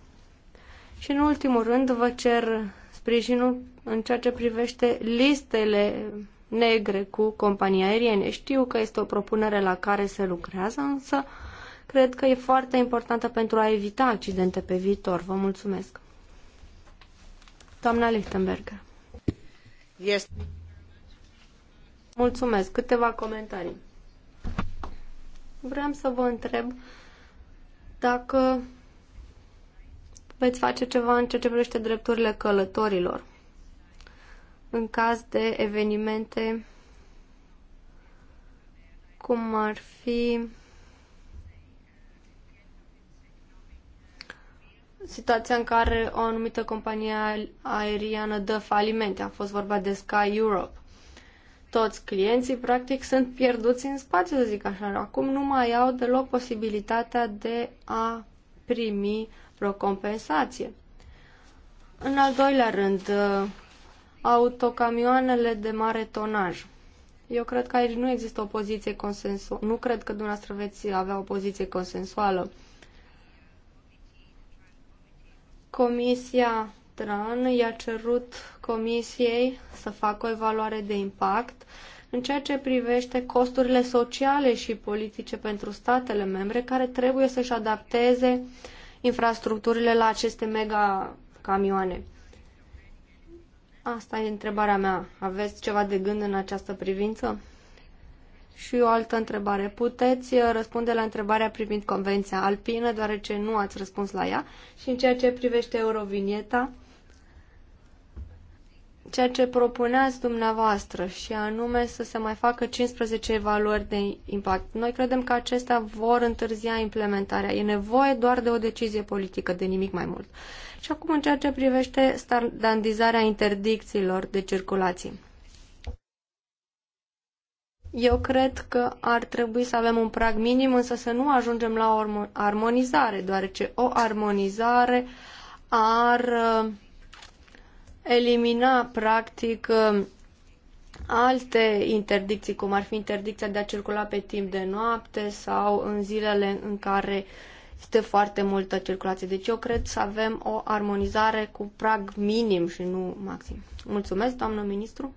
B: Și în ultimul rând vă cer sprijinul în ceea ce privește listele negre cu companii aeriene. Știu că este o propunere la care se lucrează, însă cred că e foarte importantă pentru a evita accidente pe viitor. Vă mulțumesc. Doamna Lichtenberger. Yes. Mulțumesc. Câteva comentarii. Vreau să vă întreb dacă veți face ceva în ceea ce privește drepturile călătorilor în caz de evenimente cum ar fi situația în care o anumită companie aeriană dă falimente. A fost vorba de Sky Europe. Toți clienții, practic, sunt pierduți în spațiu, să zic așa. Acum nu mai au deloc posibilitatea de a primi vreo compensație. În al doilea rând, uh, autocamioanele de mare tonaj. Eu cred că aici nu există o poziție consensuală. Nu cred că dumneavoastră veți avea o poziție consensuală Comisia TRAN i-a cerut Comisiei să facă o evaluare de impact în ceea ce privește costurile sociale și politice pentru statele membre care trebuie să-și adapteze infrastructurile la aceste mega camioane. Asta e întrebarea mea. Aveți ceva de gând în această privință? Și o altă întrebare. Puteți uh, răspunde la întrebarea privind Convenția Alpină, deoarece nu ați răspuns la ea. Și în ceea ce privește Eurovinieta, ceea ce propuneați dumneavoastră și anume să se mai facă 15 evaluări de impact. Noi credem că acestea vor întârzia implementarea. E nevoie doar de o decizie politică, de nimic mai mult. Și acum în ceea ce privește standardizarea interdicțiilor de circulație. Eu cred că ar trebui să avem un prag minim, însă să nu ajungem la o armonizare, deoarece o armonizare ar uh, elimina, practic, uh, alte interdicții, cum ar fi interdicția de a circula pe timp de noapte sau în zilele în care este foarte multă circulație. Deci eu cred să avem o armonizare cu prag minim și nu maxim. Mulțumesc, doamnă ministru.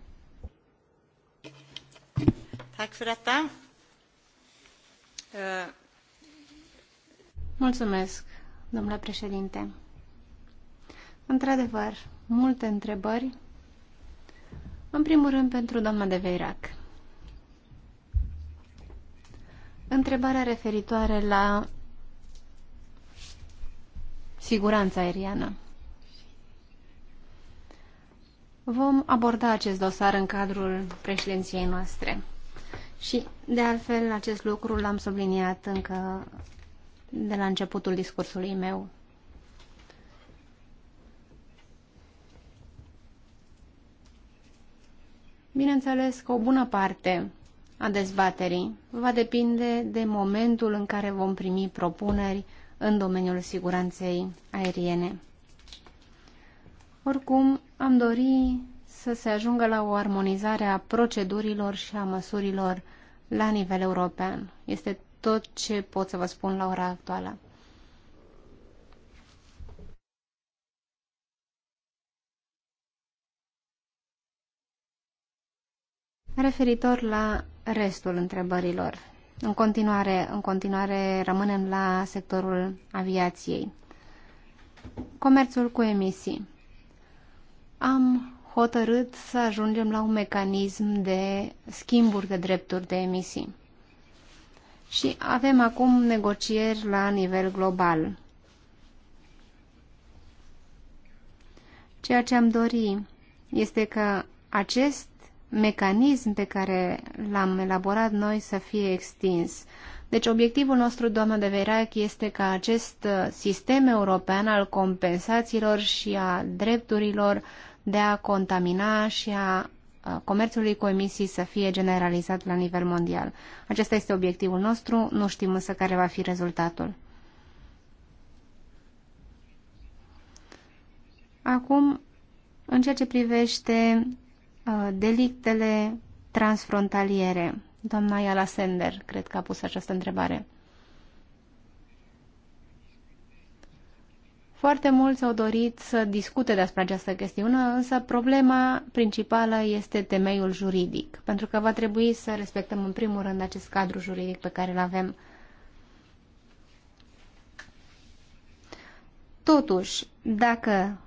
C: Tack för detta. Eh. Mulțumesc, domnule președinte. Într-adevăr, multe întrebări. În primul rând, pentru doamna de Veirac. Întrebarea referitoare la siguranța aeriană. Vom aborda acest dosar în cadrul președinției noastre. Și, de altfel, acest lucru l-am subliniat încă de la începutul discursului meu. Bineînțeles că o bună parte a dezbaterii va depinde de momentul în care vom primi propuneri în domeniul siguranței aeriene. Oricum, am dori să se ajungă la o armonizare a procedurilor și a măsurilor la nivel european. Este tot ce pot să vă spun la ora actuală. Referitor la restul întrebărilor, în continuare, în continuare rămânem la sectorul aviației. Comerțul cu emisii. Am hotărât să ajungem la un mecanism de schimburi de drepturi de emisii. Și avem acum negocieri la nivel global. Ceea ce am dori este că acest mecanism pe care l-am elaborat noi să fie extins. Deci obiectivul nostru, doamnă de Verac, este ca acest sistem european al compensațiilor și a drepturilor de a contamina și a comerțului cu emisii să fie generalizat la nivel mondial. Acesta este obiectivul nostru, nu știm însă care va fi rezultatul. Acum, în ceea ce privește uh, delictele transfrontaliere, doamna Iala Sender, cred că a pus această întrebare. Foarte mulți au dorit să discute despre această chestiune, însă problema principală este temeiul juridic, pentru că va trebui să respectăm în primul rând acest cadru juridic pe care îl avem. Totuși, dacă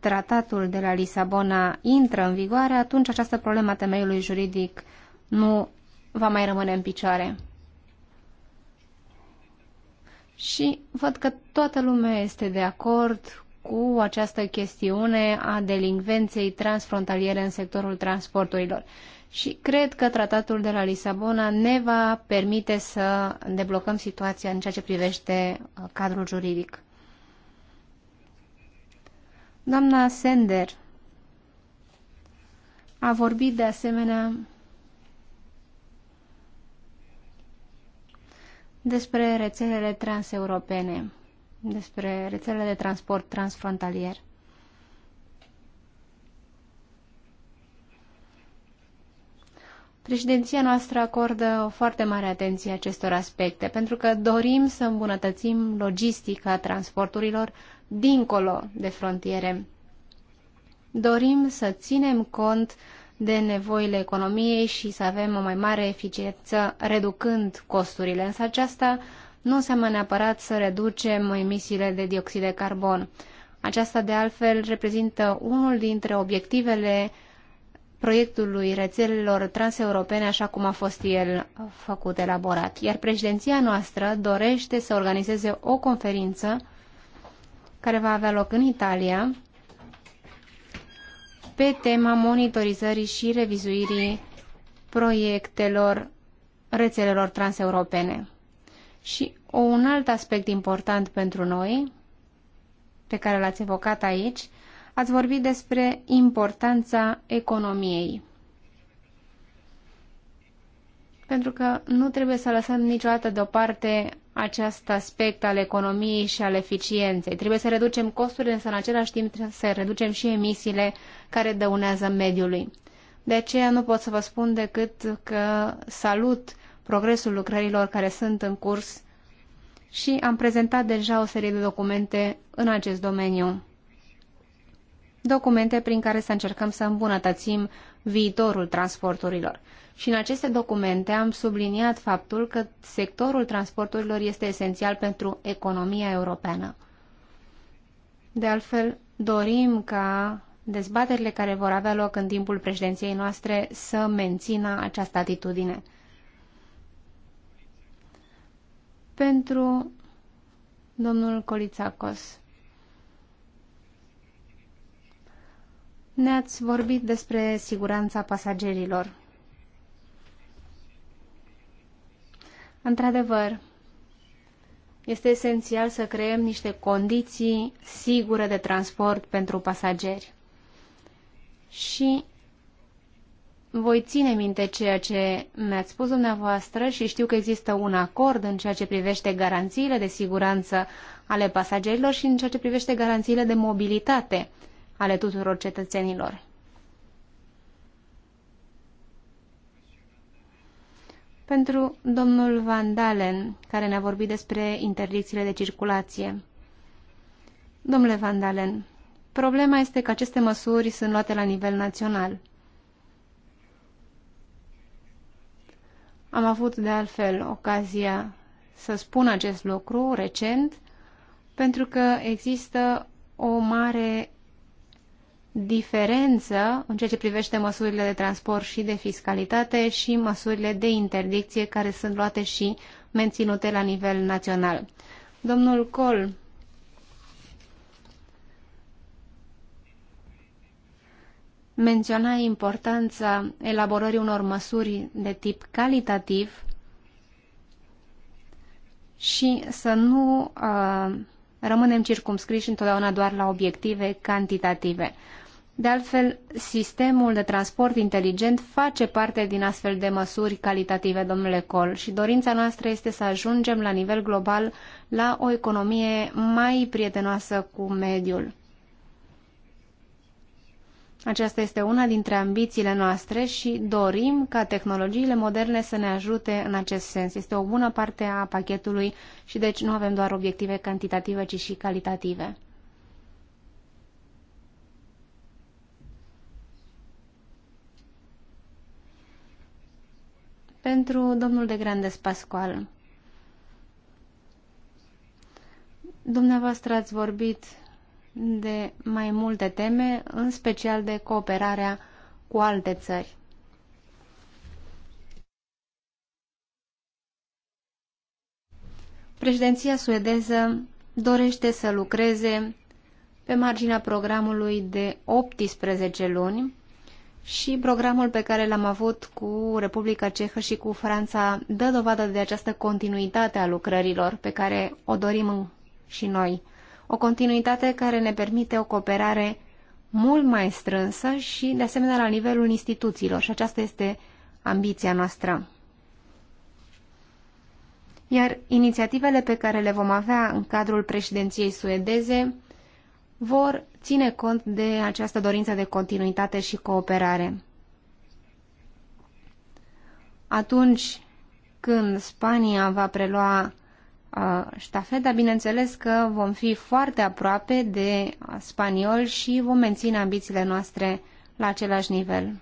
C: tratatul de la Lisabona intră în vigoare, atunci această problemă a temeiului juridic nu va mai rămâne în picioare. Și văd că toată lumea este de acord cu această chestiune a delinvenței transfrontaliere în sectorul transporturilor. Și cred că tratatul de la Lisabona ne va permite să deblocăm situația în ceea ce privește uh, cadrul juridic. Doamna Sender a vorbit de asemenea despre rețelele transeuropene, despre rețelele de transport transfrontalier. Președinția noastră acordă o foarte mare atenție acestor aspecte, pentru că dorim să îmbunătățim logistica transporturilor dincolo de frontiere. Dorim să ținem cont uh, de nevoile economiei și să avem o mai mare eficiență reducând costurile. Însă aceasta nu înseamnă neapărat să reducem emisiile de dioxid de carbon. Aceasta, de altfel, reprezintă unul dintre obiectivele proiectului rețelelor transeuropene așa cum a fost el făcut, elaborat. Iar președinția noastră dorește să organizeze o conferință care va avea loc în Italia pe tema monitorizării și revizuirii proiectelor rețelelor transeuropene. Și un alt aspect important pentru noi, pe care l-ați evocat aici, ați vorbit despre importanța economiei. Pentru că nu trebuie să lăsăm niciodată deoparte acest aspect al economiei și al eficienței. Trebuie să reducem costurile, însă în același timp trebuie să reducem și emisiile care dăunează mediului. De aceea nu pot să vă spun decât că salut progresul lucrărilor care sunt în curs și am prezentat deja o serie de documente în acest domeniu. Documente prin care să încercăm să îmbunătățim viitorul transporturilor. Și în aceste documente am subliniat faptul că sectorul transporturilor este esențial pentru economia europeană. De altfel, dorim ca dezbaterile care vor avea loc în timpul președinției noastre să mențină această atitudine. Pentru domnul Colițacos. Ne-ați vorbit despre siguranța pasagerilor. Într-adevăr, este esențial să creăm niște condiții sigure de transport pentru pasageri. Și voi ține minte ceea ce mi-ați spus dumneavoastră și știu că există un acord în ceea ce privește garanțiile de siguranță ale pasagerilor și în ceea ce privește garanțiile de mobilitate ale tuturor cetățenilor. pentru domnul Van Dalen, care ne-a vorbit despre interdicțiile de circulație. Domnule Van Dalen, problema este că aceste măsuri sunt luate la nivel național. Am avut de altfel ocazia să spun acest lucru recent, pentru că există o mare diferență în ceea ce privește măsurile de transport și de fiscalitate și măsurile de interdicție care sunt luate și menținute la nivel național. Domnul Col menționa importanța elaborării unor măsuri de tip calitativ și să nu uh, rămânem circumscriși întotdeauna doar la obiective cantitative. De altfel, sistemul de transport inteligent face parte din astfel de măsuri calitative, domnule Col, și dorința noastră este să ajungem la nivel global la o economie mai prietenoasă cu mediul. Aceasta este una dintre ambițiile noastre și dorim ca tehnologiile moderne să ne ajute în acest sens. Este o bună parte a pachetului și deci nu avem doar obiective cantitative, ci și calitative. pentru domnul de Grandes Pascual. Dumneavoastră ați vorbit de mai multe teme, în special de cooperarea cu alte țări. Președinția suedeză dorește să lucreze pe marginea programului de 18 luni și programul pe care l-am avut cu Republica Cehă și cu Franța dă dovadă de această continuitate a lucrărilor pe care o dorim și noi. O continuitate care ne permite o cooperare mult mai strânsă și, de asemenea, la nivelul instituțiilor. Și aceasta este ambiția noastră. Iar inițiativele pe care le vom avea în cadrul președinției suedeze vor ține cont de această dorință de continuitate și cooperare. Atunci când Spania va prelua uh, ștafeta, bineînțeles că vom fi foarte aproape de uh, spaniol și vom menține ambițiile noastre la același nivel.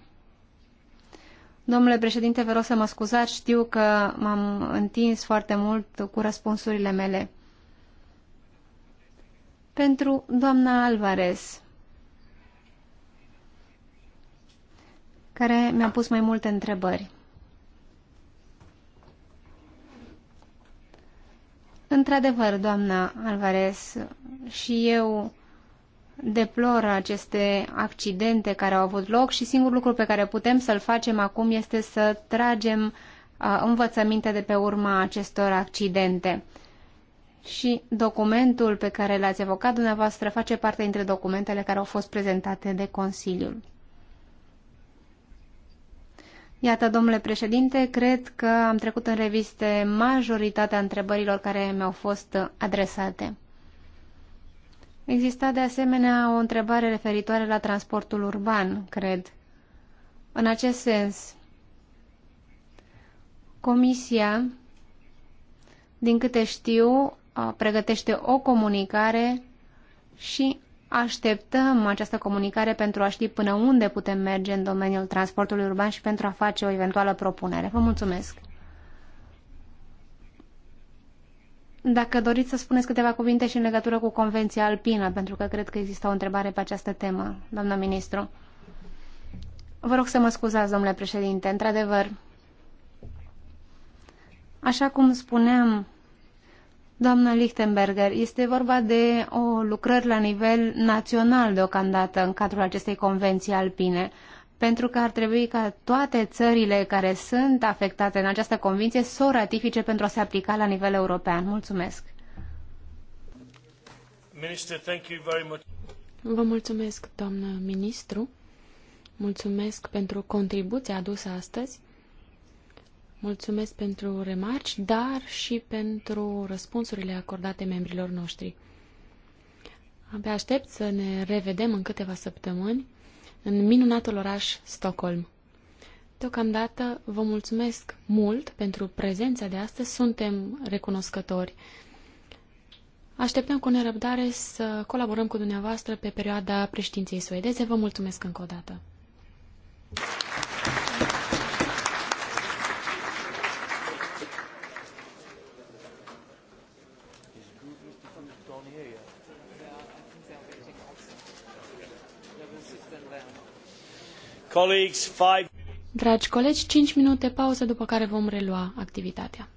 C: Domnule președinte, vă rog să mă scuzați, știu că m-am întins foarte mult cu răspunsurile mele. Pentru doamna Alvarez, care mi-a pus mai multe întrebări. Într-adevăr, doamna Alvarez, și eu deplor aceste accidente care au avut loc și singurul lucru pe care putem să-l facem acum este să tragem uh, învățăminte de pe urma acestor accidente și documentul pe care l-ați evocat dumneavoastră face parte dintre documentele care au fost prezentate de Consiliul. Iată, domnule președinte, cred că am trecut în reviste majoritatea întrebărilor care mi-au fost adresate. Exista de asemenea o întrebare referitoare la transportul urban, cred. În acest sens, Comisia, din câte știu, pregătește o comunicare și așteptăm această comunicare pentru a ști până unde putem merge în domeniul transportului urban și pentru a face o eventuală propunere. Vă mulțumesc! Dacă doriți să spuneți câteva cuvinte și în legătură cu Convenția Alpină, pentru că cred că există o întrebare pe această temă, doamna ministru. Vă rog să mă scuzați, domnule președinte. Într-adevăr, așa cum spuneam Doamnă Lichtenberger, este vorba de o lucrări la nivel național deocamdată în cadrul acestei convenții alpine, pentru că ar trebui ca toate țările care sunt afectate în această convenție să o ratifice pentru a se aplica la nivel european. Mulțumesc!
A: Minister,
D: Vă mulțumesc, doamnă ministru. Mulțumesc pentru contribuția adusă astăzi. Mulțumesc pentru remarci, dar și pentru răspunsurile acordate membrilor noștri. Abia aștept să ne revedem în câteva săptămâni în minunatul oraș Stockholm. Deocamdată vă mulțumesc mult pentru prezența de astăzi, suntem recunoscători. Așteptăm cu nerăbdare să colaborăm cu dumneavoastră pe perioada președinției suedeze. Vă mulțumesc încă o dată. Dragi colegi, 5 minute pauză, după care vom relua activitatea.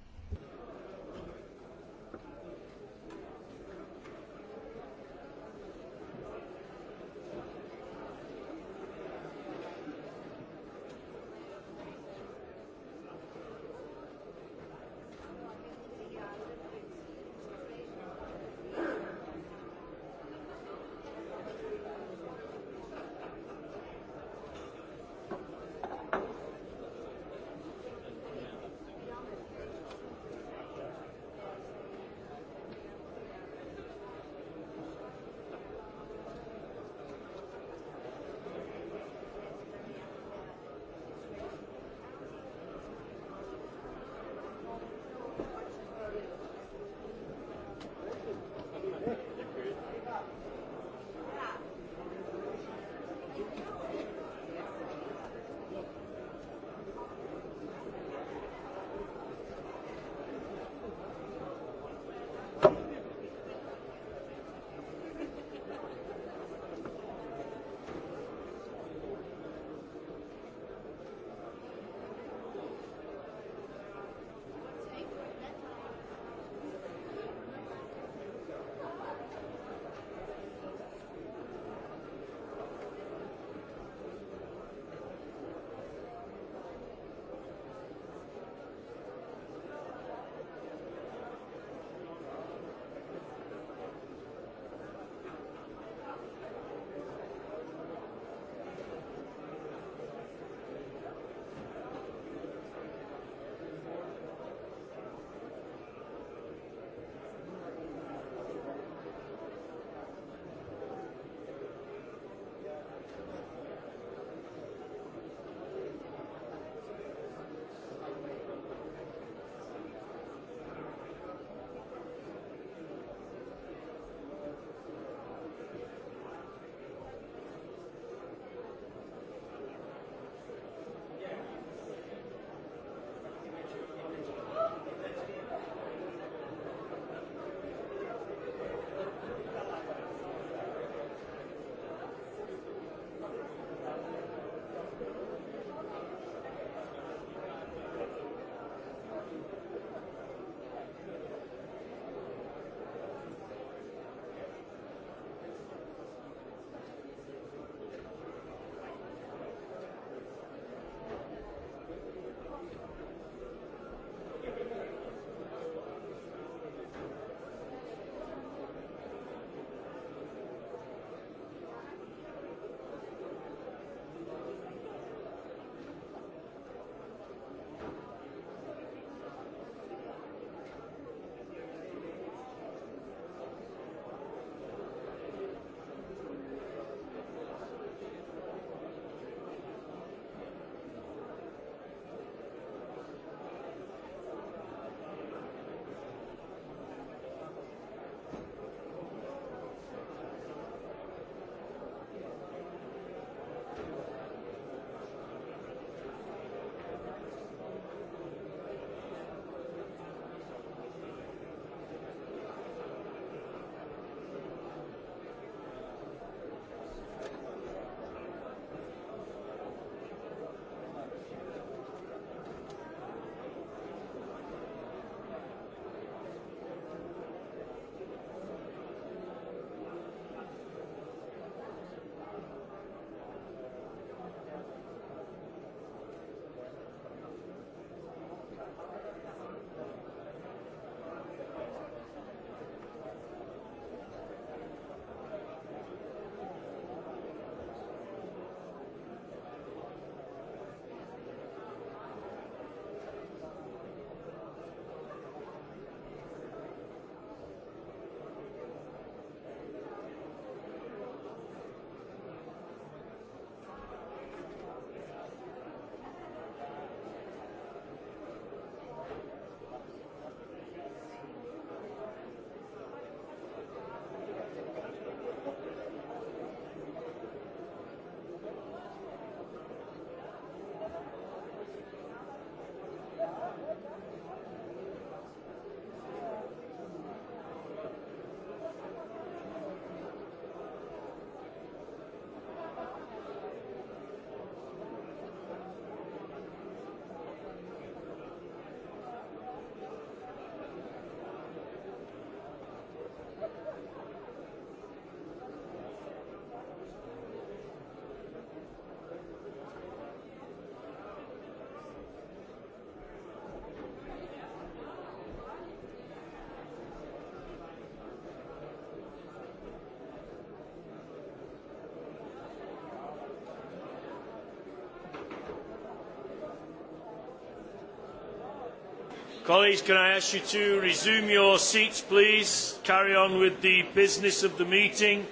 A: Colleagues, can I ask you to resume your seats, please? Carry on with the business of the meeting.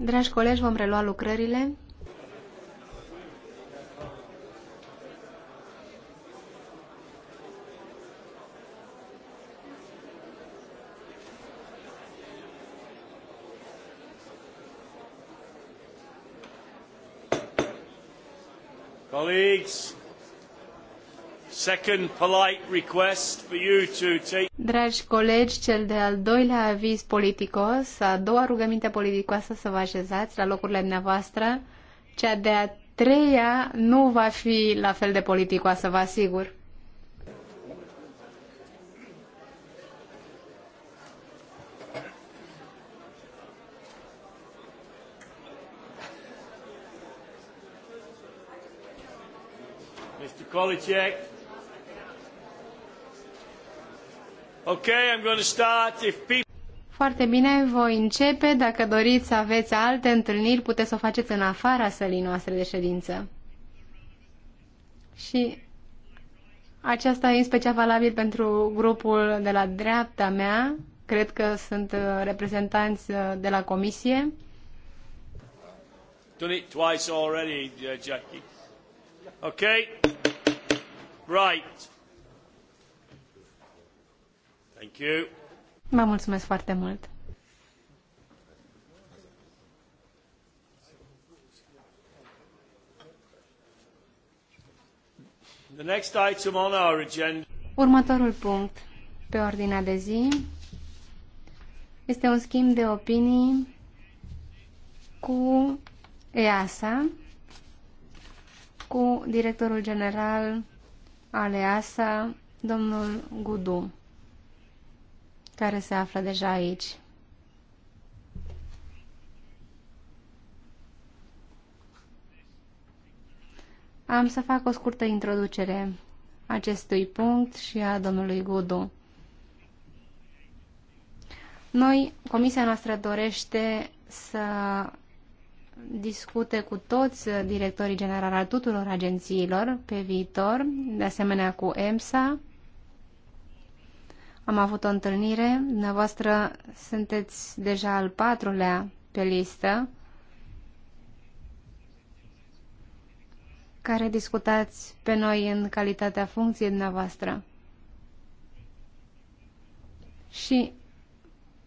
C: Dragi colegi, vom relua lucrările.
A: second polite request for you to take...
C: Dragi colegi, cel de-al doilea aviz politicos, a doua rugăminte politicoasă să vă așezați la locurile dumneavoastră, cea de-a treia nu va fi la fel de politicoasă, vă asigur.
A: Mr. Kolicek. Okay, I'm going to start. If people...
C: Foarte bine, voi începe. Dacă doriți să aveți alte întâlniri, puteți să o faceți în afara sălii noastre de ședință. Și aceasta e în special valabil pentru grupul de la dreapta mea. Cred că sunt uh, reprezentanți uh, de la comisie.
A: Done it twice already, uh, Jackie. Okay. Right.
C: Vă mulțumesc foarte mult.
A: The next item on our agenda.
C: Următorul punct pe ordinea de zi este un schimb de opinii cu EASA, cu directorul general al EASA, domnul Gudu care se află deja aici. Am să fac o scurtă introducere acestui punct și a domnului Gudu. Noi, comisia noastră dorește să discute cu toți directorii generali al tuturor agențiilor pe viitor, de asemenea cu EMSA, am avut o întâlnire, dumneavoastră sunteți deja al patrulea pe listă, care discutați pe noi în calitatea funcției dumneavoastră. Și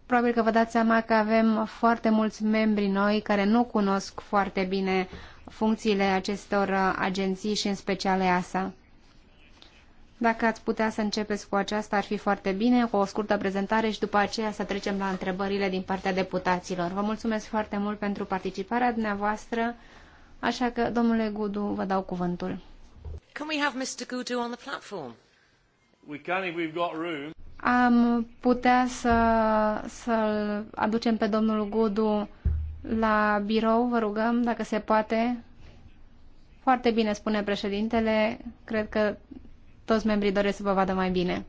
C: probabil că vă dați seama că avem foarte mulți membri noi care nu cunosc foarte bine funcțiile acestor agenții și în special EASA. Dacă ați putea să începeți cu aceasta, ar fi foarte bine, cu o scurtă prezentare și după aceea să trecem la întrebările din partea deputaților. Vă mulțumesc foarte mult pentru participarea dumneavoastră, așa că, domnule Gudu, vă dau cuvântul.
A: Can we have Mr. Gudu on the platform? We can if we've got room.
C: Am putea să, să-l aducem pe domnul Gudu la birou, vă rugăm, dacă se poate. Foarte bine, spune președintele. Cred că toți membrii doresc să vă vadă mai bine.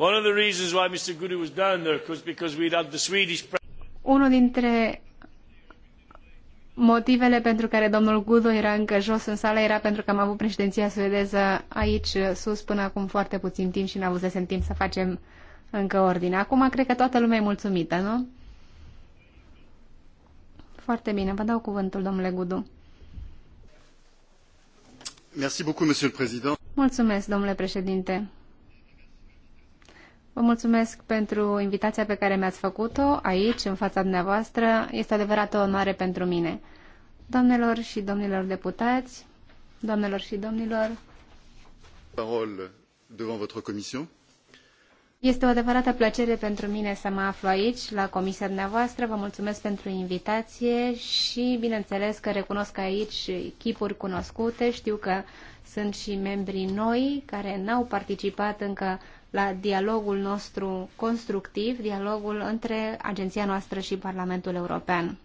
A: One of the reasons why Mr. was down there was because we'd had the Swedish
C: unul dintre Motivele pentru care domnul Gudo era încă jos în sală era pentru că am avut președinția suedeză aici eh, sus până acum foarte puțin timp și n-am avut să timp să facem încă ordine. Acum cred că toată lumea e mulțumită, nu? Foarte bine, vă dau cuvântul, domnule Gudu. Mulțumesc, domnule președinte. Vă mulțumesc pentru invitația pe care mi-ați făcut-o aici, în fața dumneavoastră. Este adevărat o onoare pentru mine. Doamnelor și domnilor deputați, doamnelor și domnilor, parole devant votre comisie. Este o adevărată plăcere pentru mine să mă aflu aici, la comisia dumneavoastră. Vă mulțumesc pentru invitație și, bineînțeles, că recunosc aici chipuri cunoscute. Știu că sunt și membrii noi care n-au participat încă la dialogul nostru constructiv, dialogul între agenția noastră și Parlamentul European.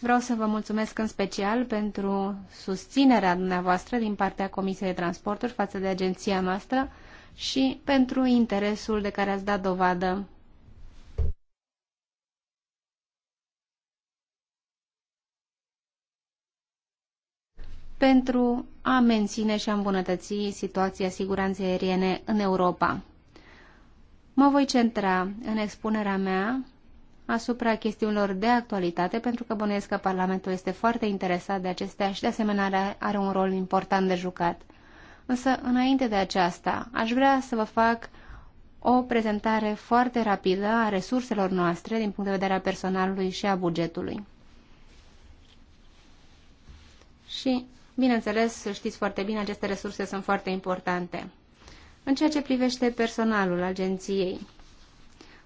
C: Vreau să vă mulțumesc în special pentru susținerea dumneavoastră din partea Comisiei de Transporturi față de agenția noastră și pentru interesul de care ați dat dovadă pentru a menține și a îmbunătăți situația siguranței aeriene în Europa. Mă voi centra în expunerea mea asupra chestiunilor de actualitate, pentru că bănuiesc că Parlamentul este foarte interesat de acestea și de asemenea are un rol important de jucat. Însă, înainte de aceasta, aș vrea să vă fac o prezentare foarte rapidă a resurselor noastre din punct de vedere a personalului și a bugetului. Și Bineînțeles, știți foarte bine, aceste resurse sunt foarte importante. În ceea ce privește personalul agenției,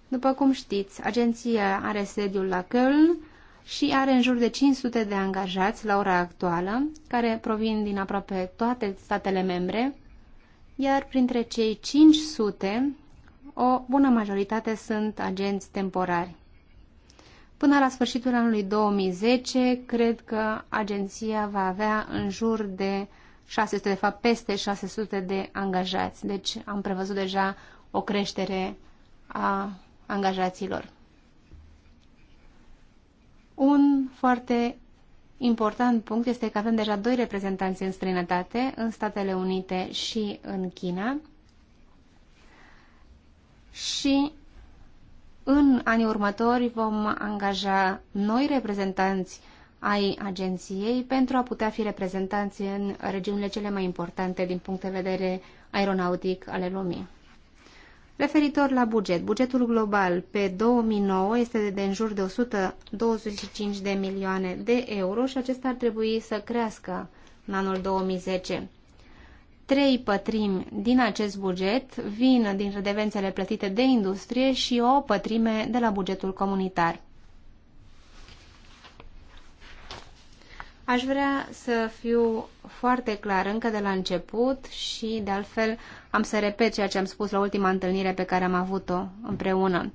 C: după cum știți, agenția are sediul la Köln și are în jur de 500 de angajați la ora actuală, care provin din aproape toate statele membre, iar printre cei 500, o bună majoritate sunt agenți temporari. Până la sfârșitul anului 2010, cred că agenția va avea în jur de 600, de fapt peste 600 de angajați. Deci am prevăzut deja o creștere a angajaților. Un foarte important punct este că avem deja doi reprezentanți în străinătate, în Statele Unite și în China. Și în anii următori vom angaja noi reprezentanți ai agenției pentru a putea fi reprezentanți în regiunile cele mai importante din punct de vedere aeronautic ale lumii. Referitor la buget, bugetul global pe 2009 este de în jur de 125 de milioane de euro și acesta ar trebui să crească în anul 2010 trei pătrimi din acest buget vin din redevențele plătite de industrie și o pătrime de la bugetul comunitar. Aș vrea să fiu foarte clar încă de la început și, de altfel, am să repet ceea ce am spus la ultima întâlnire pe care am avut-o împreună.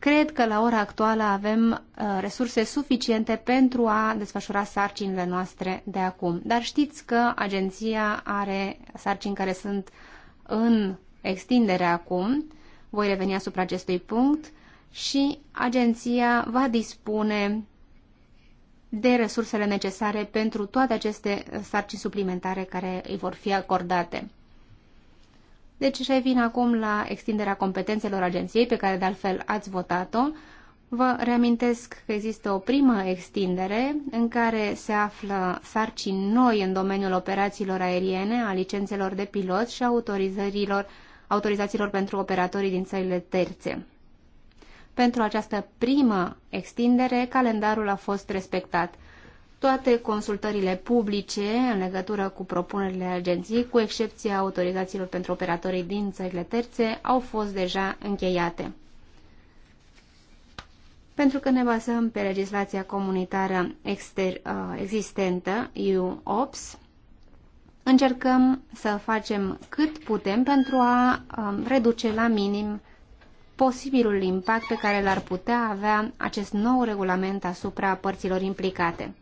C: Cred că la ora actuală avem uh, resurse suficiente pentru a desfășura sarcinile noastre de acum. Dar știți că agenția are sarcini care sunt în extindere acum. Voi reveni asupra acestui punct și agenția va dispune de resursele necesare pentru toate aceste sarcini suplimentare care îi vor fi acordate. Deci revin acum la extinderea competențelor agenției, pe care de altfel ați votat-o. Vă reamintesc că există o primă extindere în care se află sarcini noi în domeniul operațiilor aeriene, a licențelor de pilot și autorizărilor, autorizațiilor pentru operatorii din țările terțe. Pentru această primă extindere, calendarul a fost respectat – toate consultările publice în legătură cu propunerile agenției, cu excepția autorizațiilor pentru operatorii din țările terțe, au fost deja încheiate. Pentru că ne bazăm pe legislația comunitară exter, uh, existentă, EU-OPS, încercăm să facem cât putem pentru a um, reduce la minim posibilul impact pe care l-ar putea avea acest nou regulament asupra părților implicate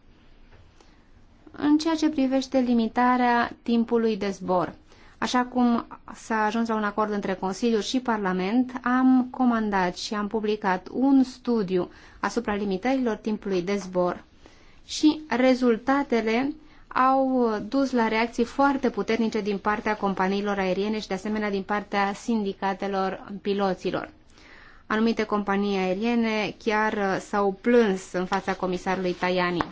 C: în ceea ce privește limitarea timpului de zbor. Așa cum s-a ajuns la un acord între Consiliu și Parlament, am comandat și am publicat un studiu asupra limitărilor timpului de zbor și rezultatele au dus la reacții foarte puternice din partea companiilor aeriene și de asemenea din partea sindicatelor piloților. Anumite companii aeriene chiar s-au plâns în fața comisarului Tajani.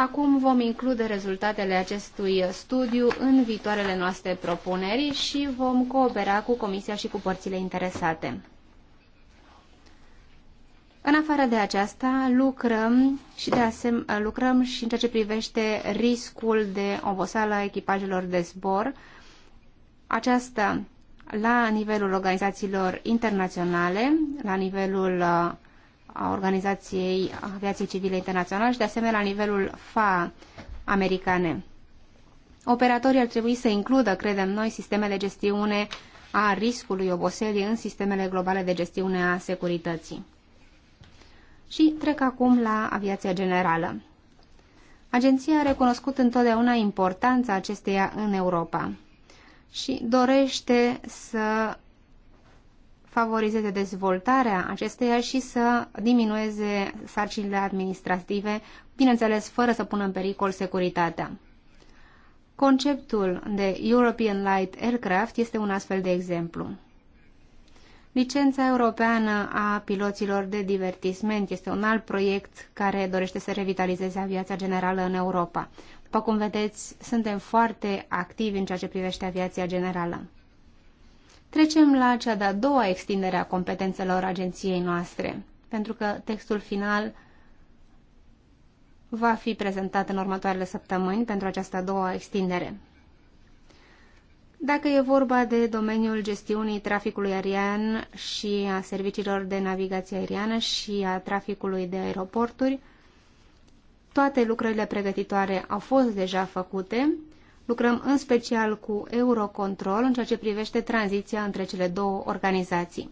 C: Acum vom include rezultatele acestui studiu în viitoarele noastre propuneri și vom coopera cu Comisia și cu părțile interesate. În afară de aceasta, lucrăm și, de asem- lucrăm și în ceea ce privește riscul de oboseală a echipajelor de zbor, aceasta la nivelul organizațiilor internaționale, la nivelul uh, a Organizației Aviației Civile Internaționale și de asemenea la nivelul FA americane. Operatorii ar trebui să includă, credem noi, sisteme de gestiune a riscului oboselii în sistemele globale de gestiune a securității. Și trec acum la aviația generală. Agenția a recunoscut întotdeauna importanța acesteia în Europa și dorește să favorizeze dezvoltarea acesteia și să diminueze sarcinile administrative, bineînțeles fără să pună în pericol securitatea. Conceptul de European Light Aircraft este un astfel de exemplu. Licența europeană a piloților de divertisment este un alt proiect care dorește să revitalizeze aviația generală în Europa. După cum vedeți, suntem foarte activi în ceea ce privește aviația generală. Trecem la cea de-a doua extindere a competențelor agenției noastre, pentru că textul final va fi prezentat în următoarele săptămâni pentru această a doua extindere. Dacă e vorba de domeniul gestiunii traficului aerian și a serviciilor de navigație aeriană și a traficului de aeroporturi, toate lucrările pregătitoare au fost deja făcute Lucrăm în special cu Eurocontrol în ceea ce privește tranziția între cele două organizații.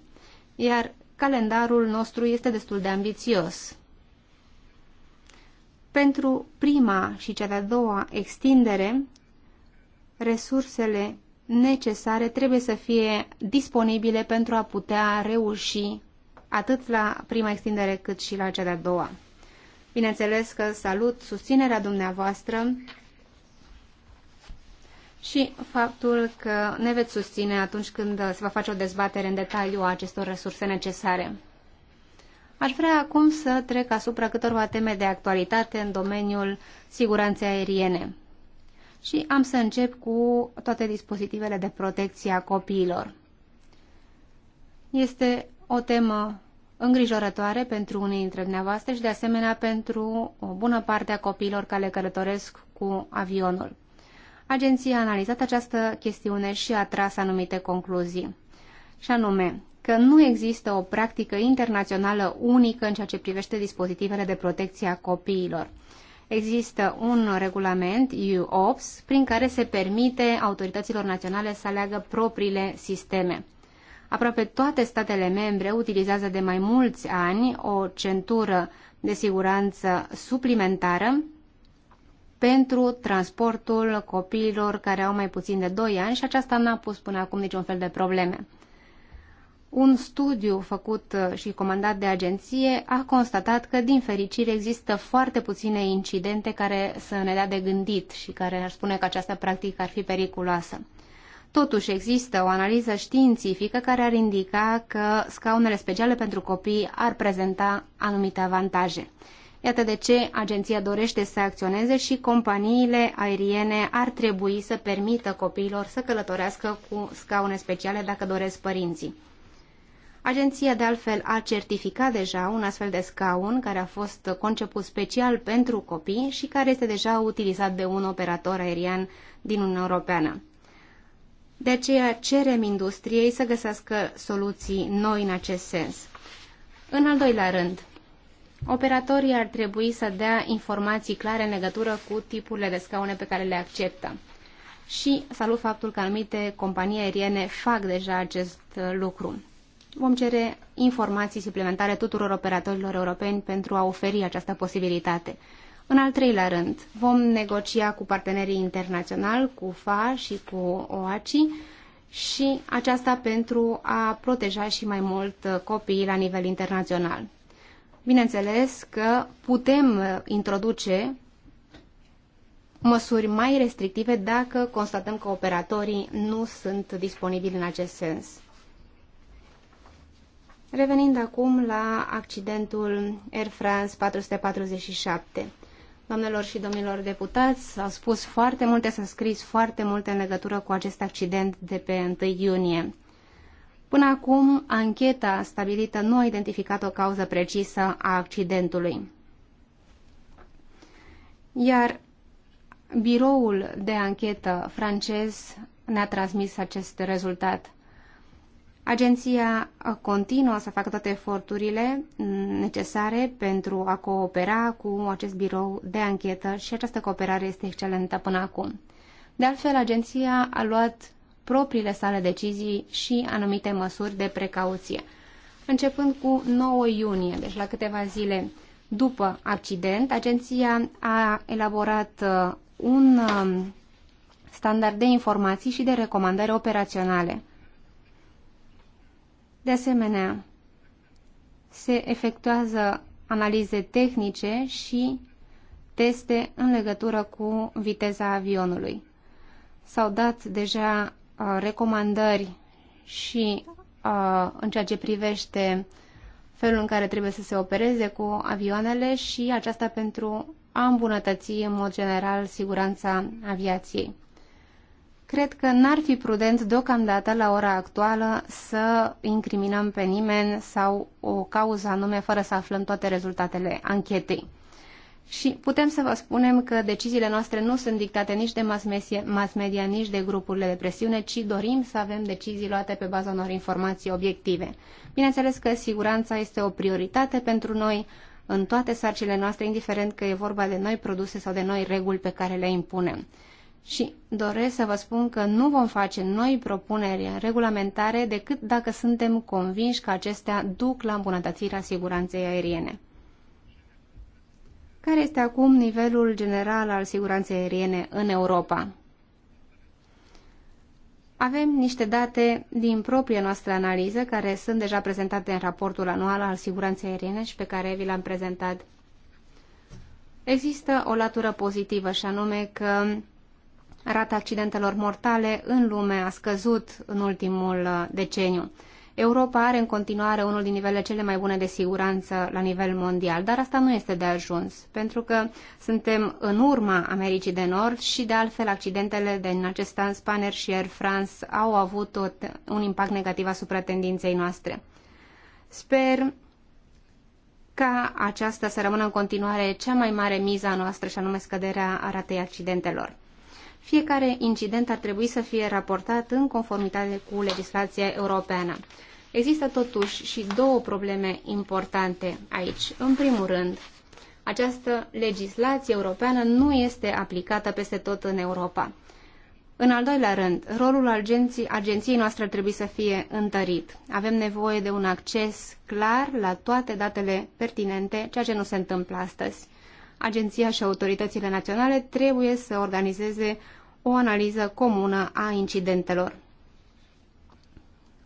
C: Iar calendarul nostru este destul de ambițios. Pentru prima și cea de-a doua extindere, resursele necesare trebuie să fie disponibile pentru a putea reuși atât la prima extindere cât și la cea de-a doua. Bineînțeles că salut susținerea dumneavoastră și faptul că ne veți susține atunci când se va face o dezbatere în detaliu a acestor resurse necesare. Aș vrea acum să trec asupra câtorva teme de actualitate în domeniul siguranței aeriene. Și am să încep cu toate dispozitivele de protecție a copiilor. Este o temă îngrijorătoare pentru unii dintre dumneavoastră și de asemenea pentru o bună parte a copiilor care călătoresc cu avionul agenția a analizat această chestiune și a tras anumite concluzii. Și anume, că nu există o practică internațională unică în ceea ce privește dispozitivele de protecție a copiilor. Există un regulament, UOPS, prin care se permite autorităților naționale să aleagă propriile sisteme. Aproape toate statele membre utilizează de mai mulți ani o centură de siguranță suplimentară pentru transportul copiilor care au mai puțin de 2 ani și aceasta n-a pus până acum niciun fel de probleme. Un studiu făcut uh, și comandat de agenție a constatat că, din fericire, există foarte puține incidente care să ne dea de gândit și care ar spune că această practică ar fi periculoasă. Totuși există o analiză științifică care ar indica că scaunele speciale pentru copii ar prezenta anumite avantaje. Iată de ce agenția dorește să acționeze și companiile aeriene ar trebui să permită copiilor să călătorească cu scaune speciale dacă doresc părinții. Agenția de altfel a certificat deja un astfel de scaun care a fost conceput special pentru copii și care este deja utilizat de un operator aerian din Uniunea Europeană. De aceea cerem industriei să găsească soluții noi în acest sens. În al doilea rând, Operatorii ar trebui să dea informații clare în legătură cu tipurile de scaune pe care le acceptă. Și salut faptul că anumite companii aeriene fac deja acest uh, lucru. Vom cere informații suplimentare tuturor operatorilor europeni pentru a oferi această posibilitate. În al treilea rând, vom negocia cu partenerii internaționali, cu FA și cu OACI și aceasta pentru a proteja și mai mult uh, copiii la nivel internațional. Bineînțeles că putem uh, introduce măsuri mai restrictive dacă constatăm că operatorii nu sunt disponibili în acest sens. Revenind acum la accidentul Air France 447. Doamnelor și domnilor deputați, s-au spus foarte multe, s-a scris foarte multe în legătură cu acest accident de pe 1 iunie. Până acum, ancheta stabilită nu a identificat o cauză precisă a accidentului. Iar biroul de anchetă francez ne-a transmis acest rezultat. Agenția continuă să facă toate eforturile necesare pentru a coopera cu acest birou de anchetă și această cooperare este excelentă până acum. De altfel, agenția a luat propriile sale decizii și anumite măsuri de precauție. Începând cu 9 iunie, deci la câteva zile după accident, agenția a elaborat uh, un um, standard de informații și de recomandări operaționale. De asemenea, se efectuează analize tehnice și teste în legătură cu viteza avionului. S-au dat deja Uh, recomandări și uh, în ceea ce privește felul în care trebuie să se opereze cu avioanele și aceasta pentru a îmbunătăți în mod general siguranța aviației. Cred că n-ar fi prudent deocamdată la ora actuală să incriminăm pe nimeni sau o cauză anume fără să aflăm toate rezultatele anchetei. Și putem să vă spunem că deciziile noastre nu sunt dictate nici de mass media, nici de grupurile de presiune, ci dorim să avem decizii luate pe baza unor informații obiective. Bineînțeles că siguranța este o prioritate pentru noi în toate sarcile noastre, indiferent că e vorba de noi produse sau de noi reguli pe care le impunem. Și doresc să vă spun că nu vom face noi propuneri regulamentare decât dacă suntem convinși că acestea duc la îmbunătățirea siguranței aeriene. Care este acum nivelul general al siguranței aeriene în Europa? Avem niște date din propria noastră analiză care sunt deja prezentate în raportul anual al siguranței aeriene și pe care vi l-am prezentat. Există o latură pozitivă și anume că rata accidentelor mortale în lume a scăzut în ultimul uh, deceniu. Europa are în continuare unul din nivele cele mai bune de siguranță la nivel mondial, dar asta nu este de ajuns, pentru că suntem în urma Americii de Nord și, de altfel, accidentele din acest an Spanair și Air France au avut un impact negativ asupra tendinței noastre. Sper ca aceasta să rămână în continuare cea mai mare miza noastră și anume scăderea ratei accidentelor. Fiecare incident ar trebui să fie raportat în conformitate cu legislația europeană. Există totuși și două probleme importante aici. În primul rând, această legislație europeană nu este aplicată peste tot în Europa. În al doilea rând, rolul agenții, agenției noastre ar trebui să fie întărit. Avem nevoie de un acces clar la toate datele pertinente, ceea ce nu se întâmplă astăzi. Agenția și autoritățile naționale trebuie să organizeze o analiză comună a incidentelor.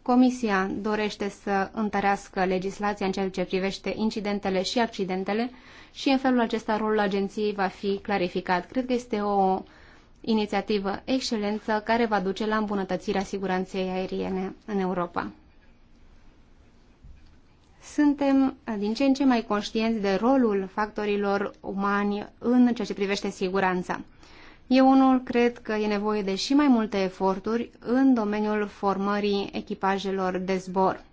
C: Comisia dorește să întărească legislația în ceea ce privește incidentele și accidentele și în felul acesta rolul agenției va fi clarificat. Cred că este o inițiativă excelentă care va duce la îmbunătățirea siguranței aeriene în Europa. Suntem din ce în ce mai conștienți de rolul factorilor umani în ceea ce privește siguranța. Eu unul cred că e nevoie de și mai multe eforturi în domeniul formării echipajelor de zbor.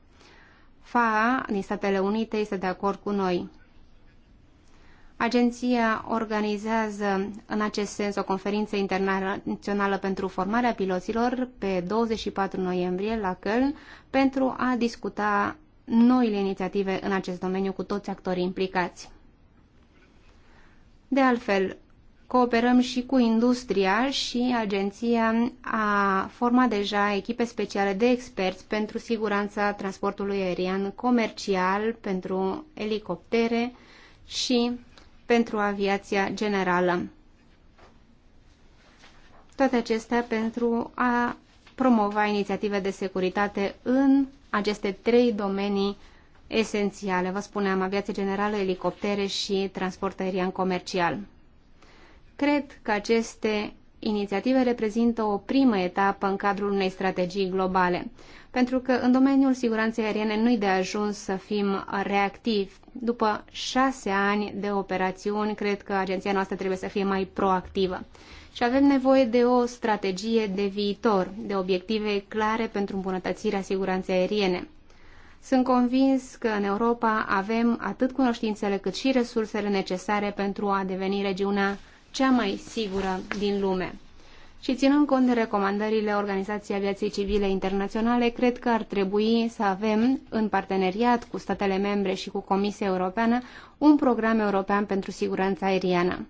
C: FAA din Statele Unite este de acord cu noi. Agenția organizează în acest sens o conferință internațională pentru formarea piloților pe 24 noiembrie la Köln pentru a discuta noile inițiative în acest domeniu cu toți actorii implicați. De altfel, Cooperăm și cu industria și agenția a format deja echipe speciale de experți pentru siguranța transportului aerian comercial, pentru elicoptere și pentru aviația generală. Toate acestea pentru a promova inițiative de securitate în aceste trei domenii esențiale. Vă spuneam, aviație generală, elicoptere și transport aerian comercial. Cred că aceste inițiative reprezintă o primă etapă în cadrul unei strategii globale, pentru că în domeniul siguranței aeriene nu-i de ajuns să fim reactivi. După șase ani de operațiuni, cred că agenția noastră trebuie să fie mai proactivă. Și avem nevoie de o strategie de viitor, de obiective clare pentru îmbunătățirea siguranței aeriene. Sunt convins că în Europa avem atât cunoștințele cât și resursele necesare pentru a deveni regiunea cea mai sigură din lume. Și ținând cont de recomandările Organizației Aviației Civile Internaționale, cred că ar trebui să avem, în parteneriat cu statele membre și cu Comisia Europeană, un program european pentru siguranța aeriană.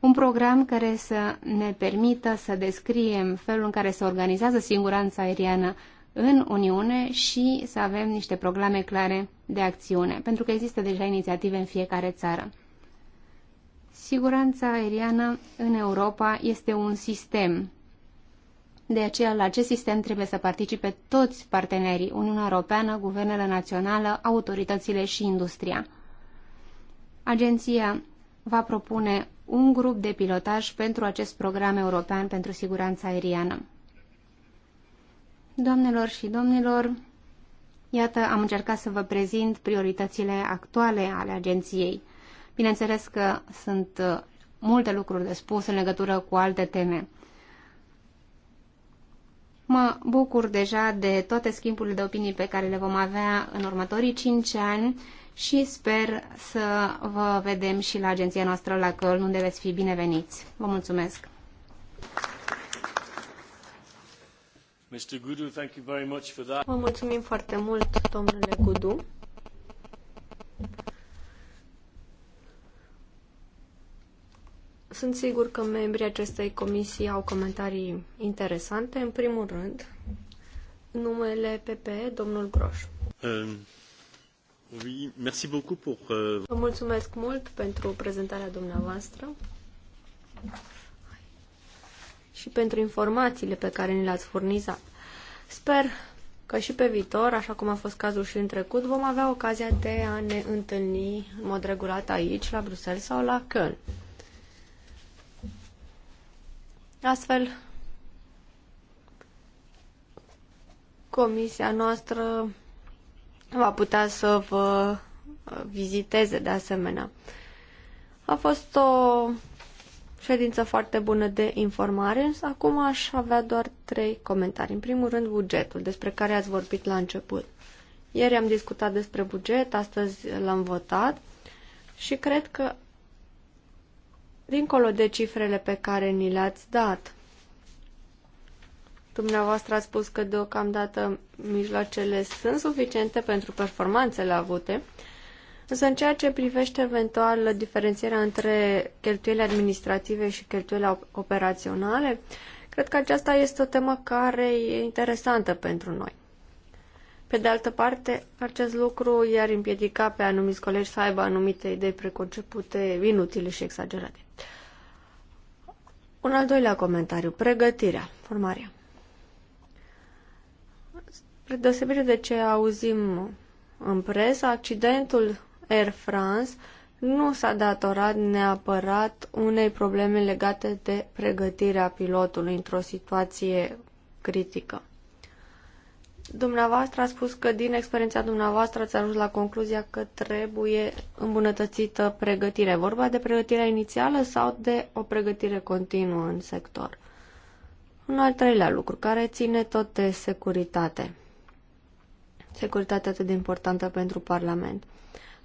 C: Un program care să ne permită să descriem felul în care se organizează siguranța aeriană în Uniune și să avem niște programe clare de acțiune, pentru că există deja inițiative în fiecare țară. Siguranța aeriană în Europa este un sistem. De aceea, la acest sistem trebuie să participe toți partenerii, Uniunea Europeană, guvernele naționale, autoritățile și industria. Agenția va propune un grup de pilotaj pentru acest program european pentru siguranța aeriană. Doamnelor și domnilor, iată, am încercat să vă prezint prioritățile actuale ale agenției. Bineînțeles că sunt uh, multe lucruri de spus în legătură cu alte teme. Mă bucur deja de toate schimburile de opinii pe care le vom avea în următorii 5 ani și sper să vă vedem și la agenția noastră la Căl, unde veți fi bineveniți. Vă
B: mulțumesc!
A: Mr. Gudu, thank you very much for that.
B: Vă mulțumim foarte mult, domnule Gudu. Sunt sigur că membrii acestei comisii au comentarii interesante. În primul rând, numele PP, domnul Groș.
A: Euh, Vă
B: mulțumesc mult pentru prezentarea dumneavoastră și pentru informațiile pe care ni le-ați furnizat. Sper că și pe viitor, așa cum a fost cazul și în trecut, vom avea ocazia de a ne întâlni în mod regulat aici, la Bruxelles sau la Köln. Astfel, comisia noastră va putea să vă viziteze de asemenea. A fost o ședință foarte bună de informare, însă acum aș avea doar trei comentarii. În primul rând, bugetul, despre care ați vorbit la început. Ieri am discutat despre buget, astăzi l-am votat și cred că dincolo de cifrele pe care ni le-ați dat. Dumneavoastră ați spus că deocamdată mijloacele sunt suficiente pentru performanțele avute, însă în ceea ce privește eventual diferențierea între cheltuielile administrative și cheltuielile operaționale, cred că aceasta este o temă care e interesantă pentru noi. Pe de altă parte, acest lucru i-ar împiedica pe anumiți colegi să aibă anumite idei preconcepute, inutile și exagerate. Un al doilea comentariu, pregătirea, formarea. Spre deosebire de ce auzim în presă, accidentul Air France nu s-a datorat neapărat unei probleme legate de pregătirea pilotului într-o situație critică. Dumneavoastră a spus că din experiența dumneavoastră ați ajuns la concluzia că trebuie îmbunătățită pregătirea. Vorba de pregătirea inițială sau de o pregătire continuă în sector? Un al treilea lucru, care ține tot de securitate. Securitatea atât de importantă pentru Parlament.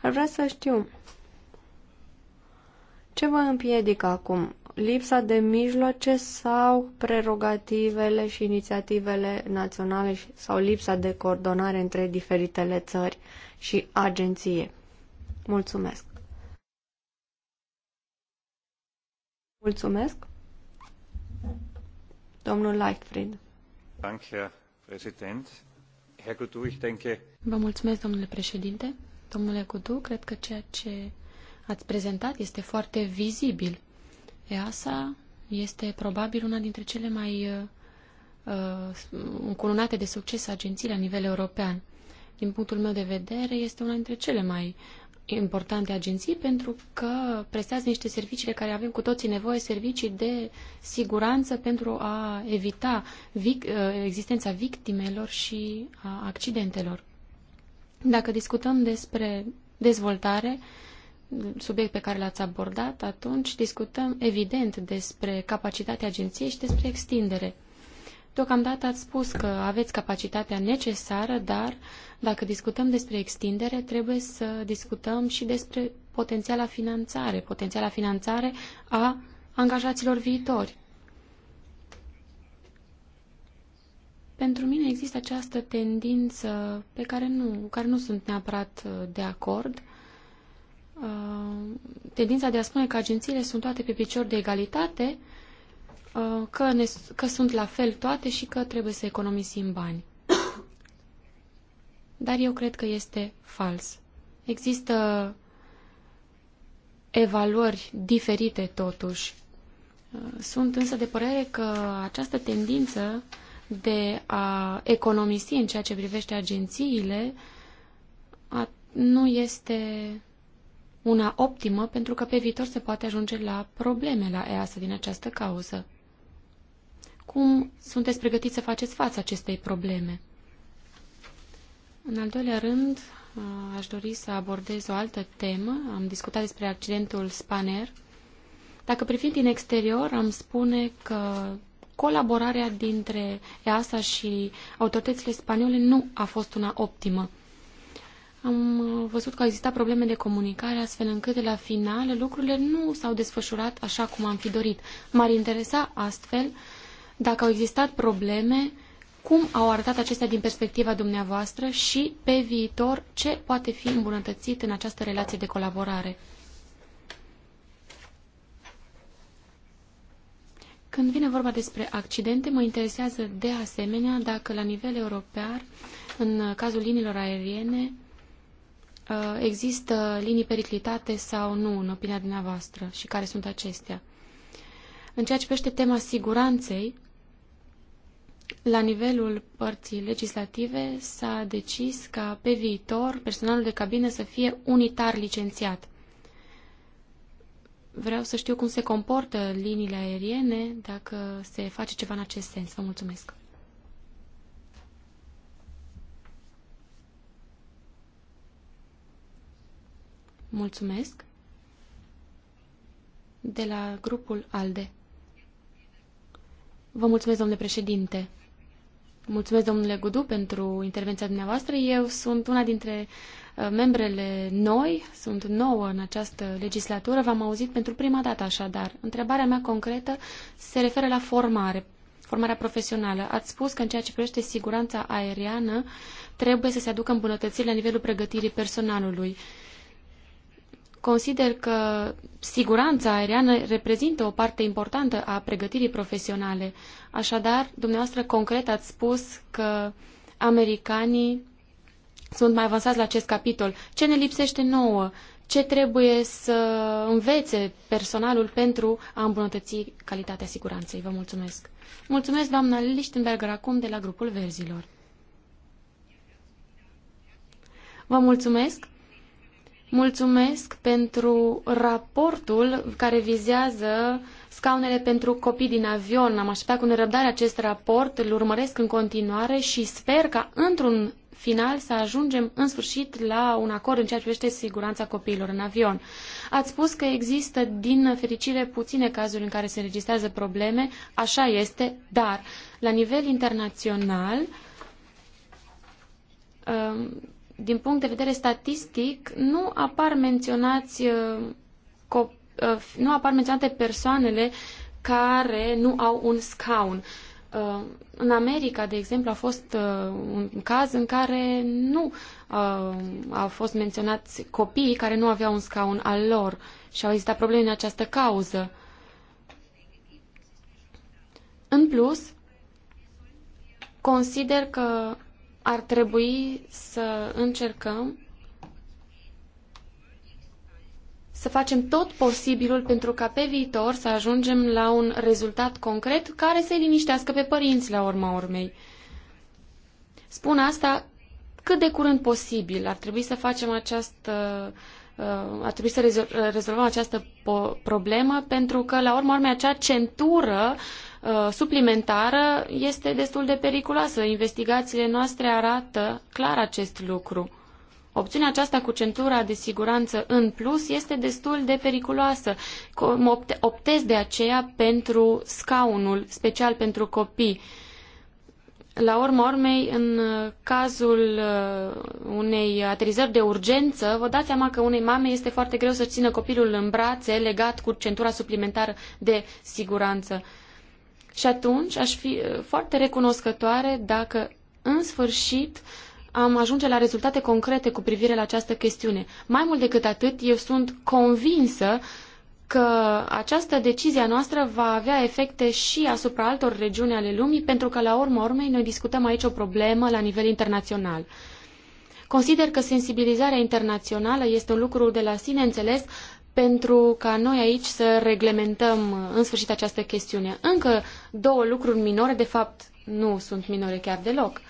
B: Ar vrea să știu ce vă împiedică acum lipsa de mijloace sau prerogativele și inițiativele naționale sau lipsa de coordonare între diferitele țări și agenție. Mulțumesc! Mulțumesc!
D: Domnul Leichtfried.
A: Danke, Herr Präsident. Herr ich denke...
D: Vă mulțumesc, domnule președinte. Domnule Cotu, cred că ceea ce ați prezentat este foarte vizibil. EASA este probabil una dintre cele mai uh, uh, încununate de succes agenții la nivel european. Din punctul meu de vedere, este una dintre cele mai importante agenții pentru că prestează niște servicii de care avem cu toții nevoie, servicii de siguranță pentru a evita vic uh, existența victimelor și a accidentelor. Dacă discutăm despre dezvoltare, uh, subiect pe care l-ați abordat, atunci discutăm evident despre capacitatea agenției și despre extindere. Deocamdată ați spus că aveți capacitatea necesară, dar dacă discutăm despre extindere, trebuie să discutăm și despre potențiala finanțare, potențiala finanțare a angajaților viitori. Pentru mine există această tendință pe care nu, care nu sunt neapărat uh, de acord, Uh, tendința de a spune că agențiile sunt toate pe picior de egalitate, uh, că, ne, că sunt la fel toate și că trebuie să economisim bani. [coughs] Dar eu cred că este fals. Există evaluări diferite totuși. Uh, sunt însă de părere că această tendință de a economisi în ceea ce privește agențiile nu este una optimă pentru că pe viitor se poate ajunge la probleme la EASA din această cauză. Cum sunteți pregătiți să faceți față acestei probleme? În al doilea rând, uh, aș dori să abordez o altă temă. Am discutat despre accidentul Spaner. Dacă privind din exterior, am spune că colaborarea dintre EASA și autoritățile spaniole nu a fost una optimă. Am uh, văzut că au existat probleme de comunicare, astfel încât la final lucrurile nu s-au desfășurat așa cum am fi dorit. M-ar interesa astfel dacă au existat probleme, cum au arătat acestea din perspectiva dumneavoastră și, pe viitor, ce poate fi îmbunătățit în această relație de colaborare. Când vine vorba despre accidente, mă interesează de asemenea dacă la nivel european, în cazul liniilor aeriene, Uh, există linii periclitate sau nu, în opinia dumneavoastră, și care sunt acestea. În ceea ce privește tema siguranței, la nivelul părții legislative s-a decis ca pe viitor personalul de cabină să fie unitar licențiat. Vreau să știu cum se comportă liniile aeriene, dacă se face ceva în acest sens. Vă mulțumesc. Mulțumesc. De la grupul ALDE. Vă mulțumesc, domnule președinte. Mulțumesc, domnule Gudu, pentru intervenția dumneavoastră. Eu sunt una dintre uh, membrele noi, sunt nouă în această legislatură, v-am auzit pentru prima dată așadar. Întrebarea mea concretă se referă la formare, formarea profesională. Ați spus că în ceea ce privește siguranța aeriană trebuie să se aducă îmbunătățiri la nivelul pregătirii personalului. Uh, Consider că siguranța aeriană reprezintă o parte importantă a pregătirii profesionale. Așadar, dumneavoastră concret ați spus că americanii sunt mai avansați la acest capitol. Ce ne lipsește nouă? Ce trebuie să învețe personalul pentru a îmbunătăți calitatea siguranței? Vă mulțumesc. Mulțumesc, doamna Lichtenberger, acum de la grupul Verzilor. Vă mulțumesc. Mulțumesc pentru raportul care vizează scaunele pentru copii din avion. Am așteptat cu nerăbdare acest raport, îl urmăresc în continuare și sper ca într-un final să ajungem în sfârșit la un acord în ceea ce privește siguranța copiilor în avion. Ați spus că există, din fericire, puține cazuri în care se înregistrează probleme, așa este, dar la nivel internațional din punct de vedere statistic, nu apar menționați uh, uh, nu apar menționate persoanele care nu au un scaun. Uh, în America, de exemplu, a fost un caz în care nu au fost menționați copiii care nu aveau un scaun al lor și au existat probleme în această cauză. În plus, consider că ar trebui să încercăm să facem tot posibilul pentru ca pe viitor să ajungem la un rezultat concret care să-i liniștească pe părinți la urma urmei. Spun asta cât de curând posibil. Ar trebui să facem această uh, ar trebui să rezolvăm această problemă pentru că, la urma urmei, acea centură Uh, suplimentară este destul de periculoasă. Investigațiile noastre arată clar acest lucru. Opțiunea aceasta cu centura de siguranță în plus este destul de periculoasă. Optez de aceea pentru scaunul special pentru copii. La urma urmei, în cazul uh, unei aterizări de urgență, vă dați seama că unei mame este foarte greu să țină copilul în brațe legat cu centura suplimentară de siguranță. Și atunci aș fi uh, foarte recunoscătoare dacă, în sfârșit, am ajunge la rezultate concrete cu privire la această chestiune. Mai mult decât atât, eu sunt convinsă că această decizie a noastră va avea efecte și asupra altor regiuni ale lumii, pentru că, la urma urmei, noi discutăm aici o problemă la nivel internațional. Consider că sensibilizarea internațională este un lucru de la sine înțeles pentru ca noi aici să reglementăm uh, în sfârșit această chestiune. Încă două lucruri minore, de fapt nu sunt minore chiar deloc.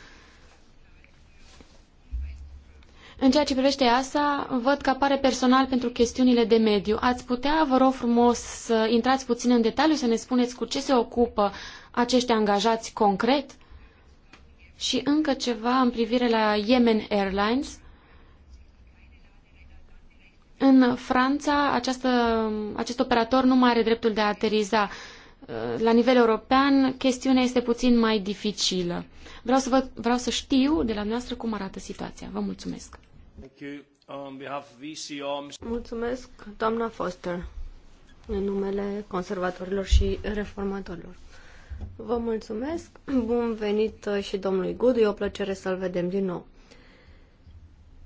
D: În ceea ce privește asta, văd că apare personal pentru chestiunile de mediu. Ați putea, vă rog frumos, să intrați puțin în detaliu, să ne spuneți cu ce se ocupă acești angajați concret? Și încă ceva în privire la Yemen Airlines. În Franța, această, acest operator nu mai are dreptul de a ateriza. La nivel european, chestiunea este puțin mai dificilă. Vreau să, vă, vreau să știu de la noastră cum arată situația. Vă mulțumesc. Mulțumesc, doamna Foster, în numele conservatorilor și reformatorilor.
B: Vă mulțumesc. Bun venit uh, și domnului Gudu. E o plăcere să-l vedem din nou.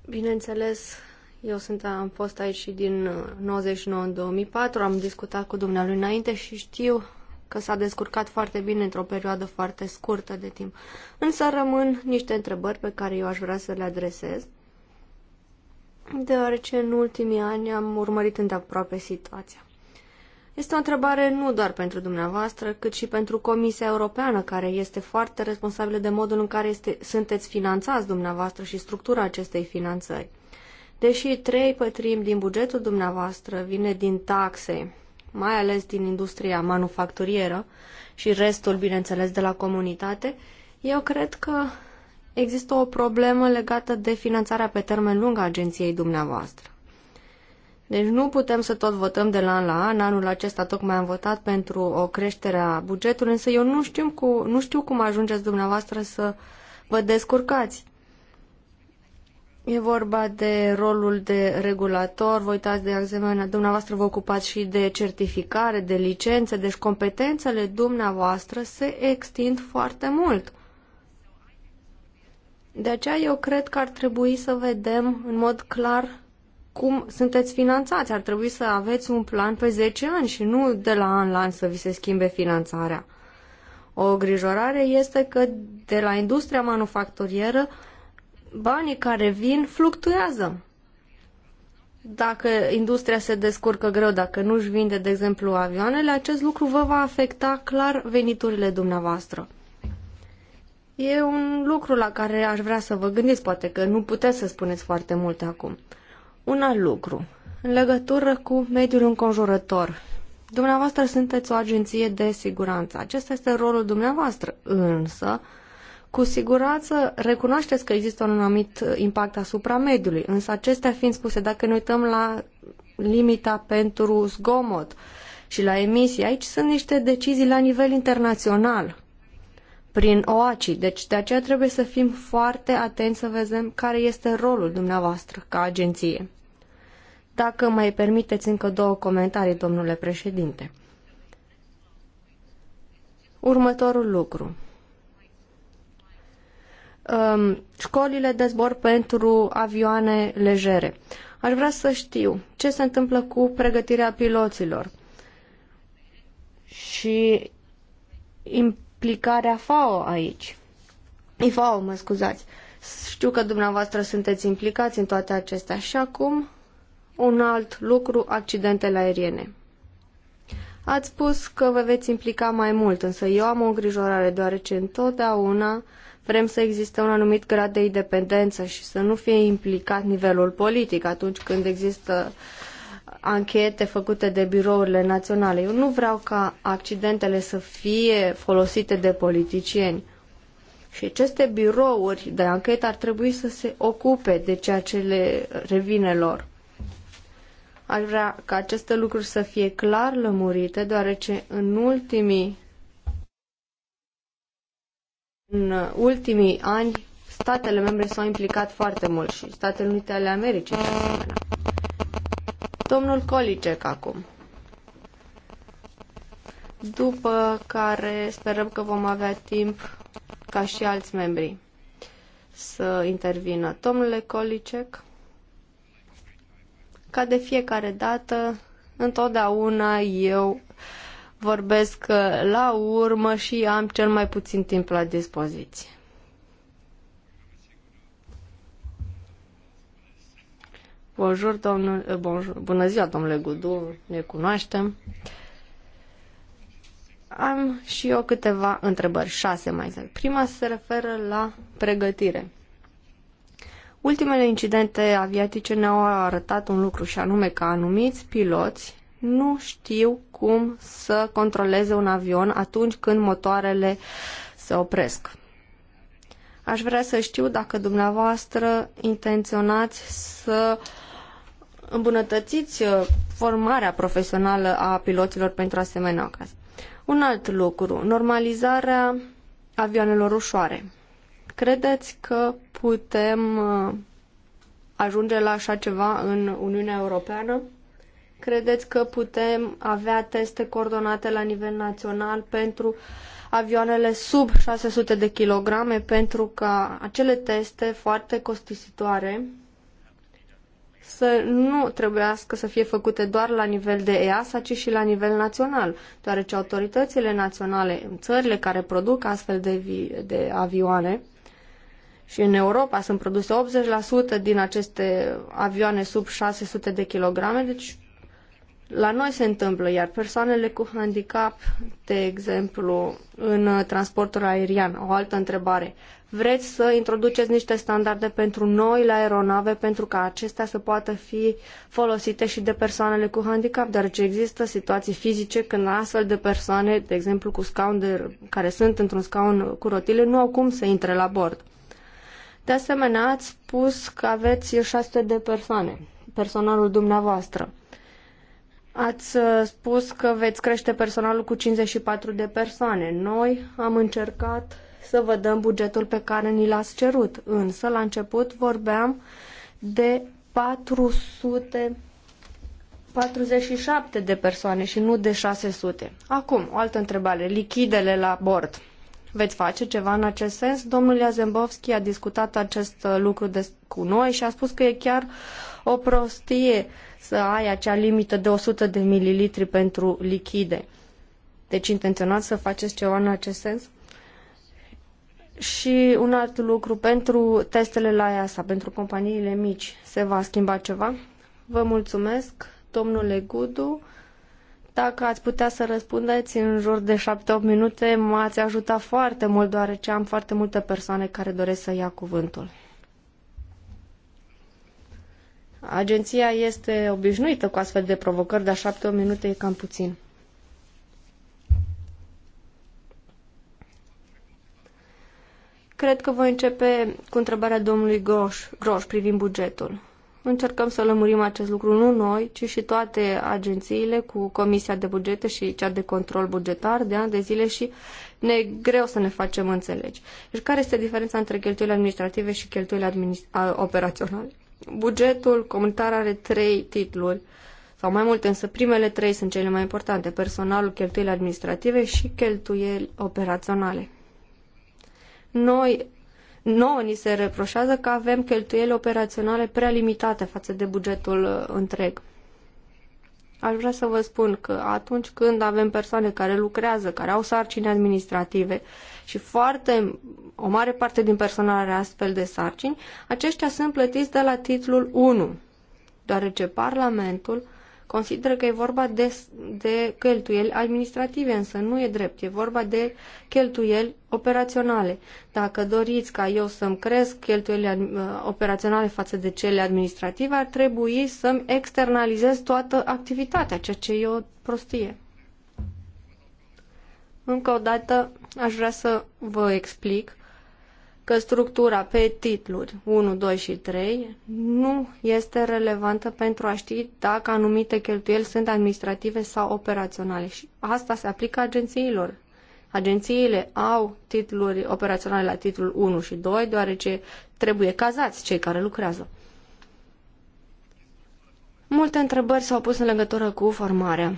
B: Bineînțeles, eu sunt, am fost aici și din 99 uh, în 2004, am discutat cu dumnealui înainte și știu că s-a descurcat foarte bine într-o perioadă foarte scurtă de timp. Însă rămân niște întrebări pe care eu aș vrea să le adresez, deoarece în ultimii ani am urmărit îndeaproape situația. Este o întrebare nu doar pentru dumneavoastră, cât și pentru Comisia Europeană, care este foarte responsabilă de modul în care este, sunteți finanțați dumneavoastră și structura acestei finanțări. Deși trei pătrimi din bugetul dumneavoastră vine din taxe, mai ales din industria manufacturieră și restul, bineînțeles, de la comunitate, eu cred că există o problemă legată de finanțarea pe termen lung a agenției dumneavoastră. Deci nu putem să tot votăm de la an la an. Anul acesta tocmai am votat pentru o creștere a bugetului, însă eu nu știu, cu, nu știu cum ajungeți dumneavoastră să vă descurcați. E vorba de rolul de regulator, vă uitați de asemenea, dumneavoastră vă ocupați și de certificare, de licențe, deci competențele dumneavoastră se extind foarte mult. De aceea eu cred că ar trebui să vedem în mod clar cum sunteți finanțați. Ar trebui să aveți un plan pe 10 ani și nu de la an la an să vi se schimbe finanțarea. O grijorare este că de la industria manufacturieră banii care vin fluctuează. Dacă industria se descurcă greu, dacă nu și vinde, de exemplu, avioanele, acest lucru vă va afecta clar veniturile dumneavoastră. E un lucru la care aș vrea să vă gândiți, poate că nu puteți să spuneți foarte multe acum. Un alt lucru, în legătură cu mediul înconjurător. Dumneavoastră sunteți o agenție de siguranță. Acesta este rolul dumneavoastră, însă cu siguranță recunoașteți că există un anumit impact asupra mediului, însă acestea fiind spuse, dacă ne uităm la limita pentru zgomot și la emisii, aici sunt niște decizii la nivel internațional prin OACI. Deci de aceea trebuie să fim foarte atenți să vedem care este rolul dumneavoastră ca agenție. Dacă mai permiteți încă două comentarii, domnule președinte. Următorul lucru um, școlile de zbor pentru avioane legere. Aș vrea să știu ce se întâmplă cu pregătirea piloților și implicarea FAO aici. IFAO, mă scuzați. Știu că dumneavoastră sunteți implicați în toate acestea și acum un alt lucru, accidentele aeriene. Ați spus că vă veți implica mai mult, însă eu am o îngrijorare, deoarece întotdeauna vrem să existe un anumit grad de independență și să nu fie implicat nivelul politic atunci când există anchete făcute de birourile naționale. Eu nu vreau ca accidentele să fie folosite de politicieni. Și aceste birouri de anchetă ar trebui să se ocupe de ceea ce le revine lor. Aș vrea ca aceste lucruri să fie clar lămurite, deoarece în ultimii în ultimii ani, statele membre s-au implicat foarte mult și Statele Unite ale Americii, de asemenea. Domnul Kolicek acum. După care sperăm că vom avea timp ca și alți membri să intervină. Domnule Kolicek, ca de fiecare dată, întotdeauna eu vorbesc uh, la urmă și am cel mai puțin timp la dispoziție. Bonjour, domnul, uh, bonjour, bună ziua, domnule Gudu, ne cunoaștem. Am și eu câteva întrebări, șase mai exact. Prima se referă la pregătire. Ultimele incidente aviatice ne-au arătat un lucru și anume că anumiți piloți nu știu cum să controleze un avion atunci când motoarele se opresc. Aș vrea să știu dacă dumneavoastră intenționați să îmbunătățiți uh, formarea profesională a piloților pentru asemenea ocazie. Un alt lucru, normalizarea avioanelor ușoare. Credeți că putem uh, ajunge la așa ceva în Uniunea Europeană? Credeți că putem avea teste coordonate la nivel național pentru avioanele sub 600 de kilograme pentru ca acele teste foarte costisitoare să nu trebuiască să fie făcute doar la nivel de EASA, ci și la nivel național, deoarece autoritățile naționale în țările care produc astfel de, de avioane și în Europa sunt produse 80% din aceste avioane sub 600 de kilograme, deci la noi se întâmplă, iar persoanele cu handicap, de exemplu, în uh, transportul aerian, o altă întrebare. Vreți să introduceți niște standarde pentru noi la aeronave pentru ca acestea să poată fi folosite și de persoanele cu handicap, deoarece există situații fizice când astfel de persoane, de exemplu cu scaun de, care sunt într-un scaun cu rotile, nu au cum să intre la bord. De asemenea, ați spus că aveți 600 de persoane, personalul dumneavoastră. Ați uh, spus că veți crește personalul cu 54 de persoane. Noi am încercat să vă dăm bugetul pe care ni l-ați cerut, însă la început vorbeam de 447 de persoane și nu de 600. Acum, o altă întrebare, lichidele la bord. Veți face ceva în acest sens? Domnul Iazembovski a discutat acest uh, lucru de, cu noi și a spus că e chiar o prostie uh, să ai acea limită de 100 de mililitri pentru lichide. Deci intenționați să faceți ceva în acest sens? Și un alt lucru, pentru testele la EASA, pentru companiile mici, se va schimba ceva? Vă mulțumesc, domnule Gudu. Dacă ați putea să răspundeți în jur de 7-8 minute, m-ați ajutat foarte mult, deoarece am foarte multe persoane care doresc să ia cuvântul. Agenția este obișnuită cu astfel de provocări, dar șapte minute e cam puțin. Cred că voi începe cu întrebarea domnului Groș, Groș privind bugetul. Încercăm să lămurim acest lucru nu noi, ci și toate agențiile cu Comisia de Bugete și cea de control bugetar de ani de zile și ne e greu să ne facem înțelegi. Deci care este diferența între cheltuielile administrative și cheltuielile administ- operaționale? Bugetul comunitar are trei titluri, sau mai multe, însă primele trei sunt cele mai importante, personalul, cheltuielile administrative și cheltuieli operaționale. Noi, nouă ni se reproșează că avem cheltuieli operaționale prea limitate față de bugetul uh, întreg. Aș vrea să vă spun că atunci când avem persoane care lucrează, care au sarcini administrative și foarte, o mare parte din personal are astfel de sarcini, aceștia sunt plătiți de la titlul 1, deoarece Parlamentul consideră că e vorba de, de cheltuieli administrative, însă nu e drept, e vorba de cheltuieli operaționale. Dacă doriți ca eu să-mi cresc cheltuielile uh, operaționale față de cele administrative, ar trebui să-mi externalizez toată activitatea, ceea ce e o prostie. Încă o dată aș vrea să vă explic că structura pe titluri 1, 2 și 3 nu este relevantă pentru a ști dacă anumite cheltuieli sunt administrative sau operaționale. Și asta se aplică agențiilor. Agențiile au titluri operaționale la titlul 1 și 2, deoarece trebuie cazați cei care lucrează. Multe întrebări s-au pus în legătură cu formarea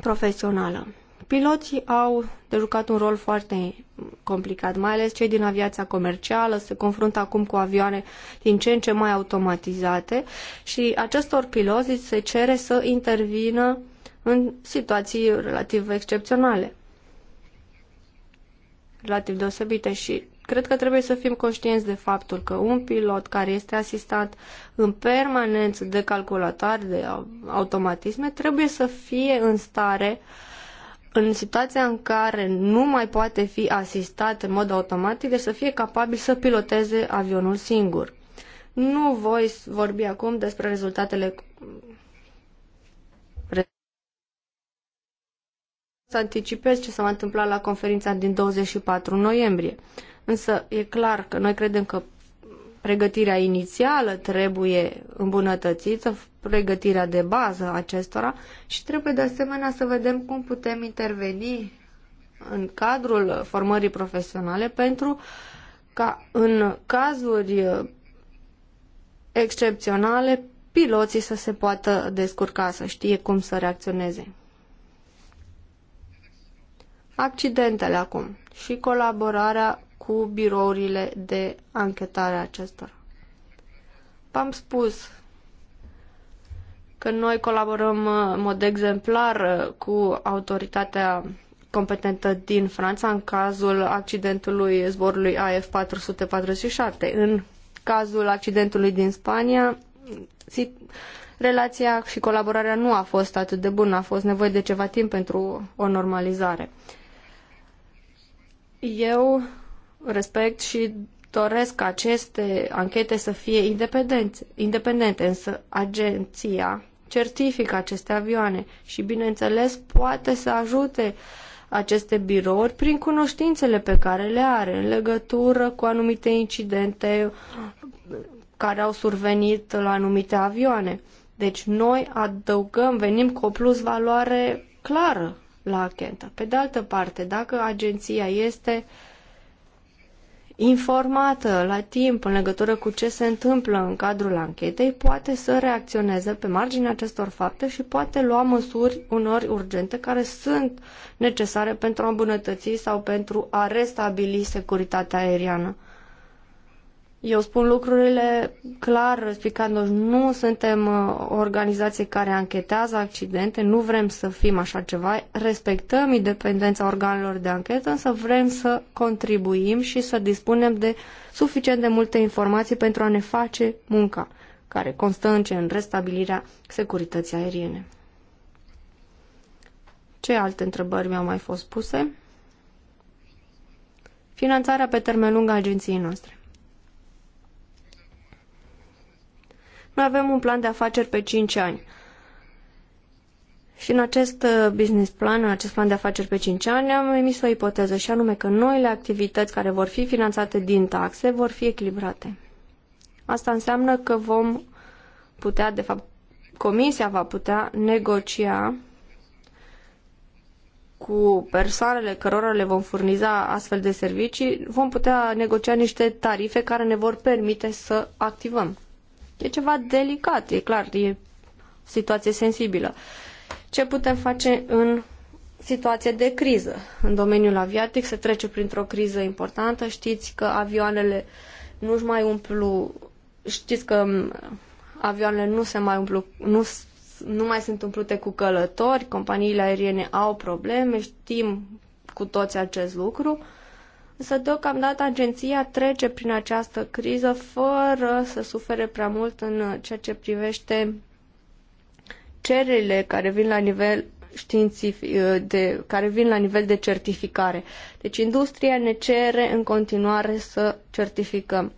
B: profesională. Piloții au de jucat un rol foarte complicat, mai ales cei din aviația comercială se confruntă acum cu avioane din ce în ce mai automatizate și acestor piloți se cere să intervină în situații relativ excepționale, relativ deosebite și cred că trebuie să fim conștienți de faptul că un pilot care este asistat în permanență de calculator, de automatisme, trebuie să fie în stare uh, în situația în care nu mai poate fi asistat în mod automat, de deci să fie capabil să piloteze avionul singur. Nu voi vorbi acum despre rezultatele să anticipez ce s-a întâmplat la conferința din 24 noiembrie. Însă e clar că noi credem că pregătirea inițială trebuie îmbunătățită, pregătirea de bază acestora și trebuie de asemenea să vedem cum putem interveni în cadrul formării profesionale pentru ca în cazuri excepționale piloții să se poată descurca, să știe cum să reacționeze. Accidentele acum și colaborarea cu birourile de anchetare a acestora. V-am spus că noi colaborăm uh, în mod exemplar uh, cu autoritatea competentă din Franța în cazul accidentului zborului AF447. În cazul accidentului din Spania, relația și colaborarea nu a fost atât de bună, a fost nevoie de ceva timp pentru o normalizare. Eu respect și doresc ca aceste anchete să fie independente, însă agenția certifică aceste avioane și, bineînțeles, poate să ajute aceste birouri prin cunoștințele pe care le are în legătură cu anumite incidente care au survenit la anumite avioane. Deci noi adăugăm, venim cu o plus valoare clară la agentă. Pe de altă parte, dacă agenția este uh, informată la timp în legătură cu ce se întâmplă în cadrul anchetei, poate să reacționeze pe marginea acestor fapte și poate lua măsuri unor urgente care sunt necesare pentru a îmbunătăți sau pentru a restabili securitatea aeriană. Eu spun lucrurile clar, răspicându nu suntem o uh, organizație care anchetează accidente, nu vrem să fim așa ceva, respectăm independența organelor de anchetă, însă vrem să contribuim și să dispunem de suficient de multe informații pentru a ne face munca, care constă în ce în restabilirea securității aeriene. Ce alte întrebări mi-au mai fost puse? Finanțarea pe termen lung a agenției noastre. Noi avem un plan de afaceri pe 5 ani. Și în acest uh, business plan, în acest plan de afaceri pe 5 ani, am emis o ipoteză și anume că noile activități care vor fi finanțate din taxe vor fi echilibrate. Asta înseamnă că vom putea, de fapt, comisia va putea negocia cu persoanele cărora le vom furniza astfel de servicii, vom putea negocia niște tarife care ne vor permite să activăm. E ceva delicat, e clar, e o situație sensibilă. Ce putem face în situație de criză? În domeniul aviatic se trece printr-o criză importantă. Știți că avioanele nu-și mai umplu... Știți că mm, avioanele nu se mai umplu... Nu nu mai sunt umplute cu călători, companiile aeriene au probleme, știm cu toți acest lucru. Însă, deocamdată, agenția trece prin această criză fără să sufere prea mult în ceea ce privește cererile care vin la nivel științific, uh, de, care vin la nivel de certificare. Deci industria ne cere în continuare să certificăm.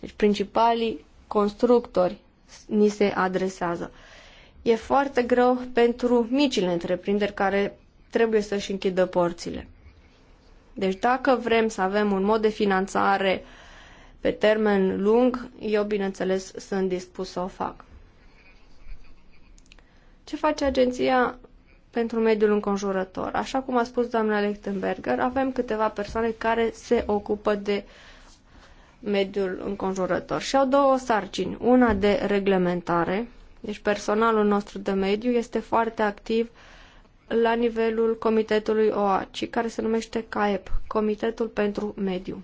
B: Deci principalii constructori ni se adresează. E foarte greu pentru micile întreprinderi care trebuie să-și închidă porțile. Deci dacă vrem să avem un mod de finanțare pe termen lung, eu, bineînțeles, sunt dispus să o fac. Ce face agenția pentru mediul înconjurător? Așa cum a spus doamna Lechtenberger, avem câteva persoane care se ocupă de mediul înconjurător și au două sarcini. Una de reglementare, deci personalul nostru de mediu este foarte activ uh, la nivelul comitetului OACI, care se numește CAEP, Comitetul pentru Mediu.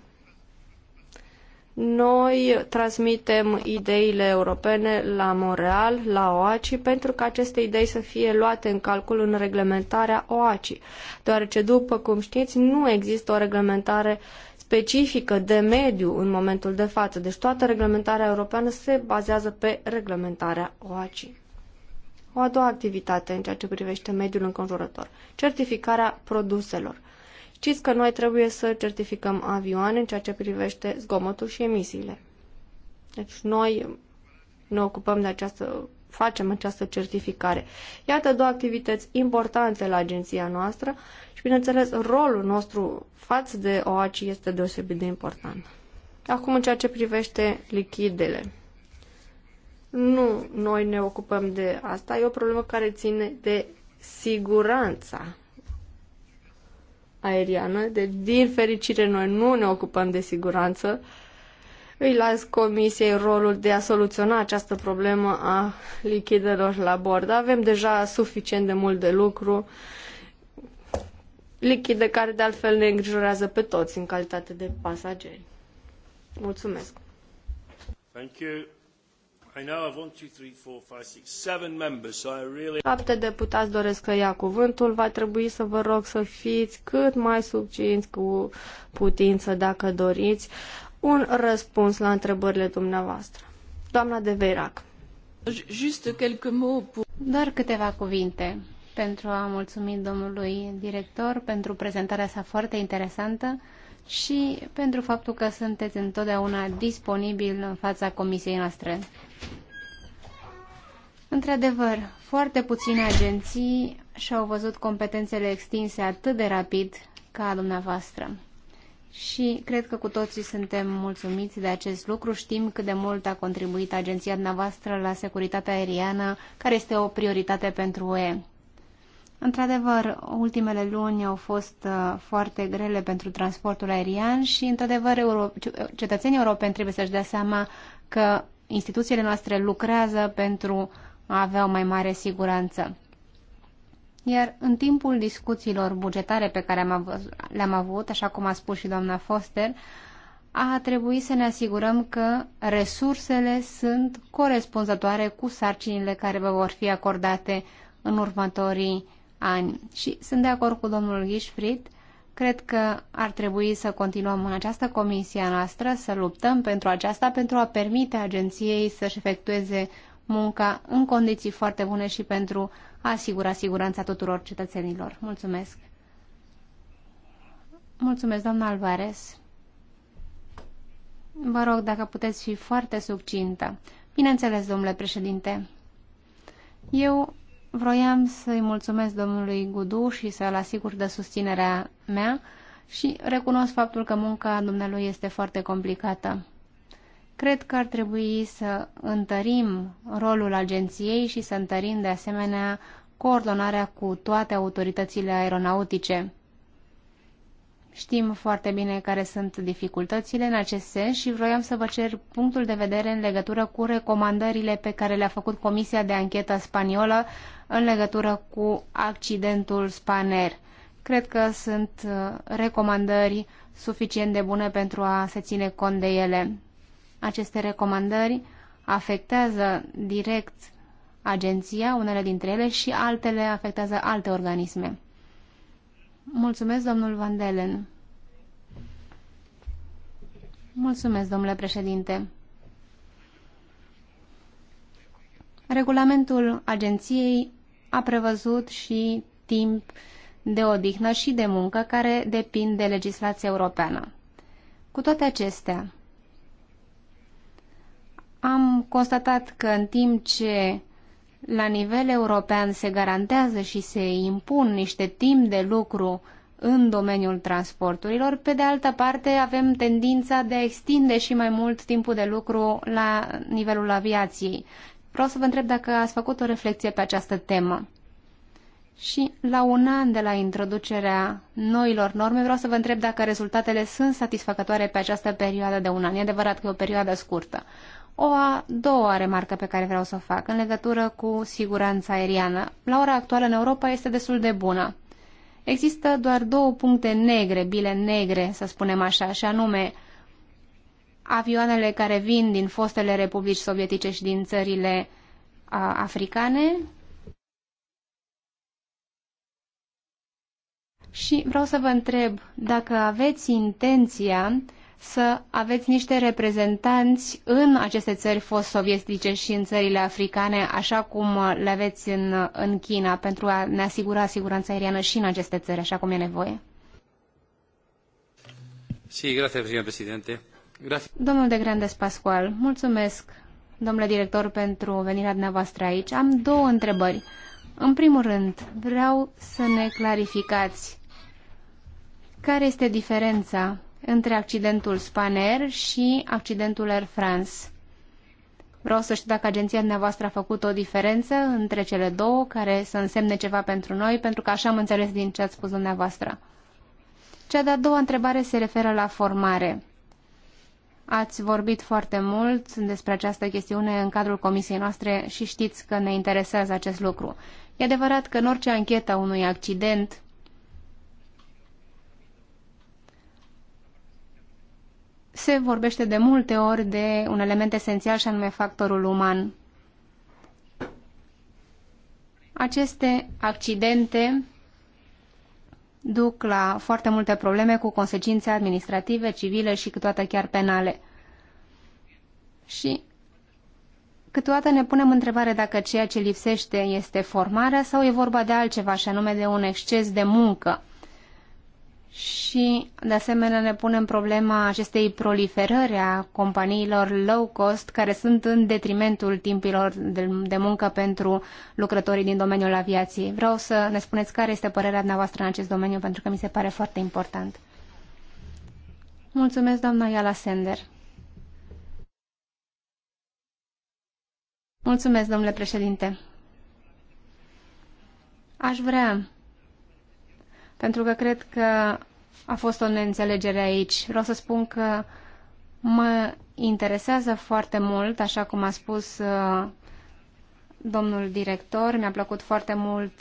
B: Noi transmitem ideile europene la Montreal, la OACI, pentru ca aceste idei să fie luate în calcul în reglementarea OACI, deoarece, după cum știți, nu există o reglementare specifică de mediu în momentul de față, deci toată reglementarea europeană se bazează pe reglementarea OACI o a doua activitate în ceea ce privește mediul înconjurător, certificarea produselor. Știți că noi trebuie să certificăm avioane în ceea ce privește zgomotul și emisiile. Deci noi ne ocupăm de această, facem această certificare. Iată două activități importante la agenția noastră și, bineînțeles, rolul nostru față de OACI este deosebit de important. Acum, în ceea ce privește lichidele, nu, noi ne ocupăm de asta. E o problemă care ține de siguranța aeriană. De deci, din fericire, noi nu ne ocupăm de siguranță. Îi las comisiei rolul de a soluționa această problemă a lichidelor la bord. Avem deja suficient de mult de lucru. Lichide care de altfel ne îngrijorează pe toți în calitate de pasageri. Mulțumesc!
A: Thank you. Șapte
B: deputați doresc să ia cuvântul. Va trebui să vă rog să fiți cât mai subcinți cu putință, dacă doriți, un răspuns la întrebările dumneavoastră. Doamna de Veirac.
C: Doar câteva cuvinte pentru a mulțumi domnului director pentru prezentarea sa foarte interesantă și pentru faptul că sunteți întotdeauna disponibil în fața comisiei noastre. Într-adevăr, foarte puține agenții și-au văzut competențele extinse atât de rapid ca a dumneavoastră. Și cred că cu toții suntem mulțumiți de acest lucru. Știm cât de mult a contribuit agenția dumneavoastră la securitatea aeriană, care este o prioritate pentru UE. Într-adevăr, ultimele luni au fost uh, foarte grele pentru transportul aerian și, într-adevăr, euro... cetățenii europeni trebuie să-și dea seama că instituțiile noastre lucrează pentru a avea o mai mare siguranță. Iar în timpul discuțiilor bugetare pe care le-am avut, așa cum a spus și doamna Foster, a trebuit să ne asigurăm că resursele sunt corespunzătoare cu sarcinile care vă vor fi acordate în următorii ani. Și sunt de acord cu domnul Ghișfrit, cred că ar trebui să continuăm în această comisie noastră, să luptăm pentru aceasta, pentru a permite agenției să-și efectueze munca în condiții foarte bune și pentru a asigura siguranța tuturor cetățenilor. Mulțumesc! Mulțumesc, doamna Alvarez! Vă rog dacă puteți fi foarte succintă. Bineînțeles, domnule președinte. Eu vroiam să-i mulțumesc domnului Gudu și să-l asigur de susținerea mea și recunosc faptul că munca dumnealui este foarte complicată. Cred că ar trebui să întărim rolul agenției și să întărim de asemenea coordonarea cu toate autoritățile aeronautice. Știm foarte bine care sunt dificultățile în acest sens și vroiam să vă cer punctul de vedere în legătură cu recomandările pe care le-a făcut Comisia de Anchetă Spaniolă în legătură cu accidentul Spaner. Cred că sunt uh, recomandări suficient de bune pentru a se ține cont de ele. Aceste recomandări afectează direct agenția, unele dintre ele, și altele afectează alte organisme. Mulțumesc, domnul Van Delen. Mulțumesc, domnule președinte. Regulamentul agenției a prevăzut și timp de odihnă și de muncă care depind de legislația europeană. Cu toate acestea, am constatat că în timp ce la nivel european se garantează și se impun niște timp de lucru în domeniul transporturilor, pe de altă parte avem tendința de a extinde și mai mult timpul de lucru la nivelul aviației. Vreau să vă întreb dacă ați făcut o reflexie pe această temă. Și la un an de la introducerea noilor norme, vreau să vă întreb dacă rezultatele sunt satisfăcătoare pe această perioadă de un an. E adevărat că e o perioadă scurtă. O a doua remarcă pe care vreau să o fac în legătură cu siguranța aeriană. La ora actuală în Europa este destul de bună. Există doar două puncte negre, bile negre, să spunem așa, și anume avioanele care vin din fostele republici sovietice și din țările a, africane. Și vreau să vă întreb dacă aveți intenția să aveți niște reprezentanți în aceste țări fost sovietice și în țările africane, așa cum le aveți în, în China, pentru a ne asigura siguranța aeriană și în aceste țări, așa cum e nevoie?
D: Sí, gracias, presidente. Gracias.
C: Domnul de Grandes Pascual, mulțumesc, domnule director, pentru venirea dumneavoastră aici. Am două întrebări. În primul rând, vreau să ne clarificați care este diferența între accidentul Spanair și accidentul Air France. Vreau să știu dacă agenția dumneavoastră a făcut o diferență între cele două, care să însemne ceva pentru noi, pentru că așa am înțeles din ce ați spus dumneavoastră. Cea de-a doua întrebare se referă la formare. Ați vorbit foarte mult despre această chestiune în cadrul comisiei noastre și știți că ne interesează acest lucru. E adevărat că în orice anchetă unui accident se vorbește de multe ori de un element esențial și anume factorul uman. Aceste accidente duc la foarte multe probleme cu consecințe administrative, civile și câteodată chiar penale. Și câteodată ne punem întrebare dacă ceea ce lipsește este formarea sau e vorba de altceva, și anume de un exces de muncă și, de asemenea, ne punem problema acestei proliferări a companiilor low cost care sunt în detrimentul timpilor de, de muncă pentru lucrătorii din domeniul aviației. Vreau să ne spuneți care este părerea dumneavoastră în acest domeniu, pentru că mi se pare foarte important. Mulțumesc, doamna Iala Sender. Mulțumesc, domnule președinte. Aș vrea pentru că cred că a fost o neînțelegere aici. Vreau să spun că mă interesează foarte mult, așa cum a spus uh, domnul director, mi-a plăcut foarte mult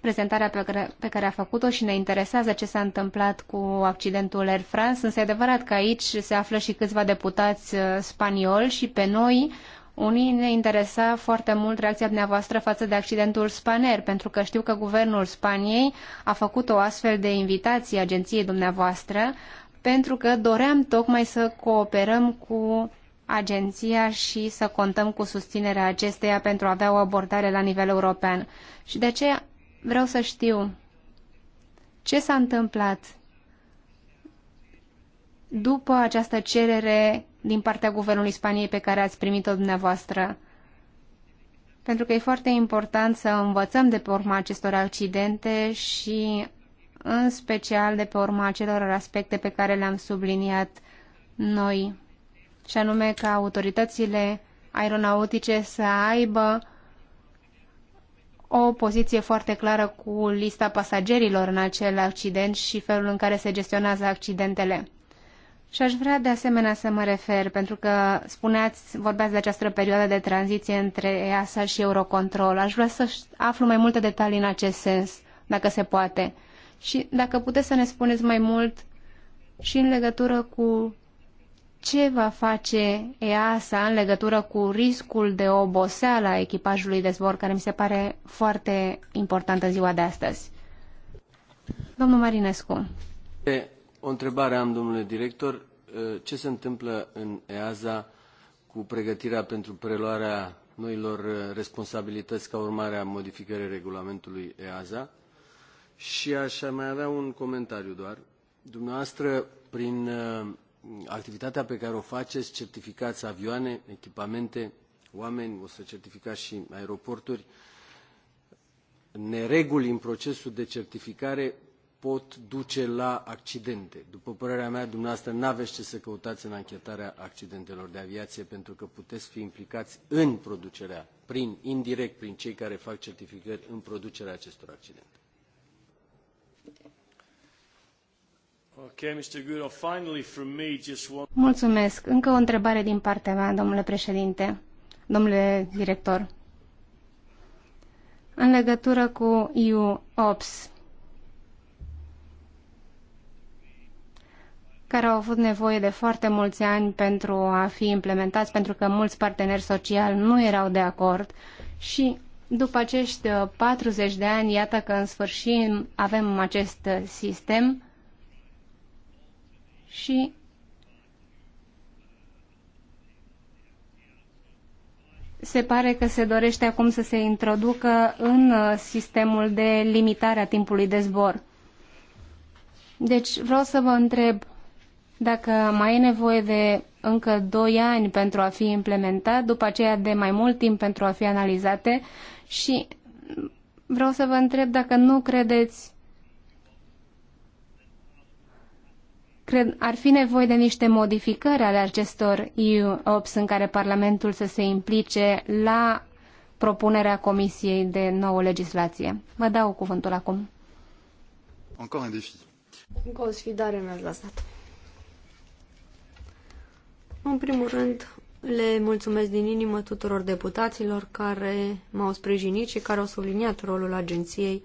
C: prezentarea pe care, pe care a făcut-o și ne interesează ce s-a întâmplat cu accidentul Air France, însă e adevărat că aici se află și câțiva deputați uh, spanioli și pe noi unii ne interesa foarte mult reacția dumneavoastră față de accidentul Spaner, pentru că știu că guvernul Spaniei a făcut o astfel de invitație agenției dumneavoastră, pentru că doream tocmai să cooperăm cu agenția și să contăm cu susținerea acesteia pentru a avea o abordare la nivel european. Și de aceea vreau să știu ce s-a întâmplat după această cerere din partea Guvernului Spaniei pe care ați primit-o dumneavoastră? Pentru că e foarte important să învățăm de pe urma acestor accidente și în special de pe urma acelor aspecte pe care le-am subliniat noi, și anume că autoritățile aeronautice să aibă o poziție foarte clară cu lista pasagerilor în acel accident și felul în care se gestionează accidentele. Și aș vrea de asemenea să mă refer, pentru că spuneați, vorbeați de această perioadă de tranziție între EASA și Eurocontrol. Aș vrea să aflu mai multe detalii în acest sens, dacă se poate. Și dacă puteți să ne spuneți mai mult și în legătură cu ce va face EASA în legătură cu riscul de oboseală a echipajului de zbor, care mi se pare foarte important în ziua de astăzi. Domnul Marinescu.
B: O întrebare am, domnule director. Uh, ce se întâmplă în EASA cu pregătirea pentru preluarea noilor uh, responsabilități ca urmare a modificării regulamentului EASA? Și aș mai avea un comentariu
A: doar. Dumneavoastră, prin uh, activitatea pe care o faceți, certificați avioane, echipamente, oameni, o să certificați și aeroporturi,
B: nereguli în procesul de certificare pot duce la accidente. După părerea mea, dumneavoastră nu aveți ce să căutați în anchetarea accidentelor de aviație, pentru că puteți fi implicați în producerea, prin, indirect prin cei care fac
A: certificări, în producerea acestor accidente.
C: Mulțumesc. Încă o întrebare din partea mea, domnule președinte, domnule director. În legătură cu EU-OPS, care au avut nevoie de foarte mulți ani pentru a fi implementați, pentru că mulți parteneri sociali nu erau de acord și după acești 40 uh, de ani, iată că în sfârșit avem acest sistem și se pare că se dorește acum să se introducă în uh, sistemul de limitare a timpului de zbor. Deci vreau să vă întreb dacă mai e nevoie de încă 2 ani pentru a fi implementat, după aceea de mai mult timp pentru a fi analizate și vreau să vă întreb dacă nu credeți cred, ar fi nevoie de niște modificări ale acestor EU Ops în care Parlamentul să se implice la propunerea Comisiei de nouă legislație. Vă dau cuvântul acum.
B: Încă un defi. Încă o sfidare mi-ați lăsat. În primul rând, le mulțumesc din inimă tuturor deputaților care m-au sprijinit și care au subliniat rolul agenției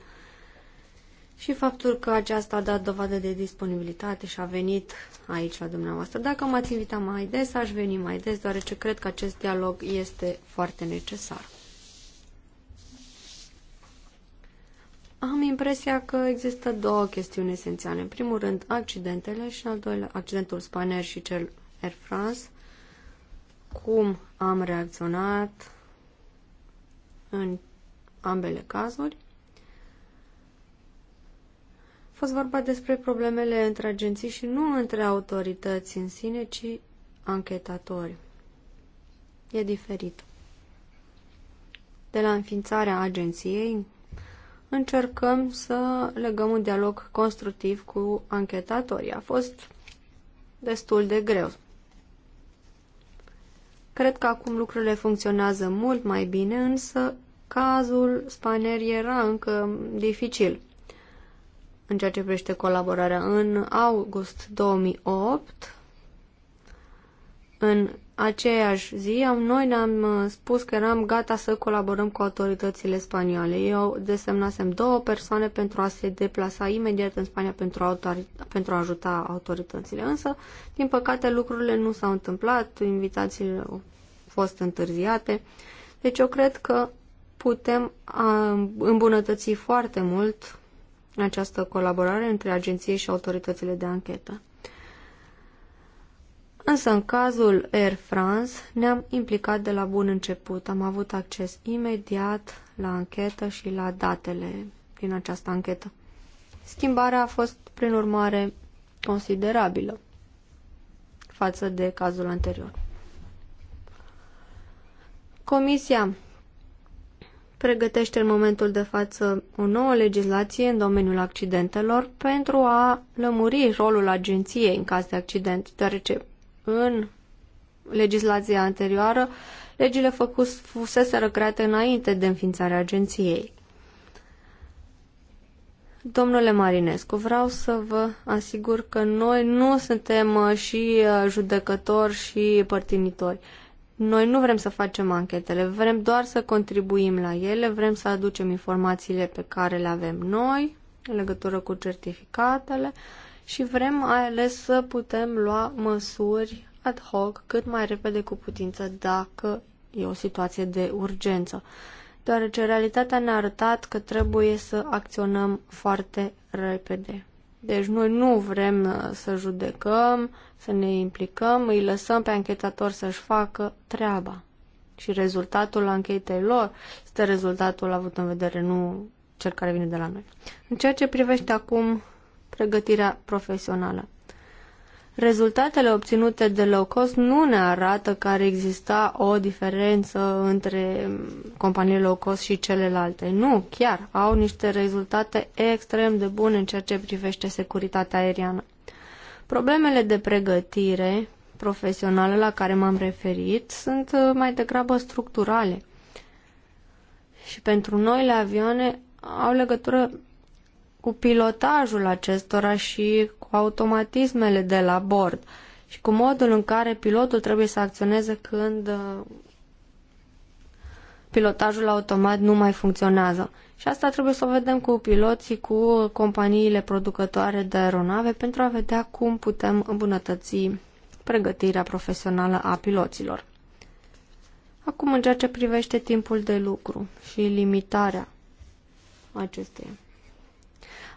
B: și faptul că aceasta a dat dovadă de disponibilitate și a venit aici la dumneavoastră. Dacă m-ați invitat mai des, aș veni mai des, deoarece cred că acest dialog este foarte necesar. Am impresia că există două chestiuni esențiale. În primul rând, accidentele și, al doilea, accidentul spanier și cel Air France, cum am reacționat în ambele cazuri. A fost vorba despre problemele între agenții și nu între autorități în sine, ci anchetatori. E diferit. De la înființarea agenției, încercăm să legăm un dialog constructiv cu anchetatorii. A fost destul de greu. Cred că acum lucrurile funcționează mult mai bine, însă cazul Spaner era încă dificil. În ceea ce privește colaborarea în august 2008, în aceeași zi, noi ne-am uh, spus că eram gata să colaborăm cu autoritățile spaniole. Eu desemnasem două persoane pentru a se deplasa imediat în Spania pentru a, pentru a ajuta autoritățile. Însă, din păcate, lucrurile nu s-au întâmplat, invitațiile au fost întârziate. Deci eu cred că putem uh, îmbunătăți foarte mult această colaborare între agenție și autoritățile de anchetă. Însă în cazul Air France ne-am implicat de la bun început. Am avut acces imediat la anchetă și la datele din această anchetă. Schimbarea a fost, prin urmare, considerabilă față de cazul anterior. Comisia pregătește în momentul de față o nouă legislație în domeniul accidentelor pentru a lămuri rolul agenției în caz de accident, deoarece în legislația anterioară, legile făcus, fuseseră create înainte de înființarea agenției. Domnule Marinescu, vreau să vă asigur că noi nu suntem uh, și uh, judecători și părtinitori. Noi nu vrem să facem anchetele, vrem doar să contribuim la ele, vrem să aducem informațiile pe care le avem noi în legătură cu certificatele, uh, și vrem mai ales să putem lua măsuri ad hoc cât mai repede cu putință dacă e o situație de urgență, deoarece realitatea ne-a arătat că trebuie să acționăm foarte repede. Deci noi nu vrem uh, să judecăm, să ne implicăm, îi lăsăm pe anchetator să-și facă treaba. Și rezultatul anchetei lor este rezultatul avut în vedere, nu cel care vine de la noi. În ceea ce privește acum pregătirea profesională. Rezultatele obținute de low cost nu ne arată că ar exista o diferență între companiile low cost și celelalte. Nu, chiar au niște rezultate extrem de bune în ceea ce privește securitatea aeriană. Problemele de pregătire profesională la care m-am referit sunt uh, mai degrabă structurale. Și pentru noile avioane au legătură cu pilotajul acestora și cu automatismele de la bord și cu modul în care pilotul trebuie să acționeze când uh, pilotajul automat nu mai funcționează. Și asta trebuie să o vedem cu piloții, cu companiile producătoare de aeronave pentru a vedea cum putem îmbunătăți pregătirea profesională a piloților. Acum, în ceea ce privește timpul de lucru și limitarea acesteia.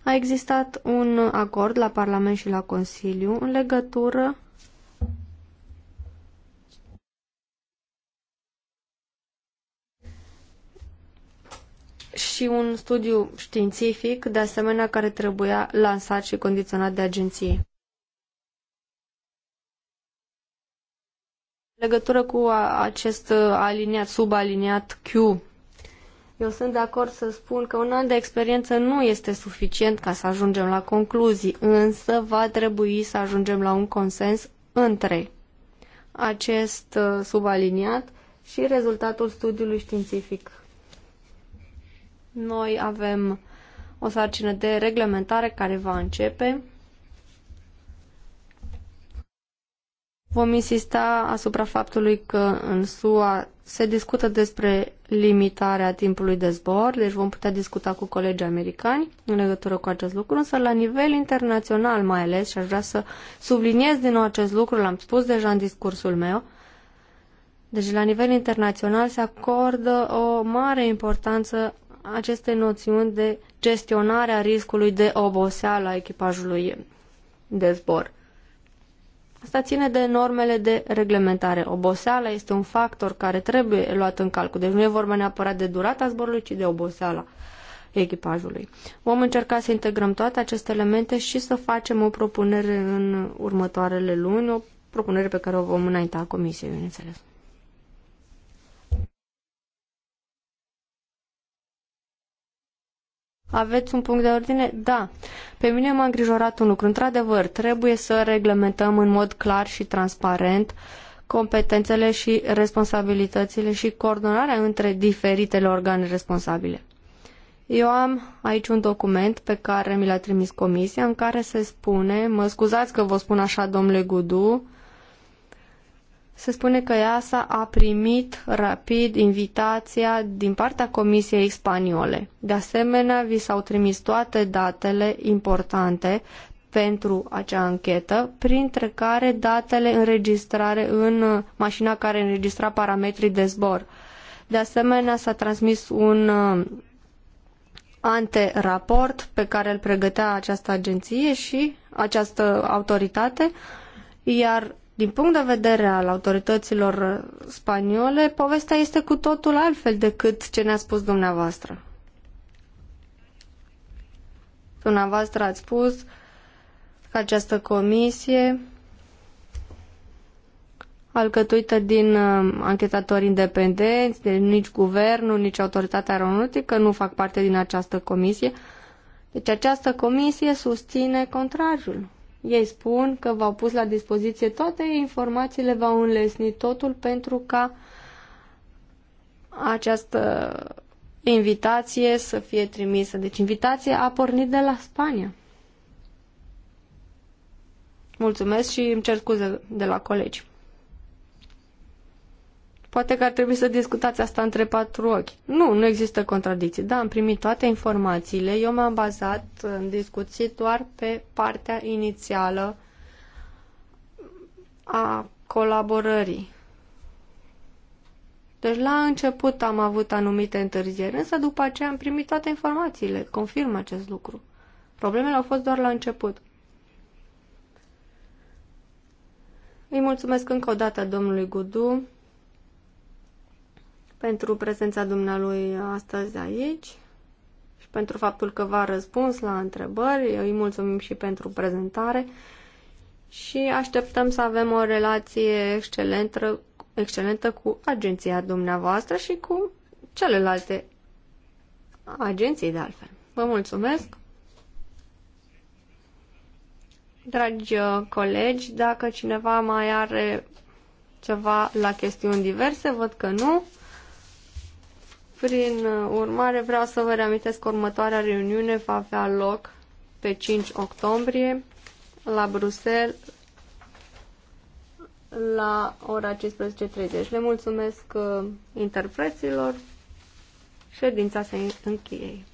B: A existat un acord la Parlament și la Consiliu în legătură și un studiu științific, de asemenea, care trebuia lansat și condiționat de agenție. În legătură cu acest aliniat, subaliniat Q eu sunt de acord să spun că un an de experiență nu este suficient ca să ajungem la concluzii, însă va trebui să ajungem la un consens între acest uh, subaliniat și rezultatul studiului științific. Noi avem o sarcină de reglementare care va începe. Vom insista asupra faptului că în SUA se discută despre limitarea timpului de zbor, deci vom putea discuta cu colegii americani în legătură cu acest lucru, însă la nivel internațional mai ales, și aș vrea să subliniez din nou acest lucru, l-am spus deja în discursul meu, deci la nivel internațional se acordă o mare importanță aceste noțiuni de gestionare a riscului de oboseală a echipajului de zbor. Asta ține de normele de reglementare. Oboseala este un factor care trebuie luat în calcul. Deci nu e vorba neapărat de durata zborului, ci de oboseala echipajului. Vom încerca să integrăm toate aceste elemente și să facem o propunere în următoarele luni, o propunere pe care o vom înainta Comisiei, bineînțeles. Aveți un punct de ordine? Da. Pe mine m-a îngrijorat un lucru. Într-adevăr, trebuie să reglementăm în mod clar și transparent competențele și responsabilitățile și coordonarea între diferitele organe responsabile. Eu am aici un document pe care mi l-a trimis comisia în care se spune, mă scuzați că vă spun așa, domnule Gudu, se spune că EASA a primit rapid invitația din partea Comisiei Spaniole. De asemenea, vi s-au trimis toate datele importante pentru acea anchetă, printre care datele înregistrare în mașina care înregistra parametrii de zbor. De asemenea, s-a transmis un uh, anteraport pe care îl pregătea această agenție și această autoritate, iar din punct de vedere al autorităților spaniole, povestea este cu totul altfel decât ce ne-a spus dumneavoastră. Dumneavoastră ați spus că această comisie alcătuită din uh, anchetatori independenți, de nici guvernul, nici autoritatea aeronautică nu fac parte din această comisie. Deci această comisie susține contrariul. Ei spun că v-au pus la dispoziție toate informațiile, v-au înlesnit totul pentru ca această invitație să fie trimisă. Deci invitația a pornit de la Spania. Mulțumesc și îmi cer scuze de la colegi. Poate că ar trebui să discutați asta între patru ochi. Nu, nu există contradicții. Da, am primit toate informațiile. Eu m-am bazat în discuții doar pe partea inițială a colaborării. Deci la început am avut anumite întârzieri, însă după aceea am primit toate informațiile. Confirm acest lucru. Problemele au fost doar la început. Îi mulțumesc încă o dată domnului Gudu pentru prezența dumnealui astăzi aici și pentru faptul că v-a răspuns la întrebări. Eu îi mulțumim și pentru prezentare și așteptăm să avem o relație excelentă, excelentă cu agenția dumneavoastră și cu celelalte agenții de altfel. Vă mulțumesc! Dragi uh, colegi, dacă cineva mai are ceva la chestiuni diverse, văd că nu. Prin urmare, vreau să vă reamintesc că următoarea reuniune va avea loc pe 5 octombrie la Bruxelles la ora 15.30. Le mulțumesc uh, interpreților. Ședința se încheie.